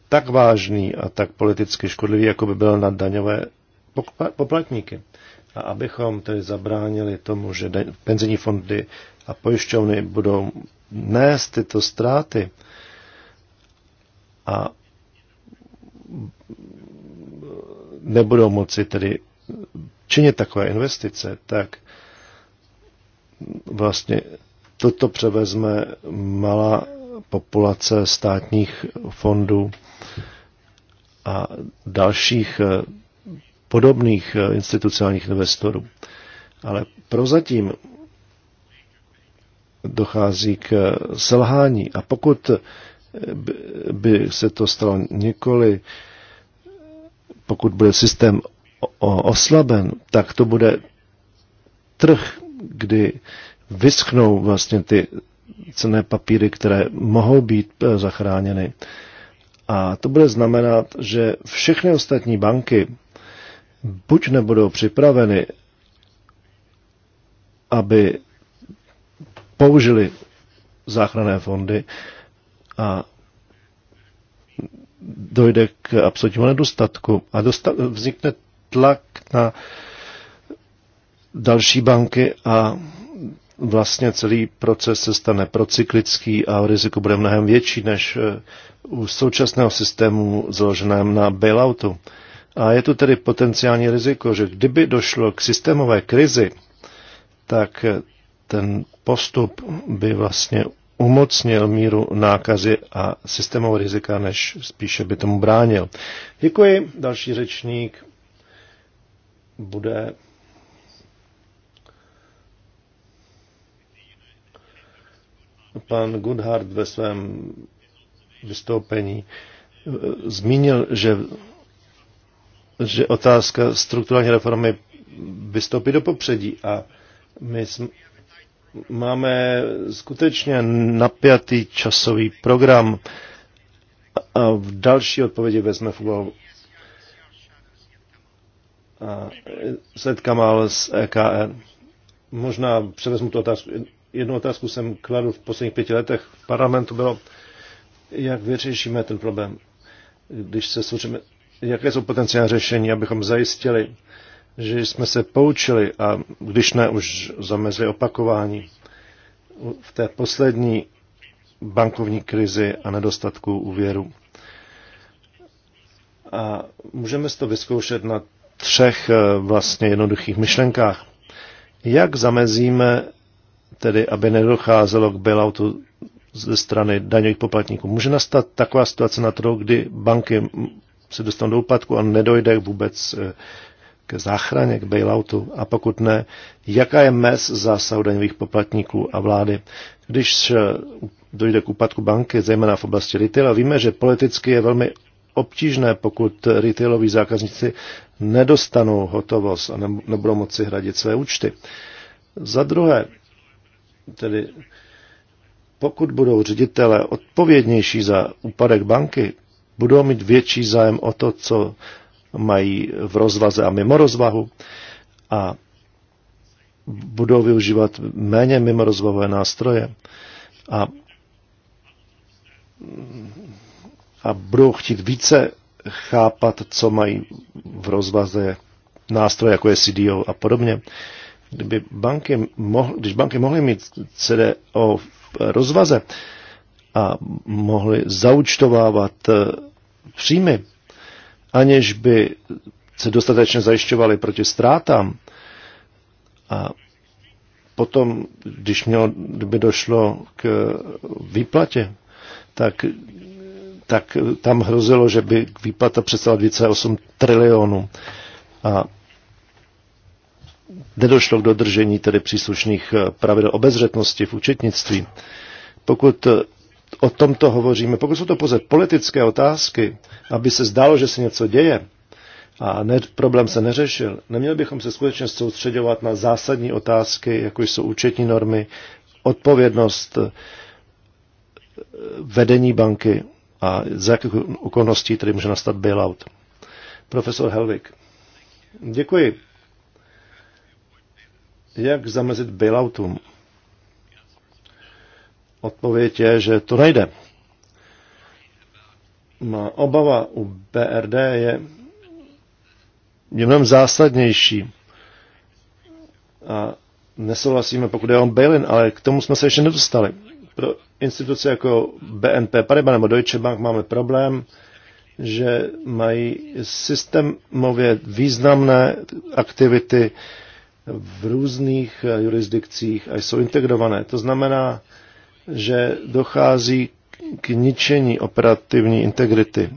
tak vážný a tak politicky škodlivý, jako by byl na daňové poplatníky. A abychom tedy zabránili tomu, že penzijní fondy a pojišťovny budou nést tyto ztráty a nebudou moci tedy činit takové investice, tak vlastně toto převezme malá populace státních fondů a dalších eh, podobných eh, institucionálních investorů. Ale prozatím dochází k eh, selhání. A pokud by se to stalo nikoli, pokud bude systém oslaben, tak to bude trh, kdy vyschnou vlastně ty cené papíry, které mohou být eh, zachráněny. A to bude znamenat, že všechny ostatní banky buď nebudou připraveny, aby použili záchranné fondy, a dojde k absolutnímu nedostatku a dosta- vznikne tlak na další banky a vlastně celý proces se stane procyklický a riziko bude mnohem větší než eh, u současného systému založeném na bailoutu. A je tu tedy potenciální riziko, že kdyby došlo k systémové krizi, tak eh, ten postup by vlastně umocnil míru nákazy a systémového rizika, než spíše by tomu bránil. Děkuji. Další řečník bude pan Goodhart ve svém vystoupení zmínil, že, že otázka strukturální reformy vystoupí do popředí a my jsme Máme skutečně napjatý časový program. A v další odpovědi vezme v úvahu Kamal z EKR. Možná převezmu tu otázku. Jednu otázku jsem kladl v posledních pěti letech v parlamentu bylo, jak vyřešíme ten problém, když se slučíme, jaké jsou potenciální řešení, abychom zajistili, že jsme se poučili a když ne, už zamezli opakování v té poslední bankovní krizi a nedostatku úvěru. A můžeme si to vyzkoušet na třech eh, vlastně jednoduchých myšlenkách. Jak zamezíme tedy, aby nedocházelo k bailoutu ze strany daňových poplatníků? Může nastat taková situace na trhu, kdy banky se dostanou do úpadku a nedojde vůbec eh, k záchraně, k bailoutu a pokud ne, jaká je mez za saudaňových poplatníků a vlády. Když dojde k úpadku banky, zejména v oblasti retail, víme, že politicky je velmi obtížné, pokud retailoví zákazníci nedostanou hotovost a nebudou moci hradit své účty. Za druhé, tedy pokud budou ředitele odpovědnější za úpadek banky, budou mít větší zájem o to, co mají v rozvaze a mimo rozvahu a budou využívat méně mimo rozvahové nástroje a, a budou chtít více chápat, co mají v rozvaze nástroje, jako je CDO a podobně. Kdyby banky mohly, když banky mohly mít CDO v rozvaze a mohly zaučtovávat eh, příjmy, aniž by se dostatečně zajišťovali proti ztrátám. A potom, když mělo, by došlo k výplatě, tak, tak tam hrozilo, že by výplata přestala 2,8 trilionů. A nedošlo k dodržení tedy příslušných eh, pravidel obezřetnosti v účetnictví. Pokud eh, o tomto hovoříme. Pokud jsou to pouze politické otázky, aby se zdálo, že se něco děje a ne, problém se neřešil, neměli bychom se skutečně soustředovat na zásadní otázky, jako jsou účetní normy, odpovědnost eh, vedení banky a z jakých okolností tedy může nastat bailout. Profesor Helvik. Děkuji. Jak zamezit bailoutům? Odpověď je, že to nejde. Má obava u BRD je, je mnohem zásadnější. A nesouhlasíme, pokud je on bail ale k tomu jsme se ještě nedostali. Pro instituce jako BNP Paribas nebo Deutsche Bank máme problém, že mají systémově významné aktivity v různých jurisdikcích a jsou integrované. To znamená, že dochází k ničení operativní integrity.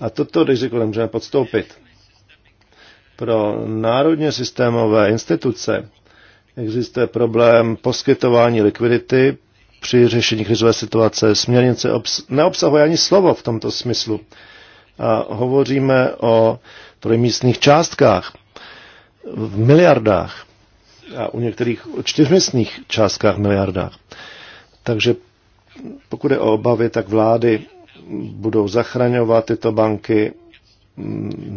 A toto riziko nemůžeme podstoupit. Pro národně systémové instituce existuje problém poskytování likvidity při řešení krizové situace. Směrnice obs- neobsahuje ani slovo v tomto smyslu. A hovoříme o trojmístných částkách v miliardách a u některých čtyřmístných částkách v miliardách. Takže pokud je o obavy, tak vlády budou zachraňovat tyto banky,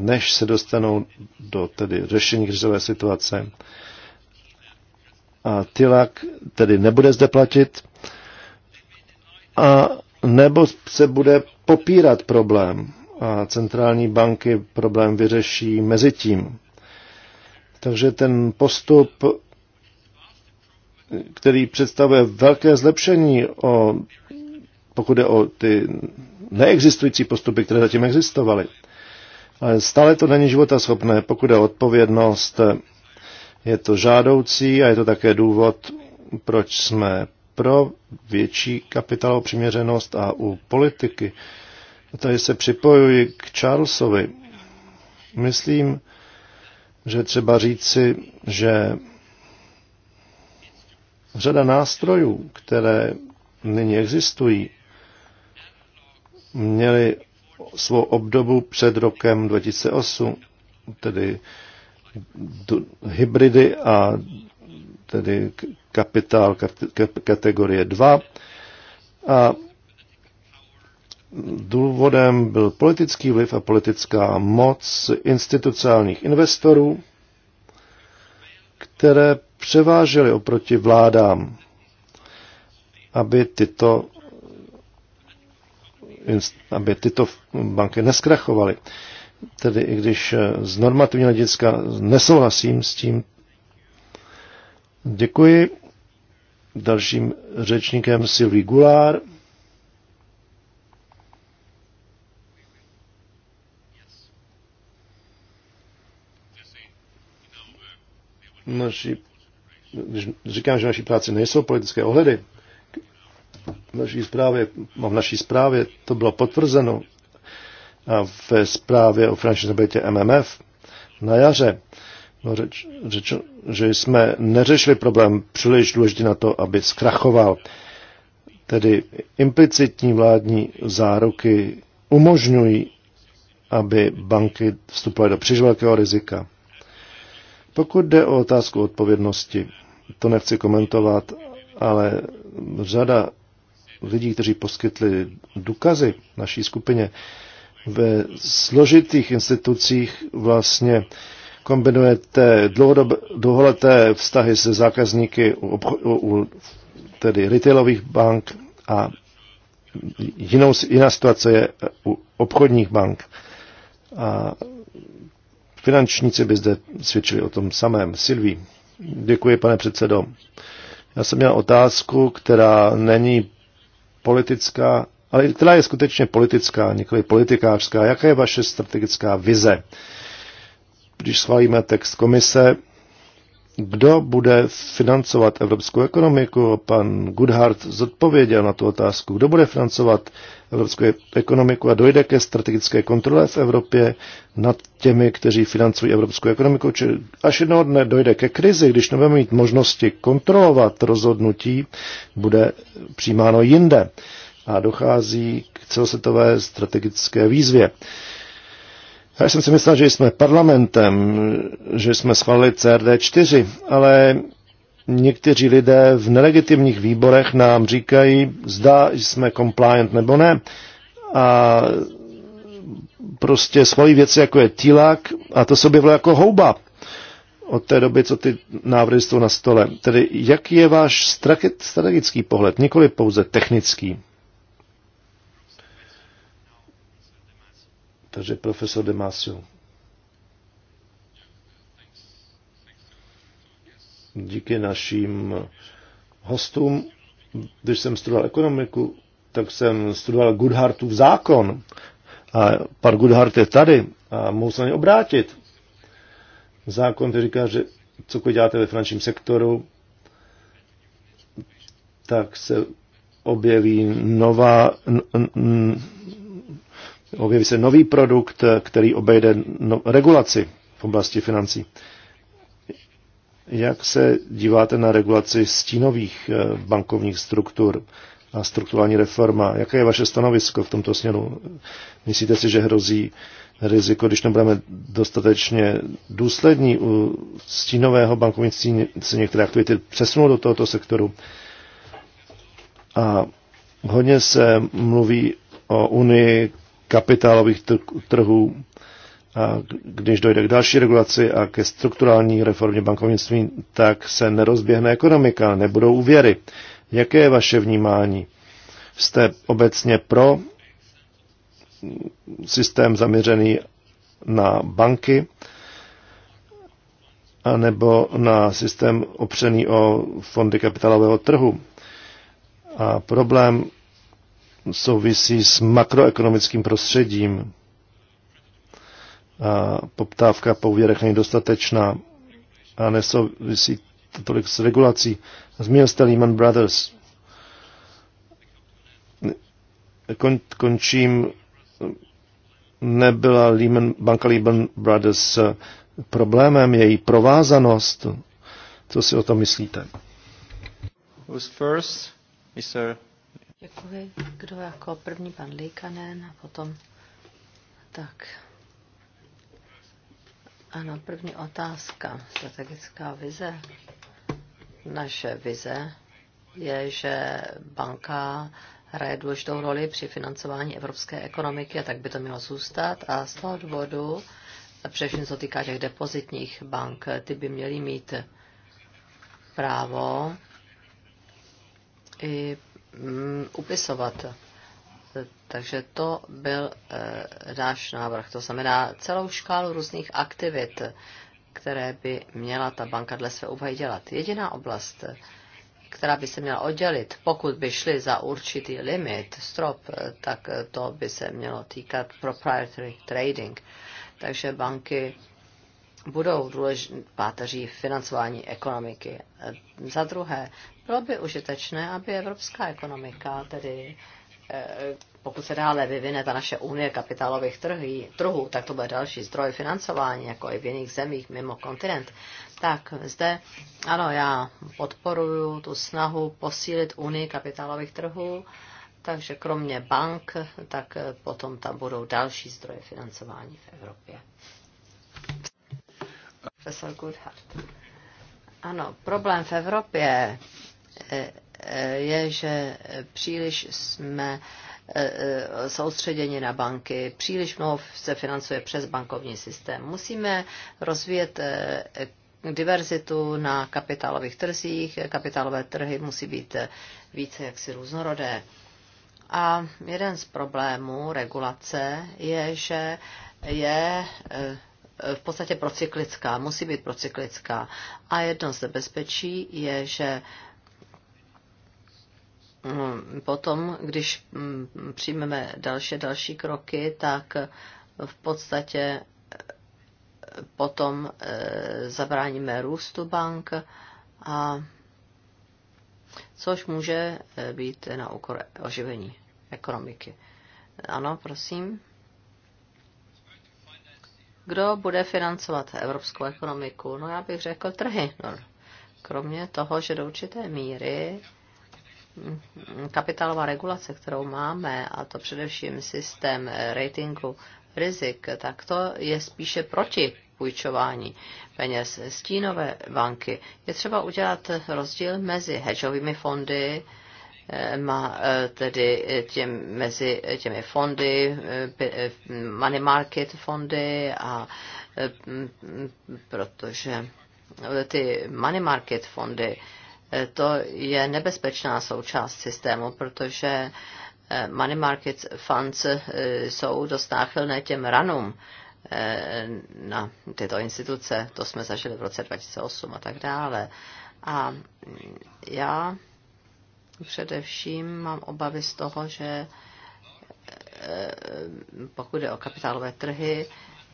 než se dostanou do tedy řešení krizové situace. A Tilak tedy nebude zde platit, a nebo se bude popírat problém a centrální banky problém vyřeší mezi tím. Takže ten postup který představuje velké zlepšení, o, pokud je o ty neexistující postupy, které zatím existovaly. Ale stále to není života schopné, pokud je odpovědnost, je to žádoucí a je to také důvod, proč jsme pro větší kapitálovou přiměřenost a u politiky. Tady se připojuji k Charlesovi. Myslím, že třeba říci, že řada nástrojů, které nyní existují, měly svou obdobu před rokem 2008, tedy hybridy a tedy kapitál kategorie 2. A důvodem byl politický vliv a politická moc institucionálních investorů, které převážely oproti vládám, aby tyto, aby tyto banky neskrachovaly. Tedy i když eh, z normativního hlediska nesouhlasím s tím. Děkuji. Dalším řečníkem Sylvie Goulart. naši, když říkám, že naší práci nejsou politické ohledy, v naší zprávě, no, v naší zprávě to bylo potvrzeno a ve zprávě o finanční stabilitě MMF na jaře bylo no, řeč, řeč, že jsme neřešili problém příliš důležitý na to, aby zkrachoval. Tedy implicitní vládní záruky umožňují, aby banky vstupovaly do příliš velkého rizika. Pokud jde o otázku odpovědnosti, to nechci komentovat, ale řada lidí, kteří poskytli důkazy naší skupině, ve složitých institucích vlastně kombinujete dlouholeté vztahy se zákazníky u, obcho, u, u tedy retailových bank a jinou, jiná situace je u obchodních bank. A Finančníci by zde svědčili o tom samém. Silví, děkuji, pane předsedo. Já jsem měl otázku, která není politická, ale která je skutečně politická, nikoli politikářská. Jaká je vaše strategická vize? Když schválíme text komise, kdo bude financovat evropskou ekonomiku. Pan Goodhart zodpověděl na tu otázku, kdo bude financovat evropskou ekonomiku a dojde ke strategické kontrole v Evropě nad těmi, kteří financují evropskou ekonomiku. Či až jednoho dne dojde ke krizi, když nebudeme mít možnosti kontrolovat rozhodnutí, bude přijímáno jinde a dochází k celosvětové strategické výzvě. Já jsem si myslel, že jsme parlamentem, že jsme schválili CRD4, ale někteří lidé v nelegitimních výborech nám říkají, zda jsme compliant nebo ne. A prostě schvalí věci, jako je tílak, a to se objevilo jako houba od té doby, co ty návrhy jsou na stole. Tedy jaký je váš strategický pohled, nikoli pouze technický? Takže profesor Masio. Díky našim hostům, když jsem studoval ekonomiku, tak jsem studoval Goodhartův zákon. A pan Goodhart je tady a mohu se na ně obrátit. Zákon, který říká, že cokoliv děláte ve finančním sektoru, tak se objeví nová, objeví se nový produkt, který obejde no, regulaci v oblasti financí. Jak se díváte na regulaci stínových eh, bankovních struktur a strukturální reforma? Jaké je vaše stanovisko v tomto směru? Myslíte si, že hrozí riziko, když nebudeme dostatečně důslední u stínového bankovnictví se některé aktivity přesunou do tohoto sektoru? A hodně se mluví o Unii kapitálových trhů, a když dojde k další regulaci a ke strukturální reformě bankovnictví, tak se nerozběhne ekonomika, nebudou úvěry. Jaké je vaše vnímání? Jste obecně pro systém zaměřený na banky, anebo na systém opřený o fondy kapitálového trhu? A problém souvisí s makroekonomickým prostředím. A poptávka po úvěrech není dostatečná a nesouvisí to tolik s regulací. Zmínil jste Lehman Brothers. Kon, končím. Nebyla Lehman, banka Lehman Brothers problémem, její provázanost. Co si o tom myslíte? Who's first? Mr. Děkuji. Kdo jako první pan Likanen a potom tak. Ano, první otázka. Strategická vize. Naše vize je, že banka hraje důležitou roli při financování evropské ekonomiky a tak by to mělo zůstat. A z toho důvodu, především co týká těch depozitních bank, ty by měly mít právo i Mm, upisovat. Takže to byl e, náš návrh. To znamená celou škálu různých aktivit, které by měla ta banka dle své úvahy dělat. Jediná oblast, která by se měla oddělit, pokud by šly za určitý limit, strop, eh, tak to by se mělo týkat proprietary trading. Takže banky budou důležitý páteří financování ekonomiky. Za druhé, bylo by užitečné, aby evropská ekonomika, tedy eh, pokud se dále vyvine ta naše unie kapitálových trhů, trhů, tak to bude další zdroj financování, jako i v jiných zemích mimo kontinent. Tak zde, ano, já podporuju tu snahu posílit unii kapitálových trhů, takže kromě bank, tak potom tam budou další zdroje financování v Evropě. Profesor Goodhart. Ano, problém v Evropě eh, eh, je, že příliš jsme eh, soustředěni na banky, příliš mnoho se financuje přes bankovní systém. Musíme rozvíjet diverzitu na kapitálových trzích, kapitálové trhy musí být více jaksi různorodé. A jeden z problémů regulace je, že je v podstatě procyklická, musí být procyklická. A jedno z nebezpečí je, že mm, potom, když mm, přijmeme další další kroky, tak v podstatě e, potom e, zabráníme růstu bank a což může e, být na úkor oživení ekonomiky. Ano, prosím. Kdo bude financovat evropskou ekonomiku? No já bych řekl trhy. No, kromě toho, že do určité míry mm, kapitálová regulace, kterou máme, a to především systém ratingu rizik, tak to je spíše proti půjčování peněz stínové banky. Je třeba udělat rozdíl mezi hedžovými fondy, Eh, má eh, tedy eh, těm, mezi těmi fondy, money market fondy a protože ty money market fondy, to je nebezpečná součást systému, protože money market funds jsou dost náchylné těm ranům na tyto instituce. To jsme zažili v roce 2008 a tak dále. A já Především mám obavy z toho, že eh, pokud je o kapitálové trhy,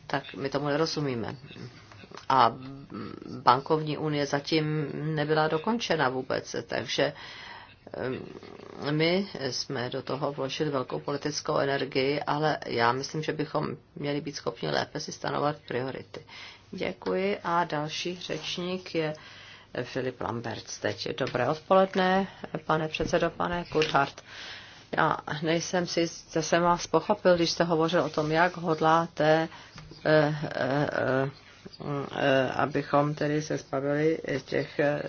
tak my tomu nerozumíme. A bankovní unie zatím nebyla dokončena vůbec, takže eh, my jsme do toho vložili velkou politickou energii, ale já myslím, že bychom měli být schopni lépe si stanovat priority. Děkuji a další řečník je Filip Lambert teď. Dobré odpoledne, pane předsedo, pane Kudhart. Já nejsem si, jsem vás pochopil, když jste hovořil o tom, jak hodláte eh, eh, eh, abychom tedy se zbavili těch eh,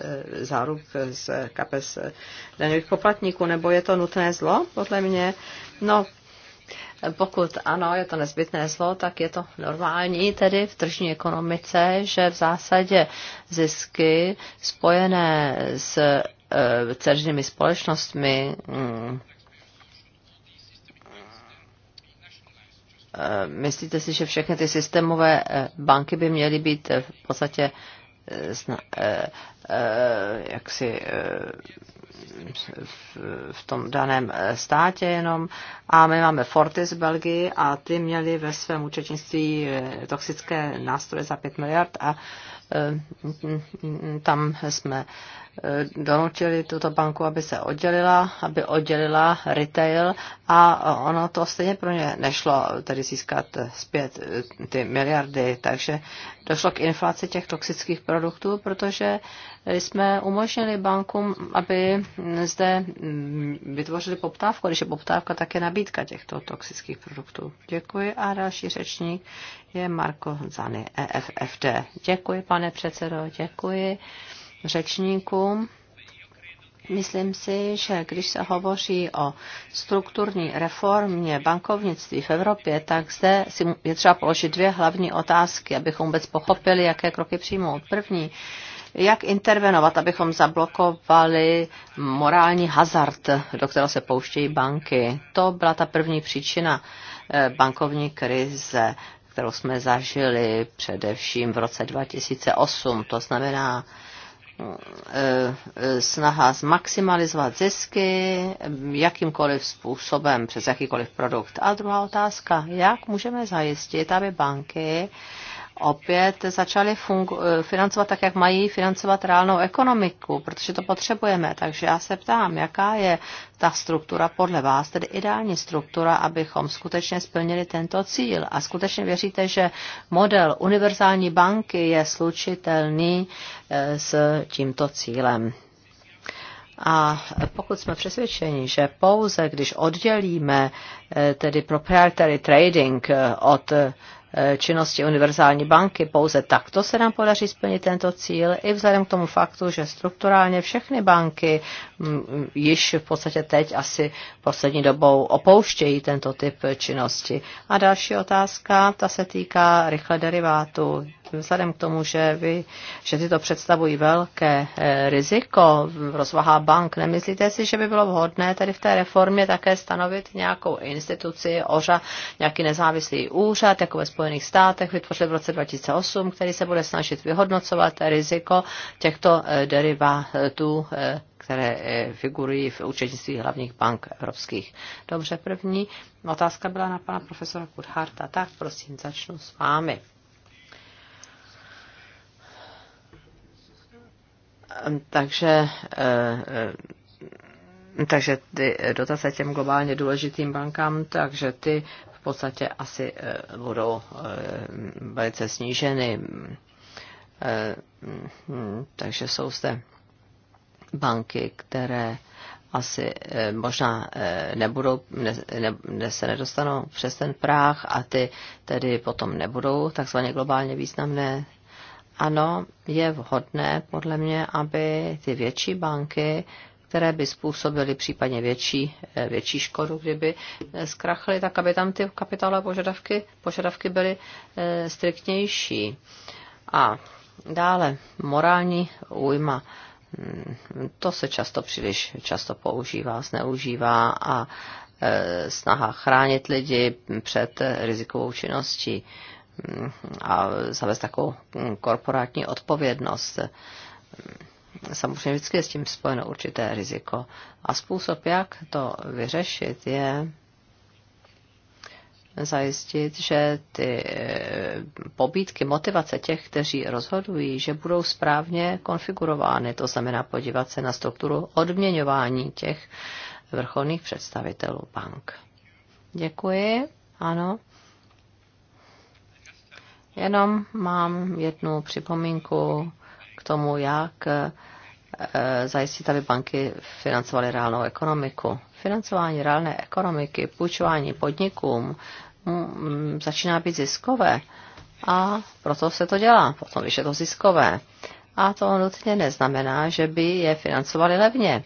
záruk z kapes daňových poplatníků, nebo je to nutné zlo, podle mě. No, pokud ano, je to nezbytné zlo, tak je to normální tedy v tržní ekonomice, že v zásadě zisky spojené s e, tržními společnostmi mm, e, Myslíte si, že všechny ty systémové e, banky by měly být v podstatě e, jaksi v tom daném eh, státě jenom. A my máme Fortis v Belgii a ty měli ve svém účetnictví eh, toxické nástroje za 5 miliard a eh, tam jsme Eh, donutili tuto banku, aby se oddělila, aby oddělila retail a ono to stejně pro ně nešlo tedy získat zpět eh, ty miliardy, takže došlo k inflaci těch toxických produktů, protože jsme umožnili bankům, aby zde mm, vytvořili poptávku. Když je poptávka, tak je nabídka těchto toxických produktů. Děkuji a další řečník je Marko Zany, EFFD. Děkuji, pane předsedo, děkuji řečníkům. Myslím si, že když se hovoří o strukturní reformě bankovnictví v Evropě, tak zde si je třeba položit dvě hlavní otázky, abychom vůbec pochopili, jaké kroky přijmout. První, jak intervenovat, abychom zablokovali morální hazard, do kterého se pouštějí banky. To byla ta první příčina eh, bankovní krize, kterou jsme zažili především v roce 2008. To znamená, Eh, eh, snaha zmaximalizovat zisky jakýmkoliv způsobem, přes jakýkoliv produkt. A druhá otázka, jak můžeme zajistit, aby banky opět začali eh, financovat tak, jak mají financovat reálnou ekonomiku, protože to potřebujeme. Takže já se ptám, jaká je ta struktura podle vás, tedy ideální struktura, abychom skutečně splnili tento cíl. A skutečně věříte, že model univerzální banky je slučitelný eh, s tímto cílem. A pokud jsme přesvědčeni, že pouze když oddělíme eh, tedy proprietary trading od E, činnosti univerzální banky. Pouze takto se nám podaří splnit tento cíl i vzhledem k tomu faktu, že strukturálně všechny banky již v podstatě teď asi poslední dobou opouštějí tento typ činnosti. A další otázka, ta se týká rychle derivátu vzhledem k tomu, že, vy, že tyto představují velké eh, riziko v bank, nemyslíte si, že by bylo vhodné tady v té reformě také stanovit nějakou instituci, oža nějaký nezávislý úřad, jako ve Spojených státech vytvořili v roce 2008, který se bude snažit vyhodnocovat riziko těchto eh, derivátů eh, které figurují v účetnictví hlavních bank evropských. Dobře, první otázka byla na pana profesora Kurharta. Tak prosím, začnu s vámi. takže eh, eh, takže ty dotace těm globálně důležitým bankám, takže ty v podstatě asi eh, budou velice sníženy. Hm, takže jsou zde banky, které asi možná nebudou, ne, ne, ne, se nedostanou přes ten práh a ty tedy potom nebudou takzvaně globálně významné, ano, je vhodné podle mě, aby ty větší banky, které by způsobily případně větší, eh, větší škodu, kdyby eh, zkrachly, tak aby tam ty kapitálové požadavky, požadavky byly eh, striktnější. A dále morální újma. Hmm, to se často příliš často používá, zneužívá a snaha chránit lidi před rizikovou činností a zavést takovou mm, korporátní odpovědnost. Samozřejmě vždycky je s tím spojeno určité riziko. A způsob, jak to vyřešit, je zajistit, že ty eh, pobídky, motivace těch, kteří rozhodují, že budou správně konfigurovány. To znamená podívat se na strukturu odměňování těch vrcholných představitelů bank. Děkuji. Ano. Jenom mám jednu připomínku k tomu, jak eh, zajistit, aby banky financovaly reálnou ekonomiku. Financování reálné ekonomiky, půjčování podnikům mm, začíná být ziskové a proto se to dělá, potom, když je to ziskové. A to nutně neznamená, že by je financovali levně.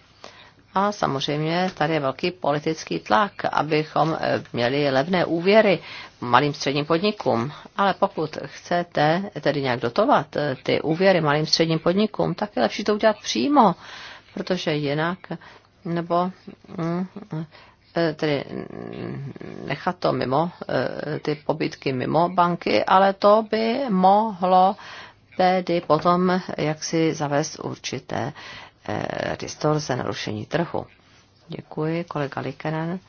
A samozřejmě tady je velký politický tlak, abychom eh, měli levné úvěry malým středním podnikům. Ale pokud chcete tedy nějak dotovat eh, ty úvěry malým středním podnikům, tak je lepší to udělat přímo, protože jinak, nebo mm, eh, tedy mm, nechat to mimo, ty pobytky mimo banky, ale to by mohlo tedy potom jaksi zavést určité Eh, distorze, narušení trhu. Děkuji, kolega Likenen.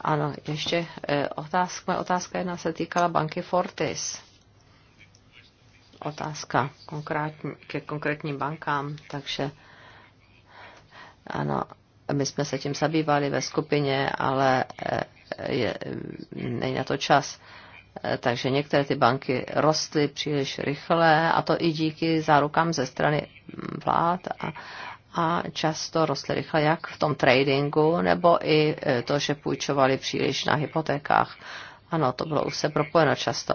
Ano, ještě eh, otázka, otázka jedna se týkala banky Fortis. Otázka konkrétní, ke konkrétním bankám, takže ano, my jsme se tím zabývali ve skupině, ale eh, je, není na to čas. Takže některé ty banky rostly příliš rychle a to i díky zárukám ze strany vlád a, a často rostly rychle jak v tom tradingu, nebo i e, to, že půjčovali příliš na hypotékách. Ano, to bylo už se propojeno často.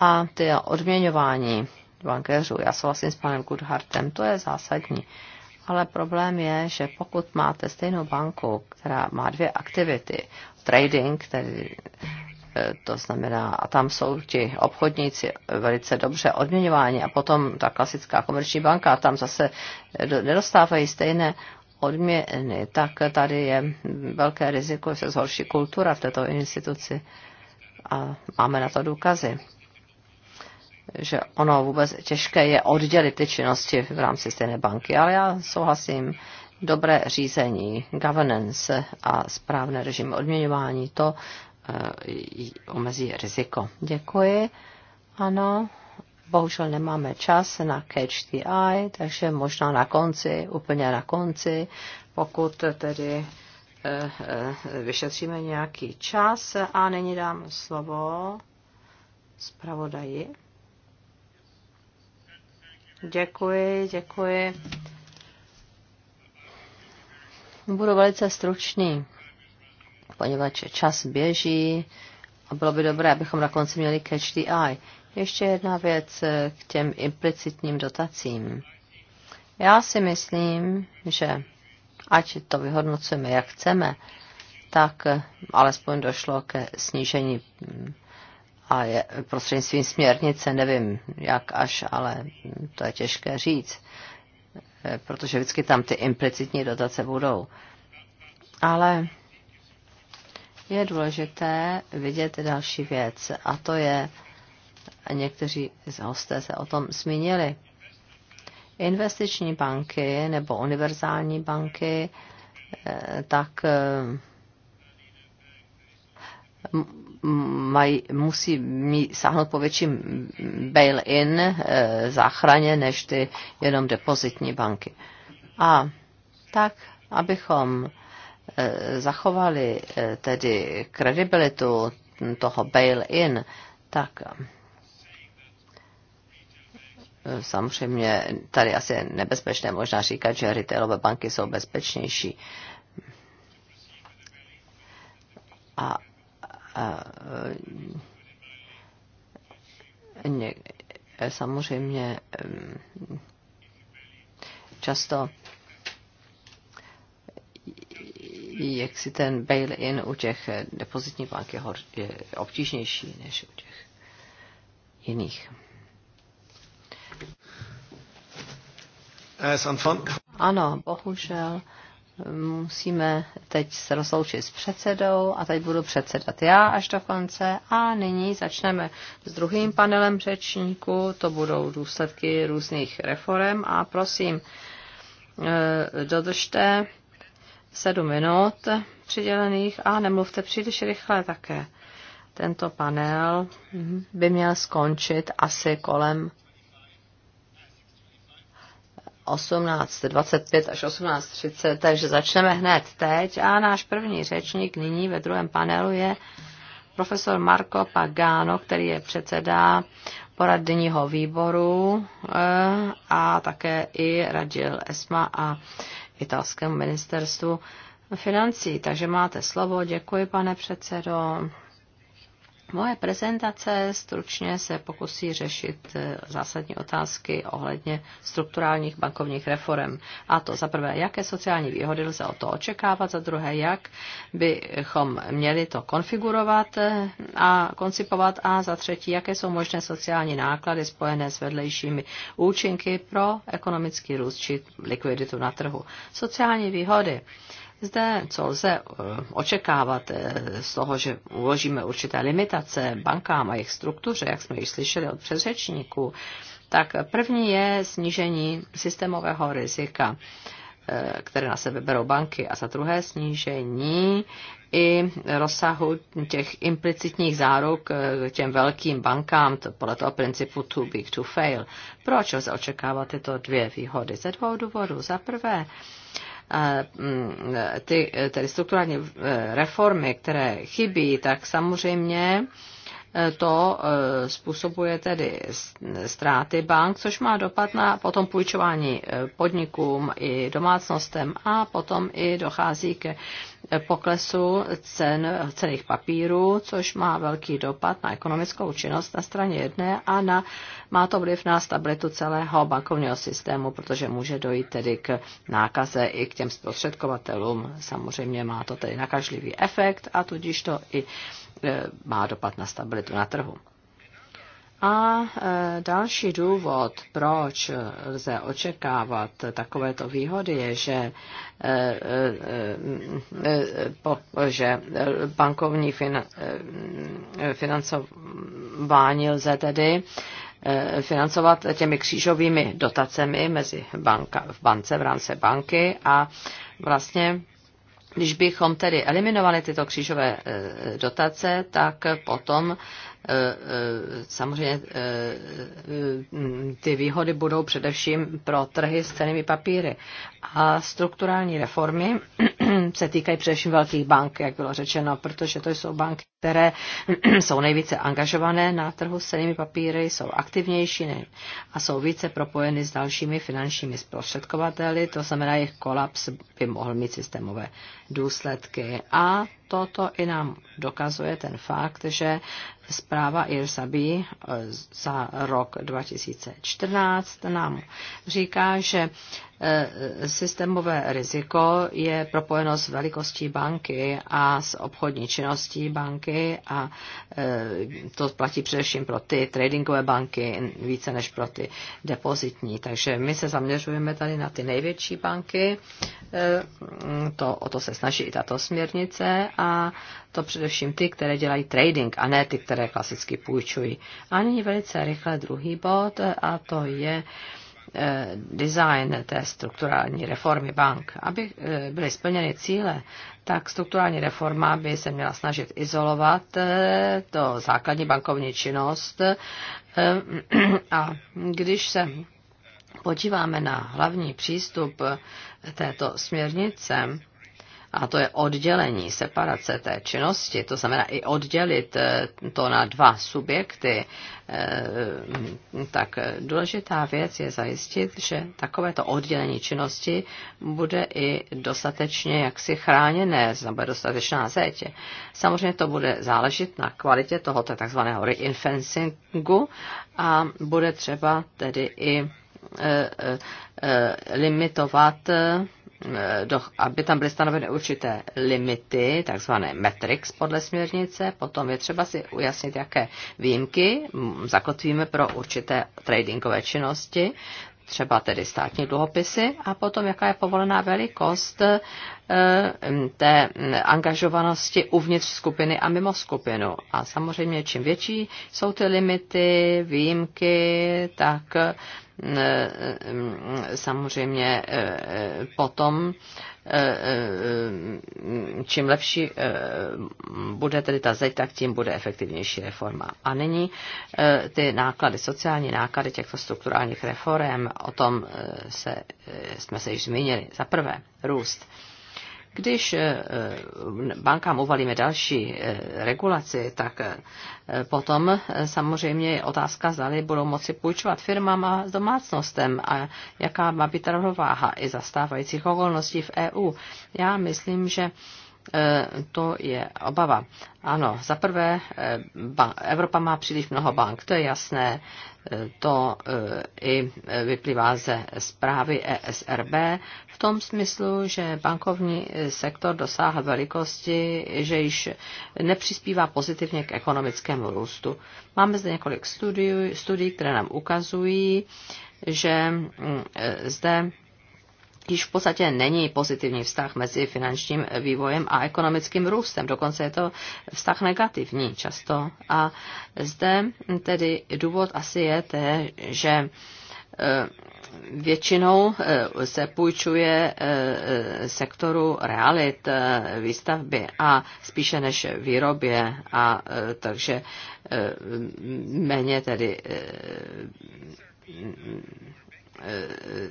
A ty odměňování bankéřů, já souhlasím s panem Goodhartem, to je zásadní. Ale problém je, že pokud máte stejnou banku, která má dvě aktivity, trading, který, to znamená, a tam jsou ti obchodníci velice dobře odměňováni a potom ta klasická komerční banka, tam zase eh, nedostávají stejné odměny, tak tady je velké riziko, že se zhorší kultura v této instituci a máme na to důkazy že ono vůbec těžké je oddělit ty činnosti v rámci stejné banky, ale já souhlasím, dobré řízení, governance a správné režim odměňování, to Eh, omezí riziko. Děkuji. Ano, bohužel nemáme čas na catch the eye, takže možná na konci, úplně na konci, pokud tedy eh, eh, vyšetříme nějaký čas a nyní dám slovo zpravodaji. Děkuji, děkuji. Budu velice stručný poněvadž čas běží a bylo by dobré, abychom na konci měli catch the eye. Ještě jedna věc eh, k těm implicitním dotacím. Já si myslím, že ať to vyhodnocujeme, jak chceme, tak eh, alespoň došlo ke snížení mm, a je, prostřednictvím směrnice, nevím jak až, ale mm, to je těžké říct, eh, protože vždycky tam ty implicitní dotace budou. Ale je důležité vidět další věc a to je, a někteří z hosté se o tom zmínili, investiční banky nebo univerzální banky, eh, tak eh, mají, musí mít, sáhnout po větším bail-in eh, záchraně než ty jenom depozitní banky. A tak, abychom Eh, zachovali eh, tedy kredibilitu toho bail-in, tak eh, samozřejmě tady asi je nebezpečné možná říkat, že retailové banky jsou bezpečnější. A, a ně, samozřejmě často jak si ten bail-in u těch depozitních bank je, hor, je obtížnější než u těch jiných. Ano, bohužel musíme teď se rozloučit s předsedou a teď budu předsedat já až do konce a nyní začneme s druhým panelem řečníku, to budou důsledky různých reform a prosím, eh, dodržte sedm minut přidělených a nemluvte příliš rychle také. Tento panel by měl skončit asi kolem 18.25 až 18.30, takže začneme hned teď. A náš první řečník nyní ve druhém panelu je profesor Marco Pagano, který je předseda poradního výboru eh, a také i radil ESMA a italskému ministerstvu financí. Takže máte slovo. Děkuji, pane předsedo. Moje prezentace stručně se pokusí řešit eh, zásadní otázky ohledně strukturálních bankovních reform. A to za prvé, jaké sociální výhody lze o to očekávat, za druhé, jak bychom měli to konfigurovat eh, a koncipovat a za třetí, jaké jsou možné sociální náklady spojené s vedlejšími účinky pro ekonomický růst či likviditu na trhu. Sociální výhody. Zde, co lze eh, očekávat eh, z toho, že uložíme určité limitace bankám a jejich struktuře, jak jsme již slyšeli od předřečníků, tak první je snížení systémového rizika, eh, které na sebe berou banky, a za druhé snížení i rozsahu těch implicitních záruk těm velkým bankám to podle toho principu too big to fail. Proč lze očekávat tyto dvě výhody? Ze dvou důvodů. Za prvé, Mm, ty tedy strukturální eh, reformy, které chybí, tak samozřejmě eh, to eh, způsobuje tedy ztráty bank, což má dopad na potom půjčování podnikům i domácnostem a potom i dochází ke poklesu cen cených papírů, což má velký dopad na ekonomickou činnost na straně jedné a na, má to vliv na stabilitu celého bankovního systému, protože může dojít tedy k nákaze i k těm zprostředkovatelům. Samozřejmě má to tedy nakažlivý efekt a tudíž to i e, má dopad na stabilitu na trhu. A e, další důvod, proč lze očekávat takovéto výhody, je, že, e, e, že bankovní financování lze tedy financovat těmi křížovými dotacemi mezi banka, v bance, v rámci banky a vlastně když bychom tedy eliminovali tyto křížové dotace, tak potom Eh, eh, samozřejmě eh, ty výhody budou především pro trhy s cenými papíry. A strukturální reformy [clears throat] se týkají především velkých bank, jak bylo řečeno, protože to jsou banky, které [clears throat] jsou nejvíce angažované na trhu s cenými papíry, jsou aktivnější a jsou více propojeny s dalšími finančními zprostředkovateli, to znamená, jejich kolaps by mohl mít systémové důsledky. A toto i nám dokazuje ten fakt, že Zpráva Irsabi eh, za rok 2014 nám říká, že Eh, systémové riziko je propojeno s velikostí banky a s obchodní činností banky a eh, to platí především pro ty tradingové banky více než pro ty depozitní. Takže my se zaměřujeme tady na ty největší banky, eh, to, o to se snaží i tato směrnice a to především ty, které dělají trading a ne ty, které klasicky půjčují. A nyní velice rychle druhý bod a to je Eh, design té strukturální reformy bank. Aby eh, byly splněny cíle, tak strukturální reforma by se měla snažit izolovat eh, to základní bankovní činnost [clears throat] a když se podíváme na hlavní přístup této směrnice, a to je oddělení, separace té činnosti, to znamená i oddělit eh, to na dva subjekty, eh, tak důležitá věc je zajistit, že takovéto oddělení činnosti bude i dostatečně jaksi chráněné, bude dostatečná zeď. Samozřejmě to bude záležet na kvalitě tohoto takzvaného reinfencingu a bude třeba tedy i eh, limitovat Eh, aby tam byly stanoveny určité limity, takzvané metrix podle směrnice, potom je třeba si ujasnit, jaké výjimky zakotvíme pro určité tradingové činnosti, třeba tedy státní dluhopisy a potom jaká je povolená velikost eh, té angažovanosti uvnitř skupiny a mimo skupinu. A samozřejmě čím větší jsou ty limity, výjimky, tak Eh, eh, samozřejmě eh, potom, čím lepší bude tedy ta zeď, tak tím bude efektivnější reforma. A nyní ty náklady, sociální náklady těchto strukturálních reform, o tom se, jsme se již zmínili. Za prvé, růst. Když eh, eh, bankám uvalíme další eh, regulaci, tak potom samozřejmě je otázka, zda budou moci půjčovat firmám a domácnostem a jaká má být rovnováha i zastávajících okolností v EU. Já myslím, že E, to je obava. Ano, za prvé, e, Evropa má příliš mnoho bank, to je jasné, e, to i vyplývá ze zprávy ESRB v tom smyslu, že bankovní sektor dosáhl velikosti, že již nepřispívá pozitivně k ekonomickému růstu. Máme zde několik studií, studií které nám ukazují, že mm, zde již v podstatě není pozitivní vztah mezi finančním vývojem a ekonomickým růstem. Dokonce je to vztah negativní často. A zde tedy důvod asi je, té, že e, většinou e, se půjčuje e, sektoru realit výstavby a spíše než výrobě a takže méně tedy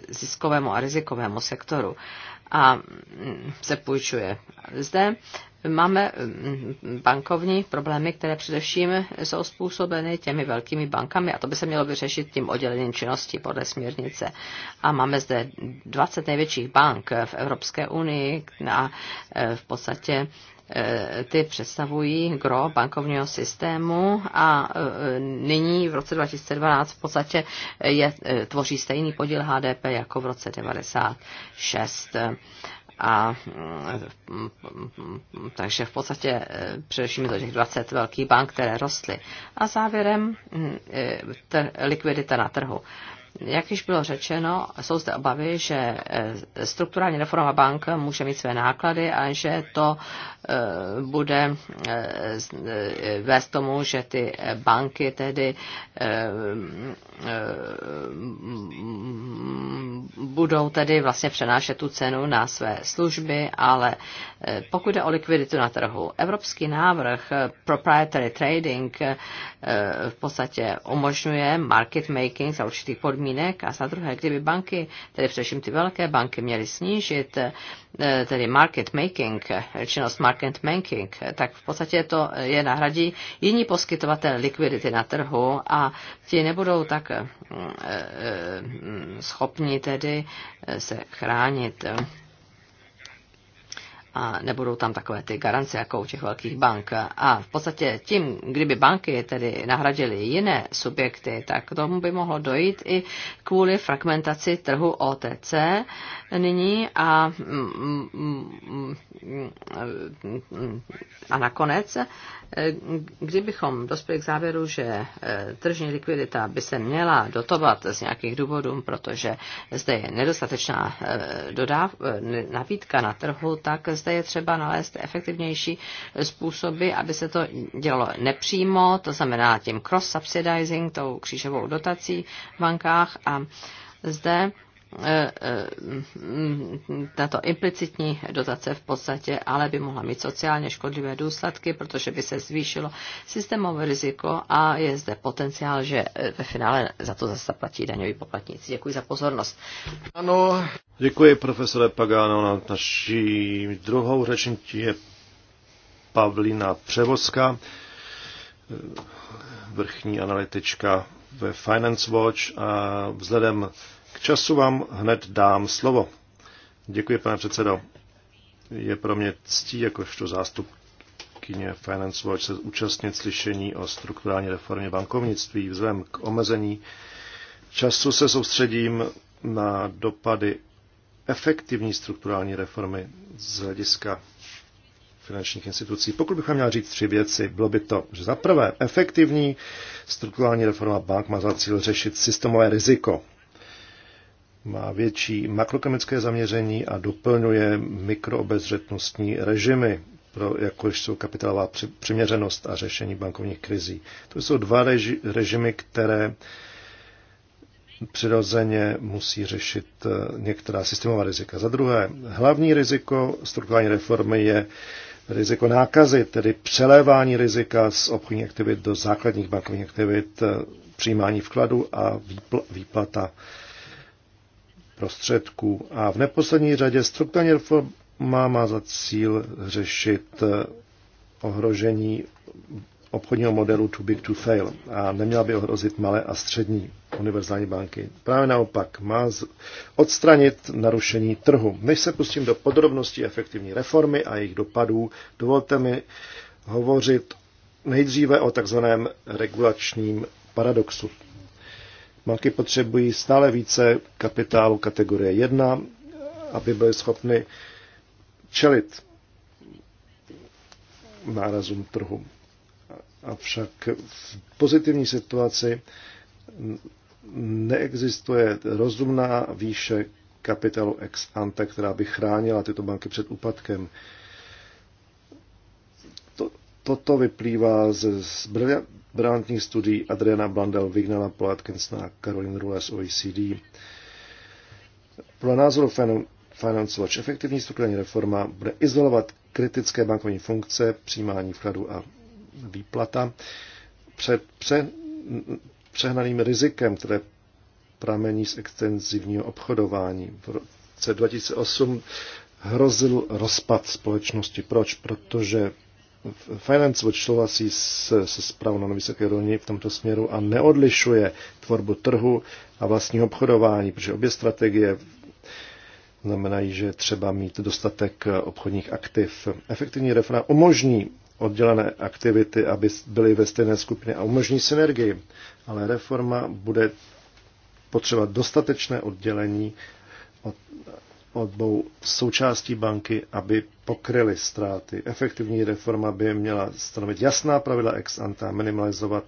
ziskovému a rizikovému sektoru a mm, se půjčuje. Zde máme mm, bankovní problémy, které především jsou způsobeny těmi velkými bankami a to by se mělo vyřešit tím oddělením činnosti podle směrnice. A máme zde 20 největších bank v Evropské unii a eh, v podstatě Eh, ty představují gro bankovního systému a eh, nyní v roce 2012 v podstatě je, eh, tvoří stejný podíl HDP jako v roce 1996 a mm, takže v podstatě především do těch 20 velkých bank, které rostly. A závěrem mm, likvidita na trhu. Jak již bylo řečeno, jsou zde obavy, že eh, strukturální reforma bank může mít své náklady a že to eh, bude eh, vést tomu, že ty banky tedy budou tedy vlastně přenášet tu cenu na své služby, ale pokud jde o likviditu na trhu, evropský návrh proprietary trading v podstatě umožňuje market making za určitých podmínek, podmínek a za druhé, kdyby banky, tedy především ty velké banky, měly snížit eh, tedy market making, činnost market making, tak v podstatě to eh, je nahradí jiní poskytovatel likvidity na trhu a ti nebudou tak eh, mm, schopni tedy se chránit a nebudou tam takové ty garance jako u těch velkých bank. A v podstatě tím, kdyby banky tedy nahradily jiné subjekty, tak tomu by mohlo dojít i kvůli fragmentaci trhu OTC nyní a, a nakonec, kdybychom dospěli k závěru, že e, tržní likvidita by se měla dotovat z nějakých důvodů, protože zde je nedostatečná e, dodáv, e, nabídka na trhu, tak zde je třeba nalézt efektivnější způsoby, aby se to dělalo nepřímo, to znamená tím cross-subsidizing, tou křížovou dotací v bankách a zde Eh, eh, tato implicitní dotace v podstatě ale by mohla mít sociálně škodlivé důsledky, protože by se zvýšilo systémové riziko a je zde potenciál, že eh, ve finále za to zase platí daňový poplatníci. Děkuji za pozornost. Ano, děkuji profesore Pagano. Na naší druhou řečnití je Pavlína Převozka, vrchní analytička ve Finance Watch a vzhledem k času vám hned dám slovo. Děkuji, pane předsedo. Je pro mě ctí, jakožto zástupkyně Finance Watch, se účastnit slyšení o strukturální reformě bankovnictví. Vzhledem k omezení času se soustředím na dopady efektivní strukturální reformy z hlediska finančních institucí. Pokud bychom měl říct tři věci, bylo by to, že za prvé, efektivní strukturální reforma bank má za cíl řešit systémové riziko má větší makrokemické zaměření a doplňuje mikroobezřetnostní režimy, pro, jakož jsou kapitálová přiměřenost a řešení bankovních krizí. To jsou dva reži, režimy, které přirozeně musí řešit eh, některá systémová rizika. Za druhé, hlavní riziko strukturální reformy je riziko nákazy, tedy přelévání rizika z obchodních aktivit do základních bankovních aktivit, eh, přijímání vkladu a výplata prostředků. A v neposlední řadě strukturální reforma má za cíl řešit eh, ohrožení obchodního modelu too big to fail a neměla by ohrozit malé a střední univerzální banky. Právě naopak má odstranit narušení trhu. Než se pustím do podrobností efektivní reformy a jejich dopadů, dovolte mi hovořit nejdříve o takzvaném regulačním paradoxu. Banky potřebují stále více kapitálu kategorie 1, aby byly schopny čelit nárazům trhu. Avšak v pozitivní situaci neexistuje rozumná výše kapitálu ex ante, která by chránila tyto banky před úpadkem. To, toto vyplývá z, z brilantních studií Adriana Blandel, Vignala Poatkins a Caroline Rule z OECD. Pro názoru Finance Watch efektivní strukturální reforma bude izolovat kritické bankovní funkce, přijímání vkladu a výplata před pře, přehnaným rizikem, které pramení z extenzivního obchodování. V roce 2008 hrozil rozpad společnosti. Proč? Protože Finance Watch souhlasí se, se zprávou na vysoké úrovni v tomto směru a neodlišuje tvorbu trhu a vlastního obchodování, protože obě strategie znamenají, že třeba mít dostatek obchodních aktiv. Efektivní refra umožní oddělené aktivity, aby byly ve stejné skupině a umožní synergii, ale reforma bude potřebovat dostatečné oddělení obou součástí banky, aby pokryly ztráty. Efektivní reforma by měla stanovit jasná pravidla ex ante a minimalizovat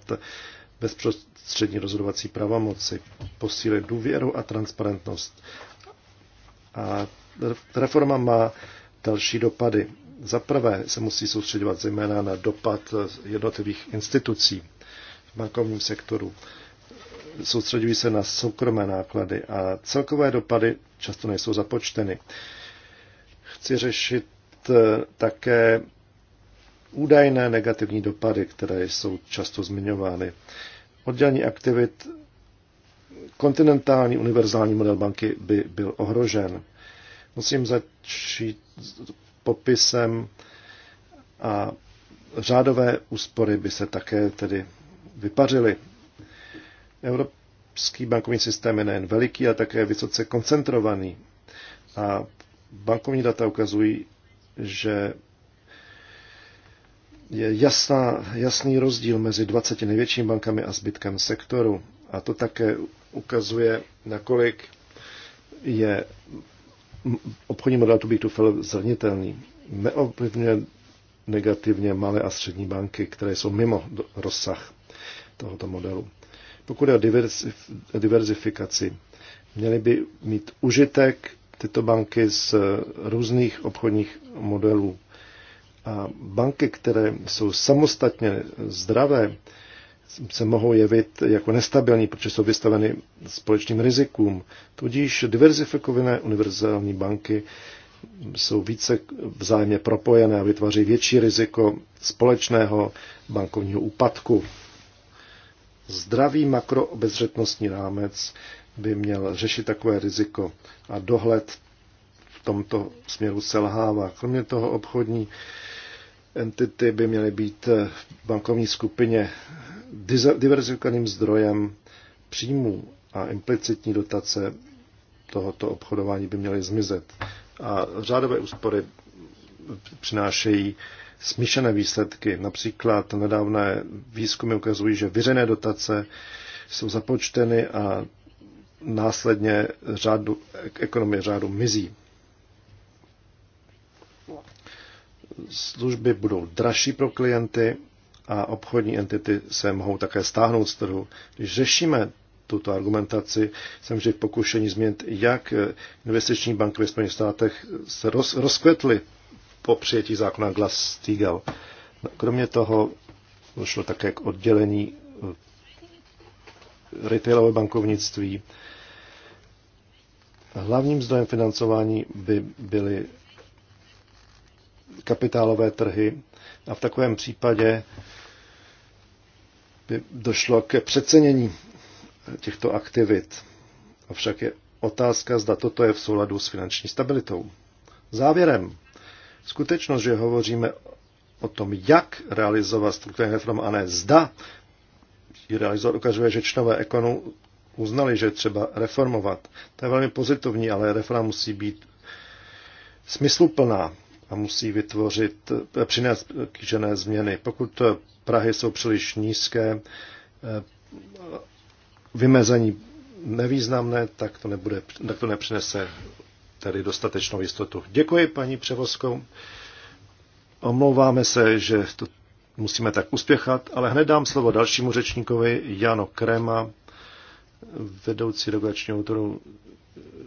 bezprostřední rozhodovací pravomoci, posílit důvěru a transparentnost. A reforma má další dopady. Za prvé se musí soustředovat zejména na dopad jednotlivých institucí v bankovním sektoru soustředují se na soukromé náklady a celkové dopady často nejsou započteny. Chci řešit eh, také údajné negativní dopady, které jsou často zmiňovány. Oddělení aktivit kontinentální univerzální model banky by byl ohrožen. Musím začít popisem a řádové úspory by se také tedy vypařily Evropský bankovní systém je nejen veliký, ale také vysoce koncentrovaný. A bankovní data ukazují, že je jasná, jasný rozdíl mezi 20 největšími bankami a zbytkem sektoru. A to také ukazuje, nakolik je obchodní model to be to fel zranitelný. Neovlivňuje negativně malé a střední banky, které jsou mimo rozsah tohoto modelu. Pokud je o diverzifikaci, měly by mít užitek tyto banky z různých obchodních modelů. A banky, které jsou samostatně zdravé, se mohou jevit jako nestabilní, protože jsou vystaveny společným rizikům. Tudíž diverzifikované univerzální banky jsou více vzájemně propojené a vytváří větší riziko společného bankovního úpadku zdravý makroobezřetnostní rámec by měl řešit takové riziko a dohled v tomto směru selhává. Kromě toho obchodní entity by měly být v bankovní skupině diverzifikovaným zdrojem příjmů a implicitní dotace tohoto obchodování by měly zmizet. A řádové úspory přinášejí smíšené výsledky. Například nedávné výzkumy ukazují, že vyřené dotace jsou započteny a následně řádu, ekonomie řádu mizí. Služby budou dražší pro klienty a obchodní entity se mohou také stáhnout z trhu. Když řešíme tuto argumentaci, jsem vždy v pokušení změnit, jak investiční banky ve Spojených státech se roz, rozkvetly po přijetí zákona Glass-Steagall. Kromě toho došlo také k oddělení eh, retailové bankovnictví. Hlavním zdrojem financování by byly kapitálové trhy a v takovém případě by došlo ke přecenění těchto aktivit. Avšak je otázka, zda toto je v souladu s finanční stabilitou. Závěrem Skutečnost, že hovoříme o tom, jak realizovat strukturální reformu a ne zda ji realizovat, ukazuje, že členové ekonu uznali, že třeba reformovat. To je velmi pozitivní, ale reforma musí být smysluplná a musí vytvořit, přinést kýžené změny. Pokud Prahy jsou příliš nízké, eh, vymezení nevýznamné, tak to, nebude, tak to nepřinese tedy dostatečnou jistotu. Děkuji, paní Převozko. Omlouváme se, že to musíme tak uspěchat, ale hned dám slovo dalšímu řečníkovi, Jano Krema, vedoucí regulačního autoru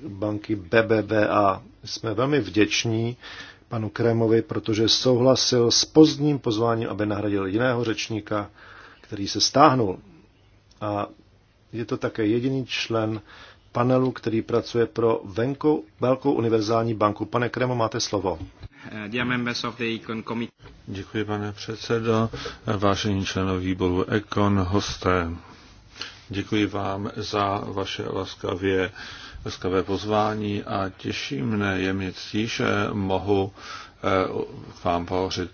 banky BBVA. Jsme velmi vděční panu Krémovi, protože souhlasil s pozdním pozváním, aby nahradil jiného řečníka, který se stáhnul. A je to také jediný člen panelu, který pracuje pro venku, Velkou univerzální banku. Pane Kremo, máte slovo. Děkuji, pane předsedo. Vážení členové výboru Econ, hosté. Děkuji vám za vaše laskavě, laskavé pozvání a těší mne, je mě ctí, že mohu eh, vám pohořit.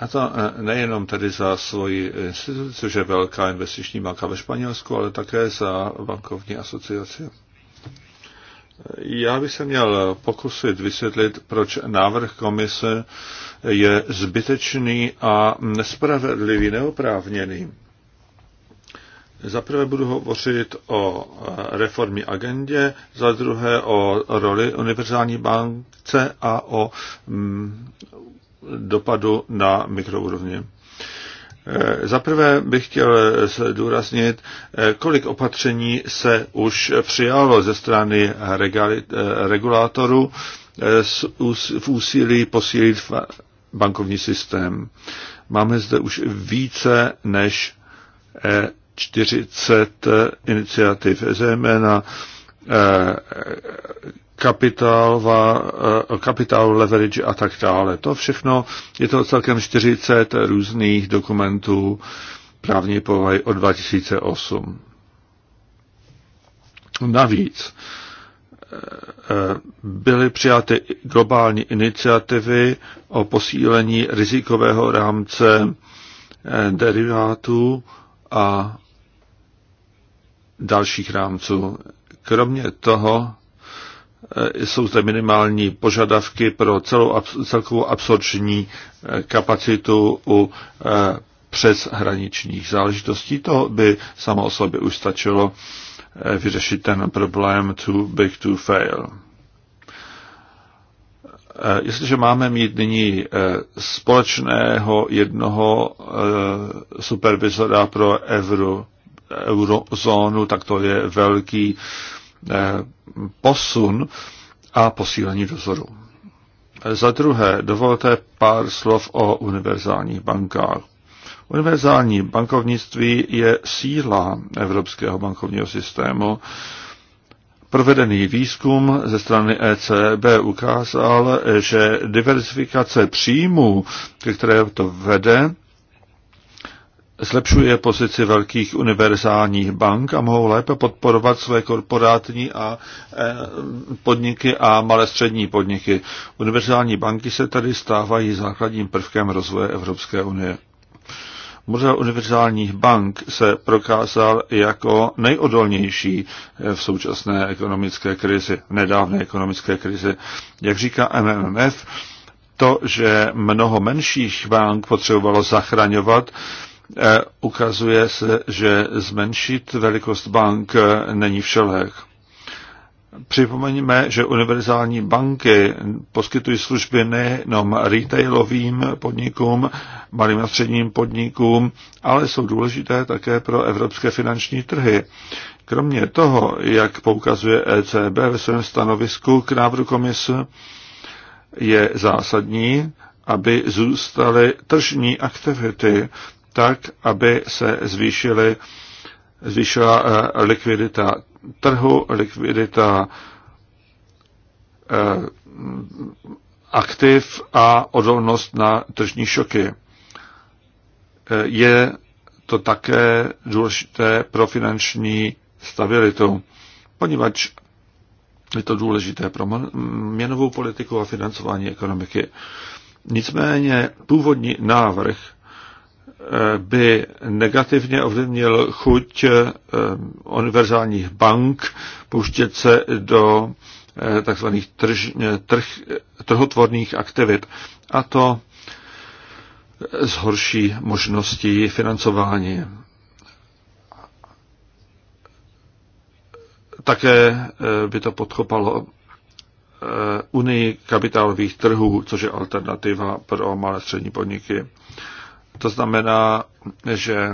A to eh, nejenom tedy za svoji instituci, což je velká investiční banka ve Španělsku, ale také za bankovní asociaci. Já bych se měl pokusit vysvětlit, proč návrh komise je zbytečný a nespravedlivý, neoprávněný. Zaprvé budu hovořit o reformní agendě, za druhé o roli univerzální bankce a o mm, dopadu na mikroúrovni. Eh, zaprvé bych chtěl eh, zdůraznit, eh, kolik opatření se už přijalo ze strany regulátorů v úsilí posílit bankovní systém. Máme zde už více než 40 iniciativ, zejména kapitál, eh, kapitál leverage a tak dále. To všechno, je to celkem 40 různých dokumentů právní povahy od 2008. Navíc eh, eh, byly přijaty globální iniciativy o posílení rizikového rámce derivátů a dalších rámců. Kromě toho Eh, jsou zde minimální požadavky pro celou, celkovou absorční eh, kapacitu u eh, přeshraničních záležitostí. To by samo o sobě už stačilo vyřešit ten problém too big to fail. Jestliže máme mít nyní společného jednoho supervizora pro euro, eurozónu, tak to je velký Eh, posun a posílení dozoru. Za druhé, dovolte pár slov o univerzálních bankách. Univerzální bankovnictví je síla evropského bankovního systému. Provedený výzkum ze strany ECB ukázal, že diversifikace příjmů, které to vede, zlepšuje pozici velkých univerzálních bank a mohou lépe podporovat své korporátní a eh, podniky a malé střední podniky. Univerzální banky se tady stávají základním prvkem rozvoje Evropské unie. Model univerzálních bank se prokázal jako nejodolnější eh, v současné ekonomické krizi, nedávné ekonomické krizi. Jak říká MMF, to, že mnoho menších bank potřebovalo zachraňovat, E, ukazuje se, že zmenšit velikost bank není všelek. Připomeňme, že univerzální banky poskytují služby nejenom retailovým podnikům, malým a středním podnikům, ale jsou důležité také pro evropské finanční trhy. Kromě toho, jak poukazuje ECB ve svém stanovisku k návrhu komise, je zásadní, aby zůstaly tržní aktivity, tak, aby se zvýšily, zvýšila eh, likvidita trhu, likvidita eh, aktiv a odolnost na tržní šoky. Eh, je to také důležité pro finanční stabilitu, poněvadž je to důležité pro měnovou politiku a financování ekonomiky. Nicméně původní návrh by negativně ovlivnil chuť eh, univerzálních bank pouštět se do eh, takzvaných trž, eh, trh, trhotvorných aktivit. A to zhorší možnosti financování. Také by to podchopalo unii kapitálových trhů, což je alternativa pro malé střední podniky. To znamená, že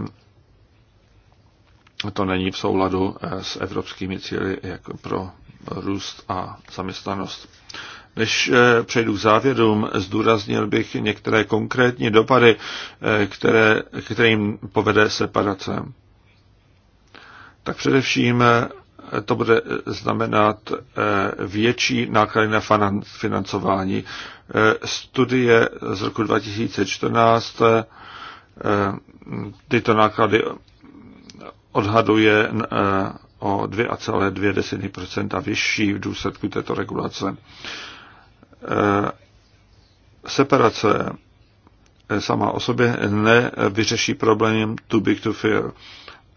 to není v souladu eh, s evropskými cíly jako pro růst a zaměstnanost. Než eh, přejdu k závěrům, zdůraznil bych některé konkrétní dopady, eh, které, kterým povede separace. Tak především to bude znamenat větší náklady na financování. Studie z roku 2014 Eh, tyto náklady odhaduje eh, o 2,2 vyšší v důsledku této regulace. Eh, separace sama o sobě nevyřeší problém too big to fear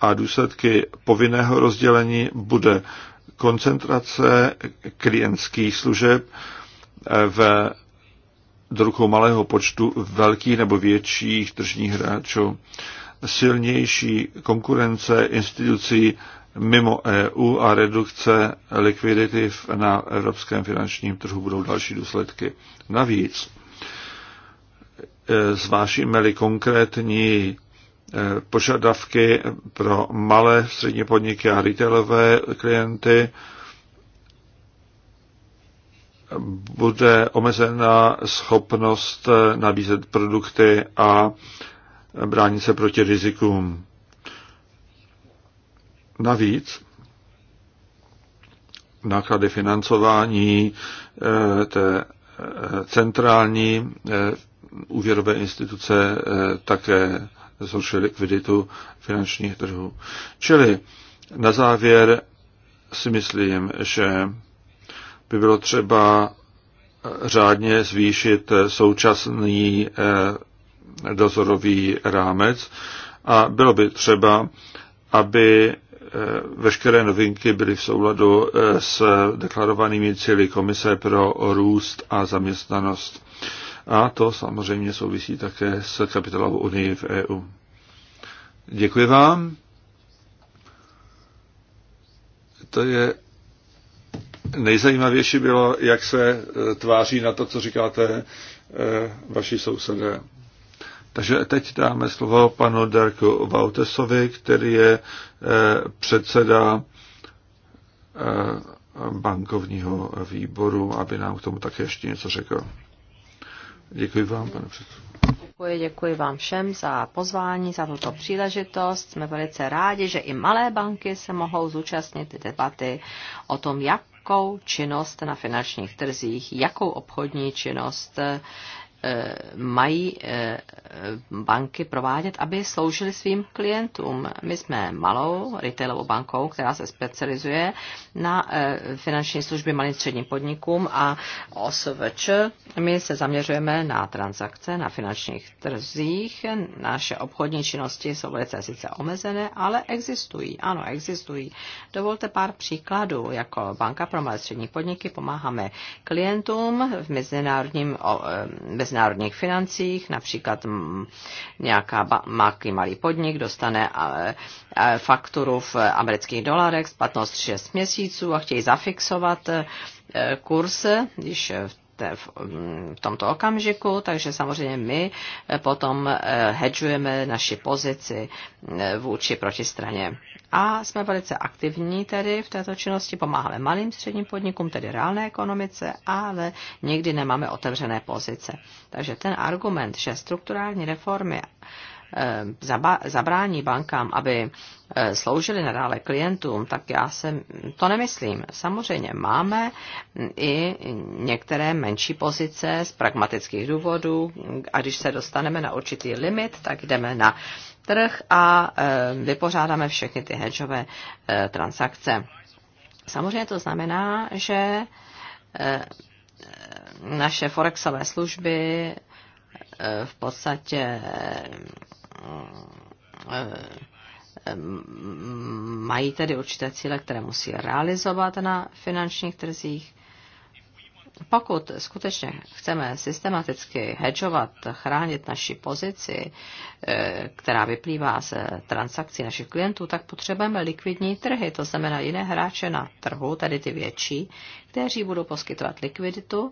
a důsledky povinného rozdělení bude koncentrace klientských služeb ve do rukou malého počtu velkých nebo větších tržních hráčů. Silnější konkurence institucí mimo EU a redukce likvidity na evropském finančním trhu budou další důsledky. Navíc eh, zvážíme-li konkrétní eh, požadavky pro malé střední podniky a retailové klienty, bude omezena schopnost nabízet produkty a bránit se proti rizikům. Navíc náklady financování eh, té eh, centrální eh, úvěrové instituce také zhoršily likviditu finančních trhů. Čili na závěr si myslím, že by bylo třeba eh, řádně zvýšit eh, současný eh, dozorový rámec a bylo by třeba, aby veškeré novinky byly v souladu s deklarovanými cíly Komise pro růst a zaměstnanost. A to samozřejmě souvisí také s kapitolou Unii v EU. Děkuji vám. To je nejzajímavější bylo, jak se e, tváří na to, co říkáte e, vaši sousedé. Takže teď dáme slovo panu Darku Vautesovi, který je e, předseda bankovního výboru, aby nám k tomu také ještě něco řekl. Děkuji vám, pane předsedo. Děkuji, děkuji vám všem za pozvání, za tuto příležitost. Jsme velice rádi, že i malé banky se mohou zúčastnit debaty o tom, jak jakou činnost na finančních trzích, jakou obchodní činnost Eh, mají eh, banky provádět, aby sloužily svým klientům. My jsme malou retailovou bankou, která se specializuje na eh, finanční služby malým středním podnikům a OSVČ. My se zaměřujeme na transakce na finančních trzích. Naše obchodní činnosti jsou velice sice omezené, ale existují. Ano, existují. Dovolte pár příkladů. Jako banka pro malé střední podniky pomáháme klientům v mezinárodním, mezinárodním mezinárodních financích, například mm, nějaká nějaký malý podnik dostane fakturu v amerických dolarech, splatnost 6 měsíců a chtějí zafixovat e, kurz, když v mm, v tomto okamžiku, takže samozřejmě my e, potom e, hedžujeme naši pozici vůči protistraně. A jsme velice aktivní tedy v této činnosti, pomáháme malým středním podnikům, tedy reálné ekonomice, ale nikdy nemáme otevřené pozice. Takže ten argument, že strukturální reformy eh, zabrání bankám, aby eh, sloužili nadále klientům, tak já se to nemyslím. Samozřejmě máme hm, i některé menší pozice z pragmatických důvodů a když se dostaneme na určitý limit, tak jdeme na trh a eh, vypořádáme všechny ty hedžové eh, transakce. Samozřejmě to znamená, že eh, naše forexové služby v podstatě mají tedy určité cíle, které musí realizovat na finančních trzích pokud skutečně chceme systematicky hedžovat, chránit naši pozici, eh, která vyplývá z transakcí našich klientů, tak potřebujeme likvidní trhy, to znamená jiné hráče na trhu, tedy ty větší, kteří budou poskytovat likviditu,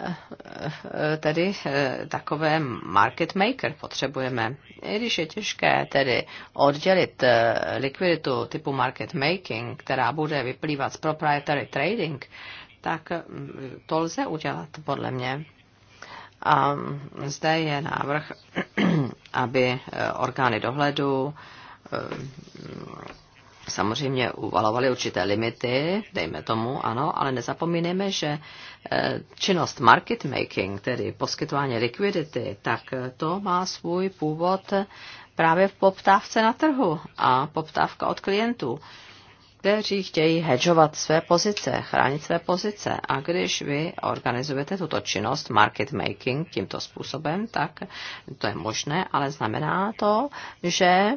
eh, eh, tedy takové market maker potřebujeme. I když je těžké tedy oddělit likviditu typu market making, která bude vyplývat z proprietary trading, tak mm, to lze udělat, podle mě. A zde je návrh, [clears throat] aby e, orgány dohledu e, samozřejmě uvalovaly určité limity, dejme tomu, ano, ale nezapomínejme, že e, činnost market making, tedy poskytování likvidity, tak to má svůj původ právě v poptávce na trhu a poptávka od klientů kteří chtějí hedžovat své pozice, chránit své pozice. A když vy organizujete tuto činnost, market making, tímto způsobem, tak to je možné, ale znamená to, že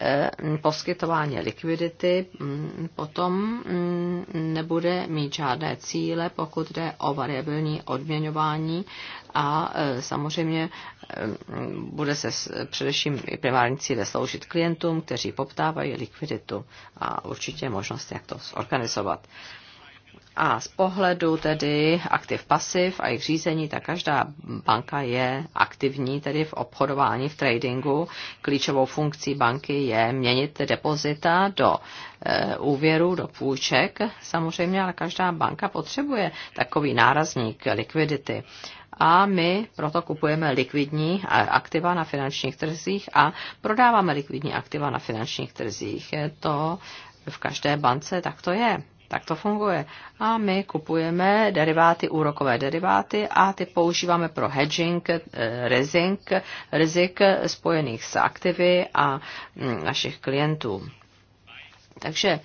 eh, poskytování likvidity mm, potom mm, nebude mít žádné cíle, pokud jde o variabilní odměňování a e, samozřejmě e, bude se především i primární cíle sloužit klientům, kteří poptávají likviditu a určitě možnost, jak to zorganizovat. A z pohledu tedy aktiv pasiv a jejich řízení, tak každá banka je aktivní tedy v obchodování, v tradingu. Klíčovou funkcí banky je měnit depozita do e, úvěru, do půjček samozřejmě, ale každá banka potřebuje takový nárazník likvidity a my proto kupujeme likvidní aktiva na finančních trzích a prodáváme likvidní aktiva na finančních trzích. Je to v každé bance, tak to je. Tak to funguje. A my kupujeme deriváty, úrokové deriváty a ty používáme pro hedging eh, rizik, rizik spojených s aktivy a mm, našich klientů. Takže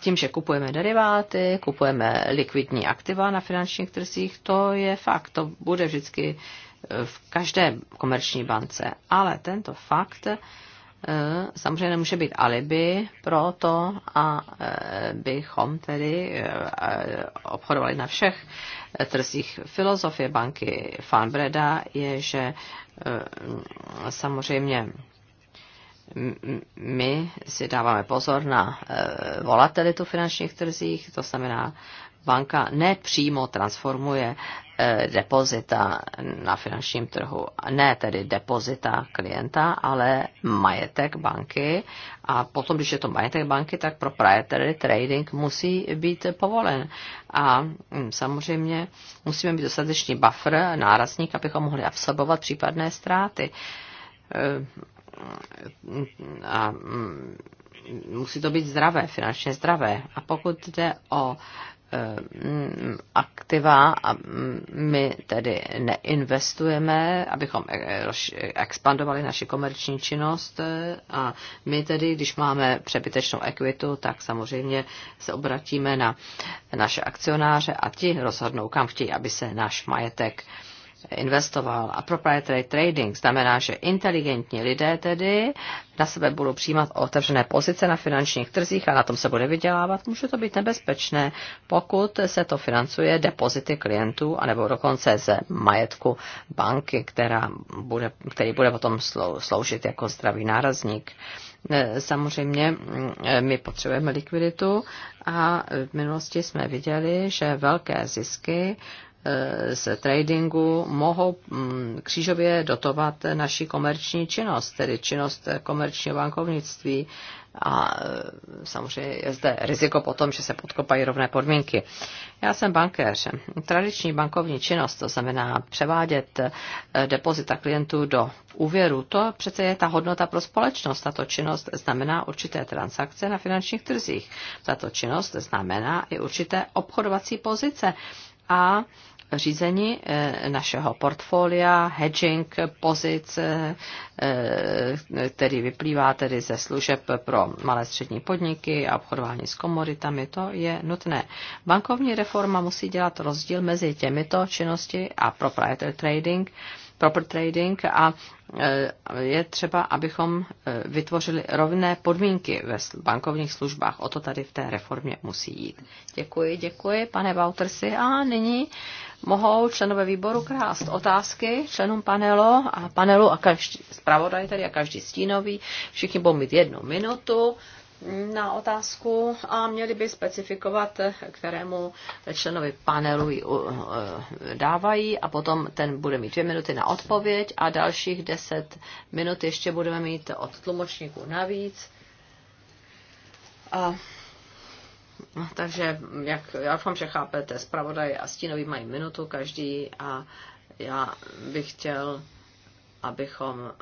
tím, že kupujeme deriváty, kupujeme likvidní aktiva na finančních trzích, to je fakt, to bude vždycky e, v každé komerční bance. Ale tento fakt e, samozřejmě nemůže být alibi pro to, abychom e, tedy obchodovali na všech trzích. Filozofie banky Fanbreda je, že samozřejmě my si dáváme pozor na eh, volatilitu finančních trzích, to znamená, banka nepřímo transformuje eh, depozita na finančním trhu. Ne tedy depozita klienta, ale majetek banky. A potom, když je to majetek banky, tak pro proprietary trading musí být povolen. A hm, samozřejmě musíme mít dostatečný buffer, nárazník, abychom mohli absorbovat případné ztráty eh, a mm, musí to být zdravé, finančně zdravé. A pokud jde o e, mm, aktiva a mm, my tedy neinvestujeme, abychom e, expandovali naši komerční činnost e, a my tedy, když máme přebytečnou ekvitu, tak samozřejmě se obratíme na naše akcionáře a ti rozhodnou, kam chtějí, aby se náš majetek investoval. A proprietary trading znamená, že inteligentní lidé tedy na sebe budou přijímat otevřené pozice na finančních trzích a na tom se bude vydělávat. Může to být nebezpečné, pokud se to financuje depozity klientů anebo dokonce ze majetku banky, která bude, který bude potom sloužit jako zdravý nárazník. E, samozřejmě mm, my potřebujeme likviditu a v minulosti jsme viděli, že velké zisky z tradingu mohou mm, křížově dotovat naši komerční činnost, tedy činnost komerčního bankovnictví a e, samozřejmě je zde riziko potom, že se podkopají rovné podmínky. Já jsem bankéř. Tradiční bankovní činnost, to znamená převádět e, depozita klientů do úvěru, to přece je ta hodnota pro společnost. Tato činnost znamená určité transakce na finančních trzích. Tato činnost znamená i určité obchodovací pozice. A řízení eh, našeho portfolia, hedging pozic, eh, eh, který vyplývá tedy ze služeb pro malé střední podniky a obchodování s komoditami, to je nutné. Bankovní reforma musí dělat rozdíl mezi těmito činnosti a proprietary trading, proper trading a eh, je třeba, abychom eh, vytvořili rovné podmínky ve bankovních službách. O to tady v té reformě musí jít. Děkuji, děkuji, pane Bautersi. A nyní mohou členové výboru krást otázky členům panelu a panelu a každý zpravodaj tady a každý stínový. Všichni budou mít jednu minutu na otázku a měli by specifikovat, kterému členovi panelu ji uh, uh, dávají a potom ten bude mít dvě minuty na odpověď a dalších deset minut ještě budeme mít od tlumočníků navíc. A, takže jak, já doufám, že chápete, zpravodaj a stínový mají minutu každý a já bych chtěl, abychom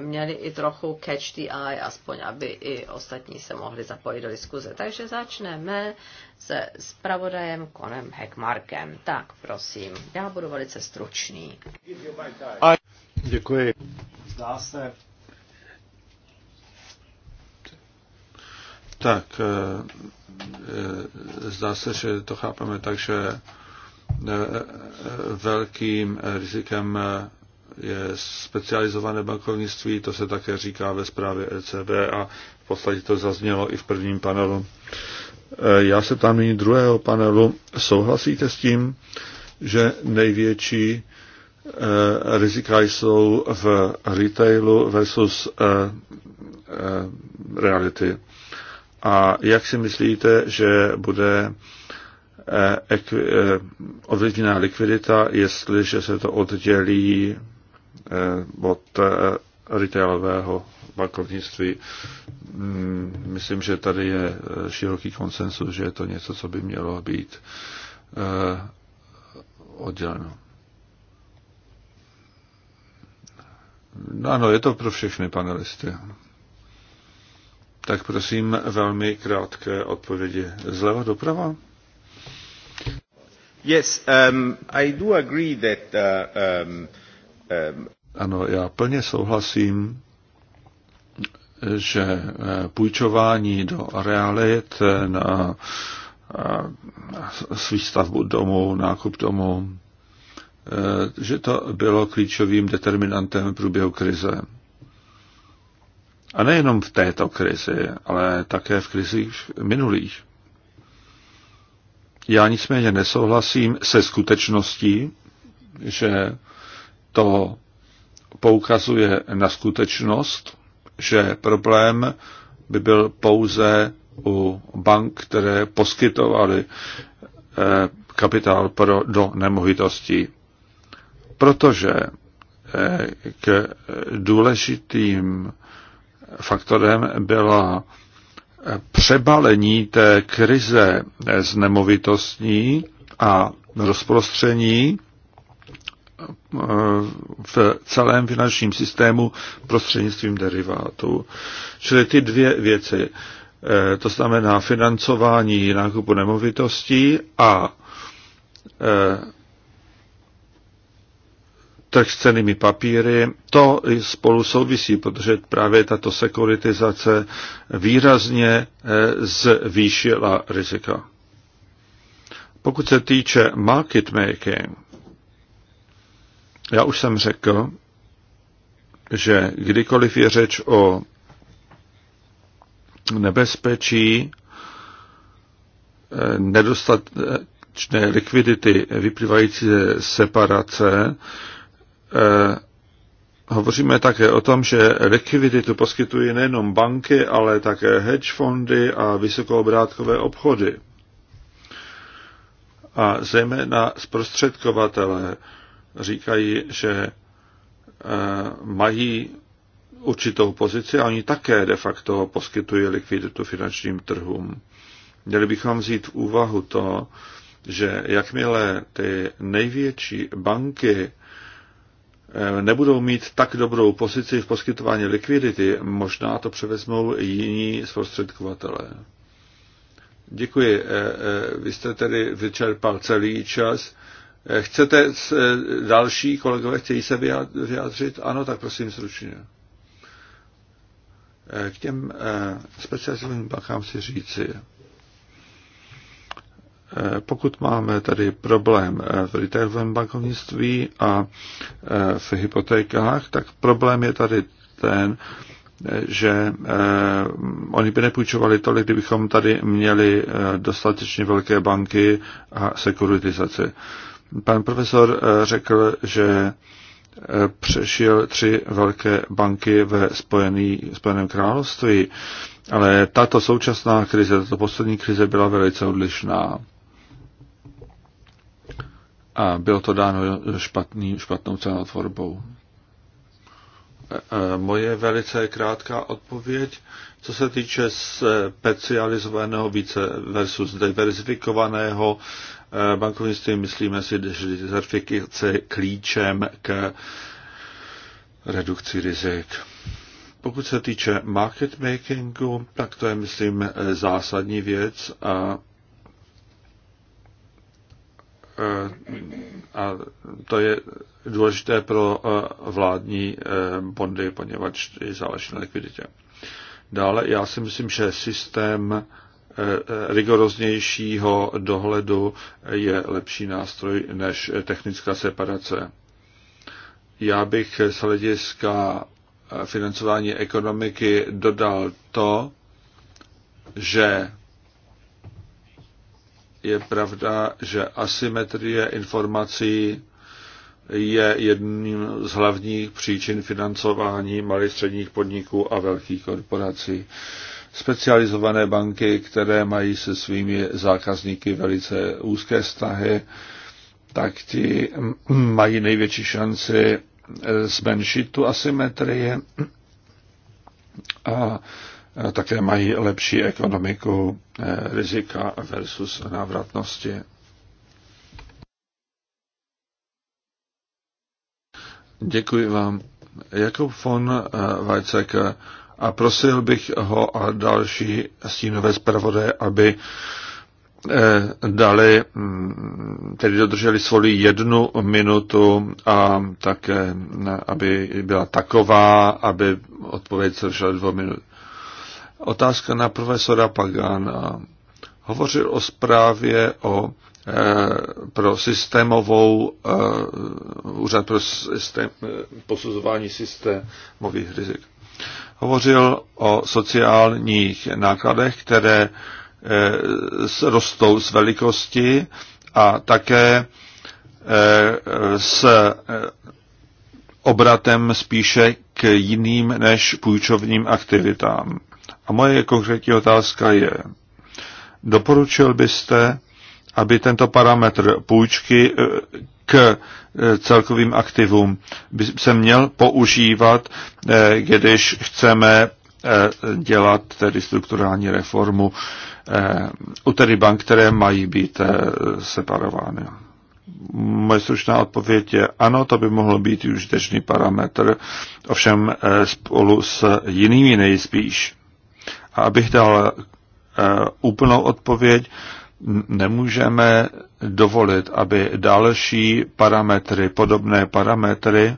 měli i trochu catch the eye, aspoň aby i ostatní se mohli zapojit do diskuze. Takže začneme se zpravodajem Konem Heckmarkem. Tak, prosím, já budu velice stručný. Děkuji. Zdá se. Tak, eh, eh, zdá se, že to chápeme tak, že eh, velkým rizikem je specializované bankovnictví, to se také říká ve zprávě ECB a v podstatě to zaznělo i v prvním panelu. E, já se tam nyní druhého panelu. Souhlasíte s tím, že největší e, rizika jsou v retailu versus e, reality? A jak si myslíte, že bude ovlivněná likvidita, jestliže se to oddělí Eh, od eh, retailového bankovnictví. Mm, myslím, že tady je eh, široký konsensus, že je to něco, co by mělo být odděleno. No ano, je to pro všechny panelisty. Tak prosím velmi krátké odpovědi. Zleva doprava? Yes, um, I do agree that uh, um, um, ano, já plně souhlasím, že eh, půjčování do realit eh, na eh, výstavbu domu, nákup domu, že to bylo klíčovým determinantem průběhu krize. A nejenom v této krizi, ale také v krizích minulých. Já nicméně nesouhlasím se skutečností, že to poukazuje na skutečnost, že problém by byl pouze u bank, které poskytovaly eh, kapitál pro, do nemovitostí. Protože eh, k důležitým faktorem byla eh, přebalení té krize z nemovitostní a rozprostření v celém finančním systému prostřednictvím derivátů. Čili ty dvě věci, eh, to znamená financování nákupu nemovitostí a eh, trh s cenými papíry, to spolu souvisí, protože právě tato sekuritizace výrazně eh, zvýšila rizika. Pokud se týče market making, já už jsem řekl, že kdykoliv je řeč o nebezpečí eh, nedostatečné likvidity vyplývající ze separace, eh, hovoříme také o tom, že likviditu poskytují nejenom banky, ale také hedge fondy a vysokoobrátkové obchody. A zejména zprostředkovatele říkají, že eh, mají určitou pozici a oni také de facto poskytují likviditu finančním trhům. Měli bychom vzít v úvahu to, že jakmile ty největší banky eh, nebudou mít tak dobrou pozici v poskytování likvidity, možná to převezmou jiní zprostředkovatelé. Děkuji. Eh, vy jste tedy vyčerpal celý čas. Chcete eh, další kolegové, chtějí se vyjádřit? Ano, tak prosím stručně. Eh, k těm eh, specializovaným bankám si říci, pokud máme tady problém v retailovém bankovnictví a v hypotékách, tak problém je tady ten, že oni by nepůjčovali tolik, kdybychom tady měli dostatečně velké banky a sekuritizaci. Pan profesor eh, řekl, že eh, přešel tři velké banky ve Spojený, Spojeném království, ale tato současná krize, tato poslední krize byla velice odlišná. A bylo to dáno špatný, špatnou cenotvorbou. Eh, moje velice krátká odpověď, co se týče specializovaného více versus diverzifikovaného Eh, bankovnictví, myslíme si, že diversifikace je klíčem k redukci rizik. Pokud se týče market makingu, tak to je, myslím, zásadní věc a eh, a to je důležité pro eh, vládní bondy, poněvadž záleží na likviditě. Dále já si myslím, že systém rigoroznějšího dohledu je lepší nástroj než technická separace. Já bych z hlediska financování ekonomiky dodal to, že je pravda, že asymetrie informací je jedním z hlavních příčin financování malých středních podniků a velkých korporací specializované banky, které mají se svými zákazníky velice úzké vztahy, tak ti mají největší šanci eh, zmenšit tu asymetrii a také mají lepší ekonomiku eh, rizika versus návratnosti. Děkuji vám. Jakub von eh, Weizsäcker a prosil bych ho a další stínové zpravodaje, aby eh, dali, mm, tedy dodrželi svoji jednu minutu a také, aby byla taková, aby odpověď se došla dvou minut. Otázka na profesora Pagana. Hovořil o zprávě o eh, pro systémovou eh, úřad pro systém, posuzování systémových rizik. Hovořil o sociálních nákladech, které eh, rostou z velikosti a také eh, s eh, obratem spíše k jiným než půjčovním aktivitám. A moje jako konkrétní otázka je, doporučil byste, aby tento parametr půjčky k e, celkovým aktivům by se měl používat, e, když chceme e, dělat tedy strukturální reformu u tedy bank, které mají být separovány. Moje slušná odpověď je ano, to by mohl být užitečný parametr, ovšem spolu s jinými nejspíš. A abych dal úplnou odpověď, nemůžeme dovolit, aby další parametry, podobné parametry,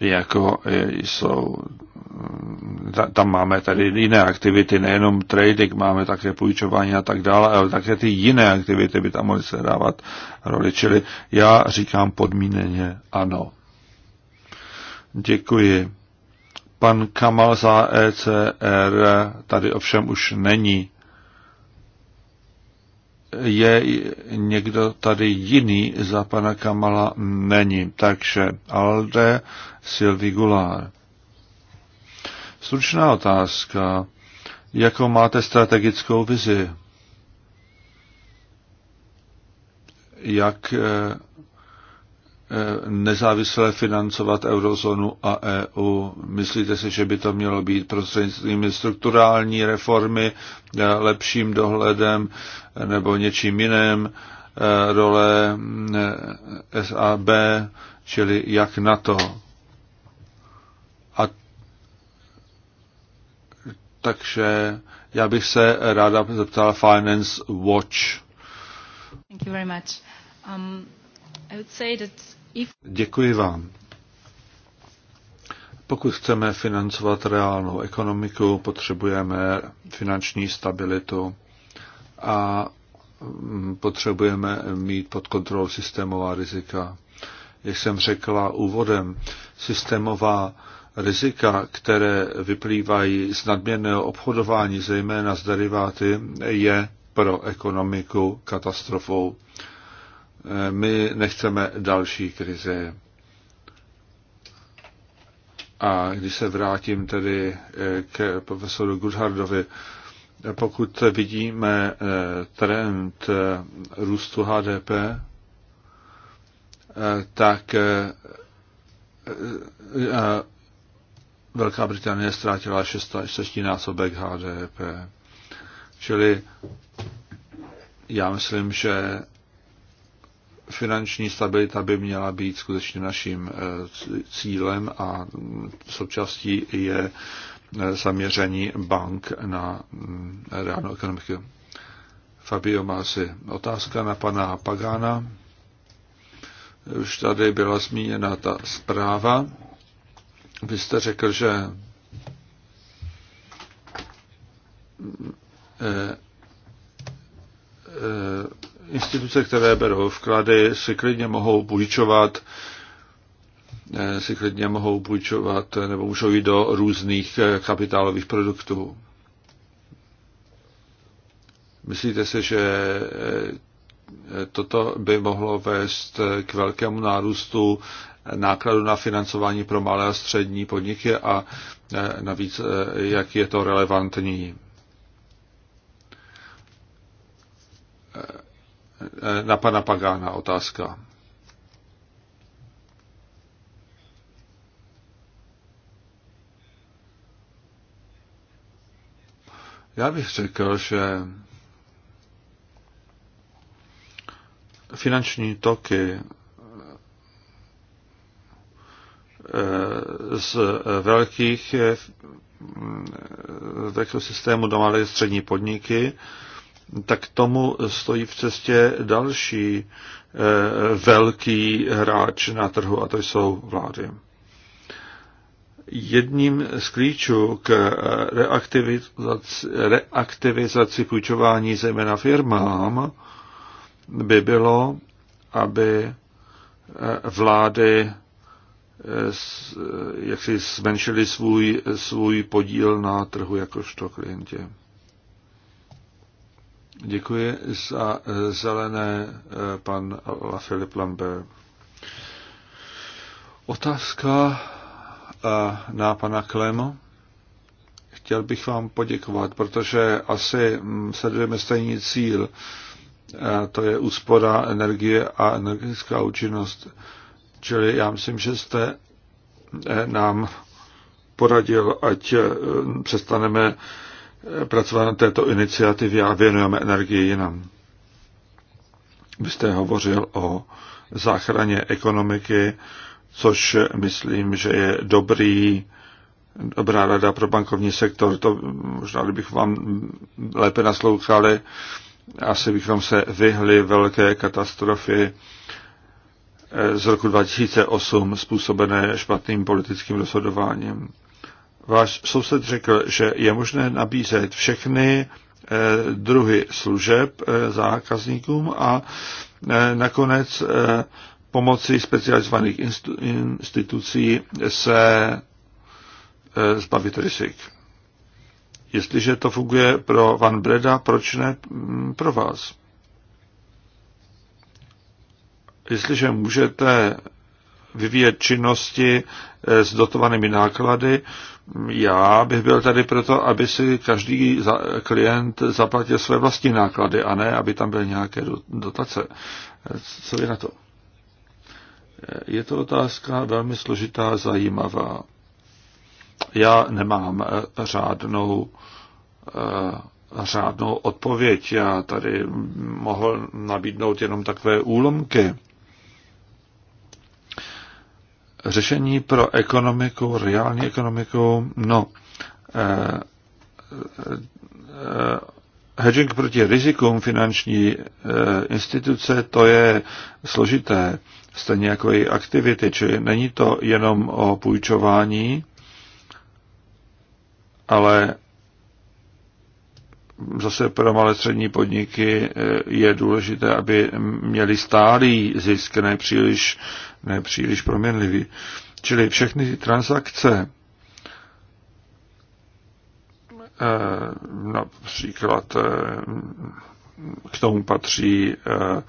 jako jsou, tam máme tady jiné aktivity, nejenom trading, máme také půjčování a tak dále, ale také ty jiné aktivity by tam mohly dávat roli. Čili já říkám podmíněně ano. Děkuji. Pan Kamal za ECR tady ovšem už není je někdo tady jiný za pana Kamala? Není. Takže Alde Silvi Gulár. Stručná otázka. Jakou máte strategickou vizi? Jak eh, nezávisle financovat eurozónu a EU. Myslíte si, že by to mělo být prostřednictvím strukturální reformy, lepším dohledem nebo něčím jiným, eh, role eh, SAB, čili jak na to? A takže já bych se ráda zeptala Finance Watch. Thank you very much. Um, I would say that Děkuji vám. Pokud chceme financovat reálnou ekonomiku, potřebujeme finanční stabilitu a mm, potřebujeme mít pod kontrolou systémová rizika. Jak jsem řekla úvodem, systémová rizika, které vyplývají z nadměrného obchodování, zejména z deriváty, je pro ekonomiku katastrofou. My nechceme další krize. A když se vrátím tedy eh, k profesoru Goodhardovi, pokud vidíme eh, trend eh, růstu HDP, tak Velká Británie ztrátila násobek HDP. Čili já myslím, že finanční stabilita by měla být skutečně naším eh, cílem a součástí je eh, zaměření bank na mm, reálnou ekonomiku. Fabio má si otázka na pana Pagana. Už tady byla zmíněna ta zpráva. Vy jste řekl, že e, e, instituce, které berou vklady, si klidně mohou půjčovat eh, si klidně mohou půjčovat eh, nebo můžou jít do různých eh, kapitálových produktů. Myslíte si, že toto by mohlo vést k velkému nárůstu nákladu na financování pro malé a střední podniky a navíc, jak je to relevantní? na pana Pagána otázka. Já bych řekl, že finanční toky z velkých ekosystémů do malé střední podniky tak tomu stojí v cestě další eh, velký hráč na trhu, a to jsou vlády. Jedním z klíčů k eh, reaktivizaci, reaktivizaci půjčování zejména firmám by bylo, aby eh, vlády jaksi zmenšily svůj, svůj podíl na trhu jakožto klienti. Děkuji za eh, zelené eh, pan Filip Lambert. Otázka eh, na pana Klemo. Chtěl bych vám poděkovat, protože asi hm, sledujeme stejný cíl. To je úspora energie a energetická účinnost. Čili já myslím, že jste nám poradil, ať přestaneme pracovat na této iniciativě a věnujeme energii jinam. Vy jste hovořil o záchraně ekonomiky, což myslím, že je dobrý, dobrá rada pro bankovní sektor. To možná, kdybych vám lépe naslouchali, asi bychom se vyhli velké katastrofy z roku 2008 způsobené špatným politickým rozhodováním váš soused řekl, že je možné nabízet všechny eh, druhy služeb eh, zákazníkům a eh, nakonec pomocí specializovaných institucí se zbavit rizik. Jestliže to funguje pro Van Breda, proč ne mm, pro vás? Jestliže můžete vyvíjet činnosti Eh, s dotovanými náklady. Já bych byl tady proto, aby si každý za, klient zaplatil své vlastní náklady a ne, aby tam byly nějaké dotace. Eh, co je na to? Eh, je to otázka velmi složitá, zajímavá. Já nemám řádnou řádnou odpověď. Já tady mohl nabídnout jenom takové úlomky řešení pro ekonomiku, reální ekonomiku, no, eh, eh, hedging proti rizikům finanční eh, instituce, to je složité, stejně jako i aktivity, čili není to jenom o půjčování, ale zase pro malé střední podniky eh, je důležité, aby měli stálý zisk, ne příliš příliš proměnlivý. Čili všechny transakce, eh, například no, eh, k tomu patří eh,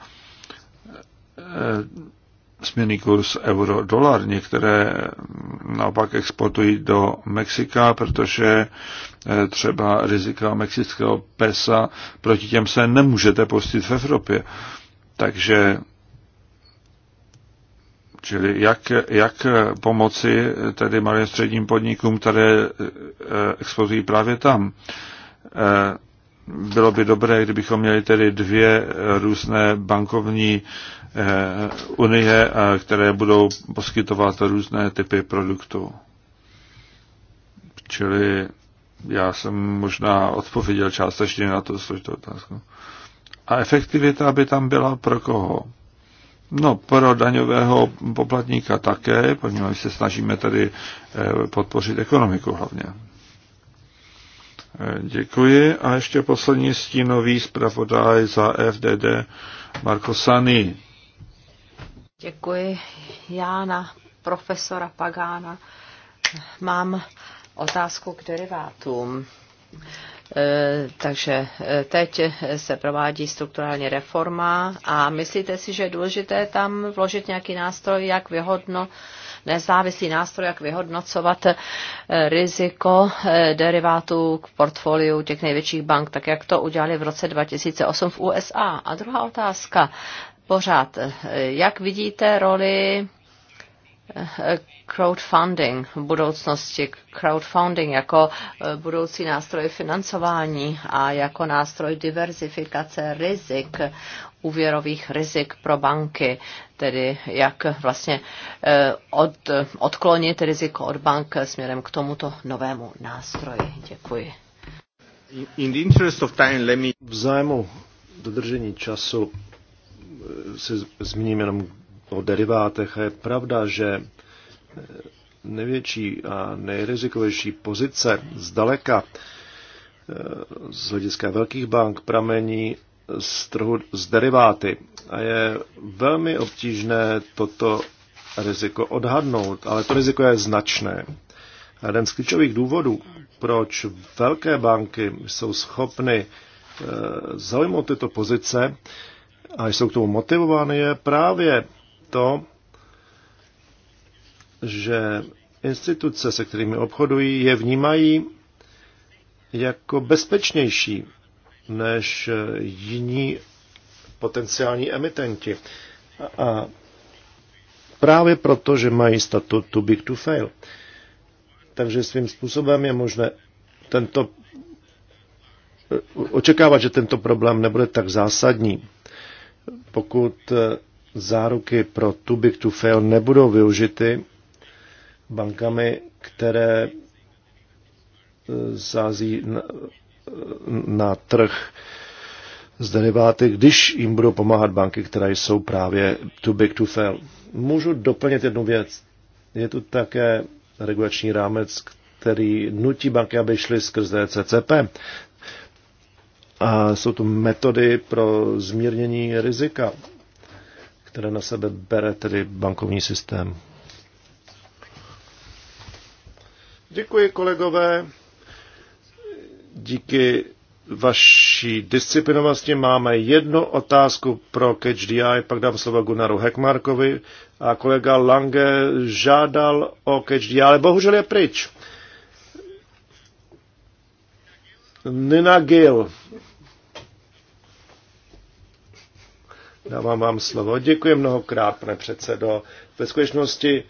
směrný kurz euro-dolar. Některé naopak exportují do Mexika, protože třeba rizika mexického pesa proti těm se nemůžete postit v Evropě. Takže Čili jak, jak pomoci tedy malým středním podnikům, které eh, expozují právě tam. Eh, bylo by dobré, kdybychom měli tedy dvě různé bankovní eh, unie, které budou poskytovat různé typy produktů. Čili já jsem možná odpověděl částečně na tu složitou otázku. A efektivita by tam byla pro koho? No, pro daňového poplatníka také, poněvadž se snažíme tady eh, podpořit ekonomiku hlavně. Eh, děkuji. A ještě poslední stínový zpravodaj za FDD, Marko Sani. Děkuji. Já na profesora Pagána mám otázku k derivátům. Eh, takže eh, teď se provádí strukturální reforma a myslíte si, že je důležité tam vložit nějaký nástroj, jak vyhodno, nezávislý nástroj, jak vyhodnocovat eh, riziko derivátů k portfoliu těch největších bank, tak jak to udělali v roce 2008 v USA. A druhá otázka, pořád, jak vidíte roli crowdfunding v budoucnosti, crowdfunding jako eh, budoucí nástroj financování a jako nástroj diverzifikace rizik, úvěrových rizik pro banky, tedy jak vlastně eh, od, odklonit riziko od bank směrem k tomuto novému nástroji. Děkuji. In the interest of time, let me... V zájmu dodržení času eh, se zmíním jenom o derivátech. Je pravda, že největší a nejrizikovější pozice zdaleka eh, z hlediska velkých bank pramení z trhu z deriváty a je velmi obtížné toto riziko odhadnout, ale to riziko je značné. A jeden z klíčových důvodů, proč velké banky jsou schopny eh, zaujmout tyto pozice a jsou k tomu motivovány, je právě to, že instituce, se kterými obchodují, je vnímají jako bezpečnější než jiní potenciální emitenti. A právě proto, že mají statut too big to fail. Takže svým způsobem je možné tento očekávat, že tento problém nebude tak zásadní, pokud záruky pro too big to fail nebudou využity bankami, které e, sází na, na trh z deriváty, když jim budou pomáhat banky, které jsou právě too big to fail. Můžu doplnit jednu věc. Je tu také regulační rámec, který nutí banky, aby šly skrz CCP. A jsou tu metody pro zmírnění rizika které na sebe bere tedy bankovní systém. Děkuji, kolegové. Díky vaší disciplinovosti máme jednu otázku pro CatchDI, pak dám slovo Gunaru Hekmarkovi a kolega Lange žádal o CatchDI, ale bohužel je pryč. Nina Gill Dávám vám slovo. Děkuji mnohokrát, pane předsedo. Ve skutečnosti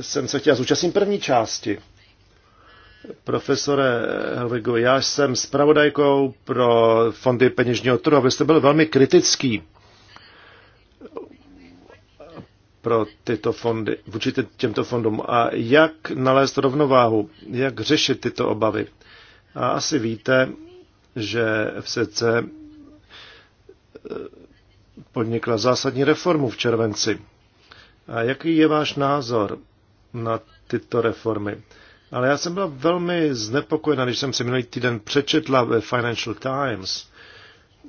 jsem se chtěl zúčastnit první části. Profesore Helvigo, já jsem zpravodajkou pro fondy peněžního trhu. Vy jste byl velmi kritický pro tyto fondy, vůči těmto fondům. A jak nalézt rovnováhu, jak řešit tyto obavy? A asi víte, že FCC podnikla zásadní reformu v červenci. A jaký je váš názor na tyto reformy? Ale já jsem byla velmi znepokojena, když jsem si minulý týden přečetla ve Financial Times eh,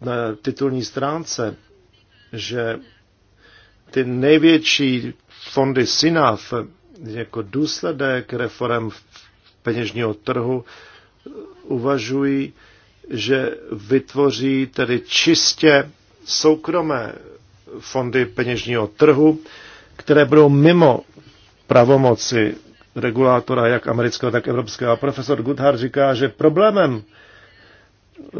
na titulní stránce, že ty největší fondy SINAF jako důsledek reform peněžního trhu eh, uvažují, že vytvoří tedy čistě soukromé fondy peněžního trhu, které budou mimo pravomoci regulátora, jak amerického, tak evropského. A profesor Goodhart říká, že problémem,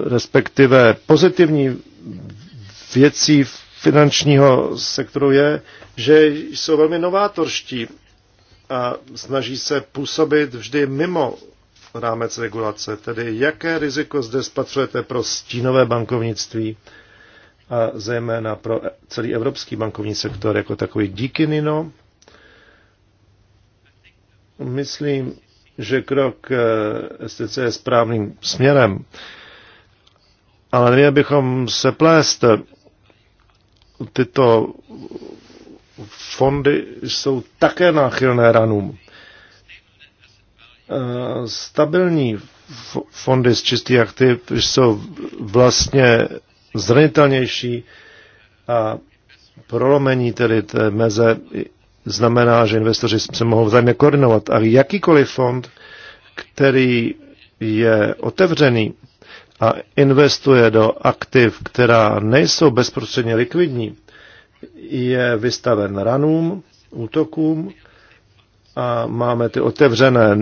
respektive pozitivní věcí finančního sektoru je, že jsou velmi novátorští a snaží se působit vždy mimo rámec regulace. Tedy jaké riziko zde spatřujete pro stínové bankovnictví? a zejména pro celý evropský bankovní sektor jako takový. Díky, Nino. Myslím, že krok eh, STC je správným směrem, ale neměli bychom se plést. Tyto fondy jsou také náchylné ranům. Eh, stabilní fondy z čistých aktiv jsou vlastně zranitelnější a prolomení tedy té meze znamená, že investoři se mohou vzájemně koordinovat. A jakýkoliv fond, který je otevřený a investuje do aktiv, která nejsou bezprostředně likvidní, je vystaven ranům, útokům a máme ty otevřené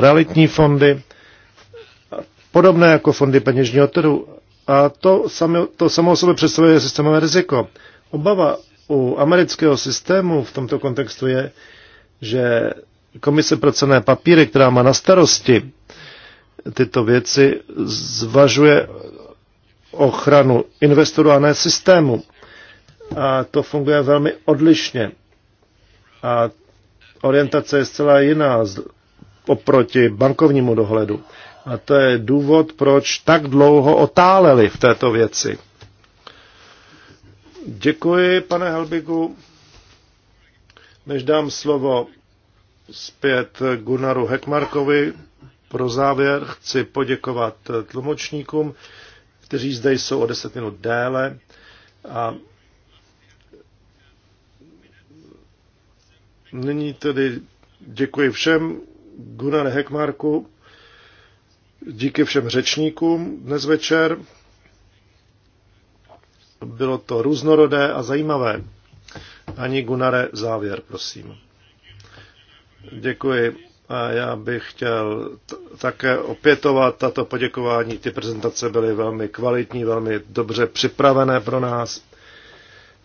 realitní fondy, podobné jako fondy peněžního trhu a to, sami, to samo o sobě představuje systémové riziko. Obava u amerického systému v tomto kontextu je, že Komise pro cené papíry, která má na starosti tyto věci, zvažuje ochranu investorů a ne systému. A to funguje velmi odlišně. A orientace je zcela jiná oproti bankovnímu dohledu. A to je důvod, proč tak dlouho otáleli v této věci. Děkuji, pane Helbigu. Než dám slovo zpět Gunaru Hekmarkovi, pro závěr chci poděkovat tlumočníkům, kteří zde jsou o deset minut déle. A nyní tedy děkuji všem Gunnar Hekmarku. Díky všem řečníkům dnes večer. Bylo to různorodé a zajímavé. Ani Gunare, závěr, prosím. Děkuji. A já bych chtěl také opětovat tato poděkování. Ty prezentace byly velmi kvalitní, velmi dobře připravené pro nás.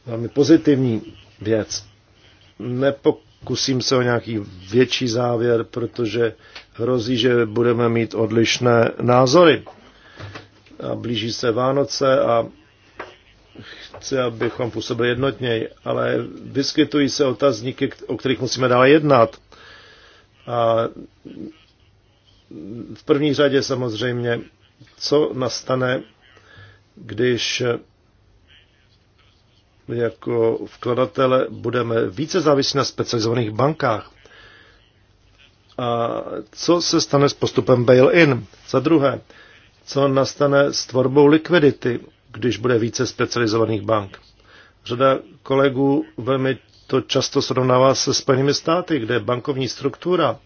Velmi pozitivní věc. Nepokusím se o nějaký větší závěr, protože hrozí, že budeme mít odlišné názory. A blíží se Vánoce a chci, abychom působili jednotněji, ale vyskytují se otazníky, o kterých musíme dále jednat. A v první řadě samozřejmě, co nastane, když jako vkladatele budeme více závislí na specializovaných bankách. A co se stane s postupem bail-in? Za druhé, co nastane s tvorbou likvidity, když bude více specializovaných bank? Řada kolegů velmi to často srovnává se Spojenými státy, kde bankovní struktura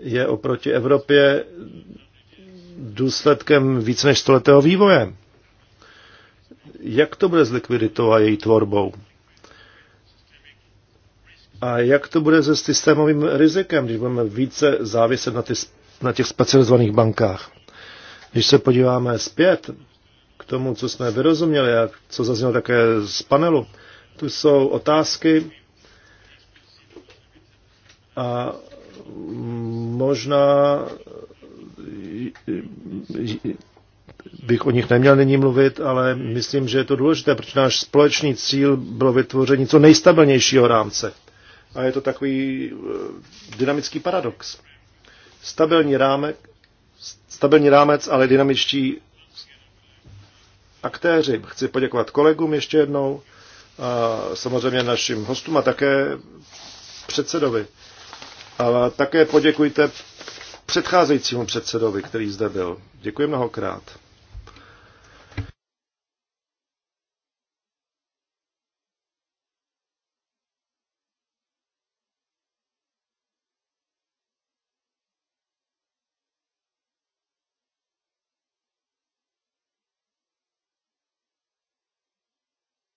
je oproti Evropě důsledkem více než stoletého vývoje. Jak to bude s likviditou a její tvorbou? A jak to bude se systémovým rizikem, když budeme více záviset na, ty, na těch specializovaných bankách? Když se podíváme zpět k tomu, co jsme vyrozuměli a co zaznělo také z panelu, tu jsou otázky a možná bych o nich neměl nyní mluvit, ale myslím, že je to důležité, protože náš společný cíl bylo vytvoření co nejstabilnějšího rámce a je to takový eh, dynamický paradox. Stabilní, rámek, stabilní rámec, ale dynamičtí aktéři. Chci poděkovat kolegům ještě jednou, a samozřejmě našim hostům a také předsedovi. A také poděkujte předcházejícímu předsedovi, který zde byl. Děkuji mnohokrát.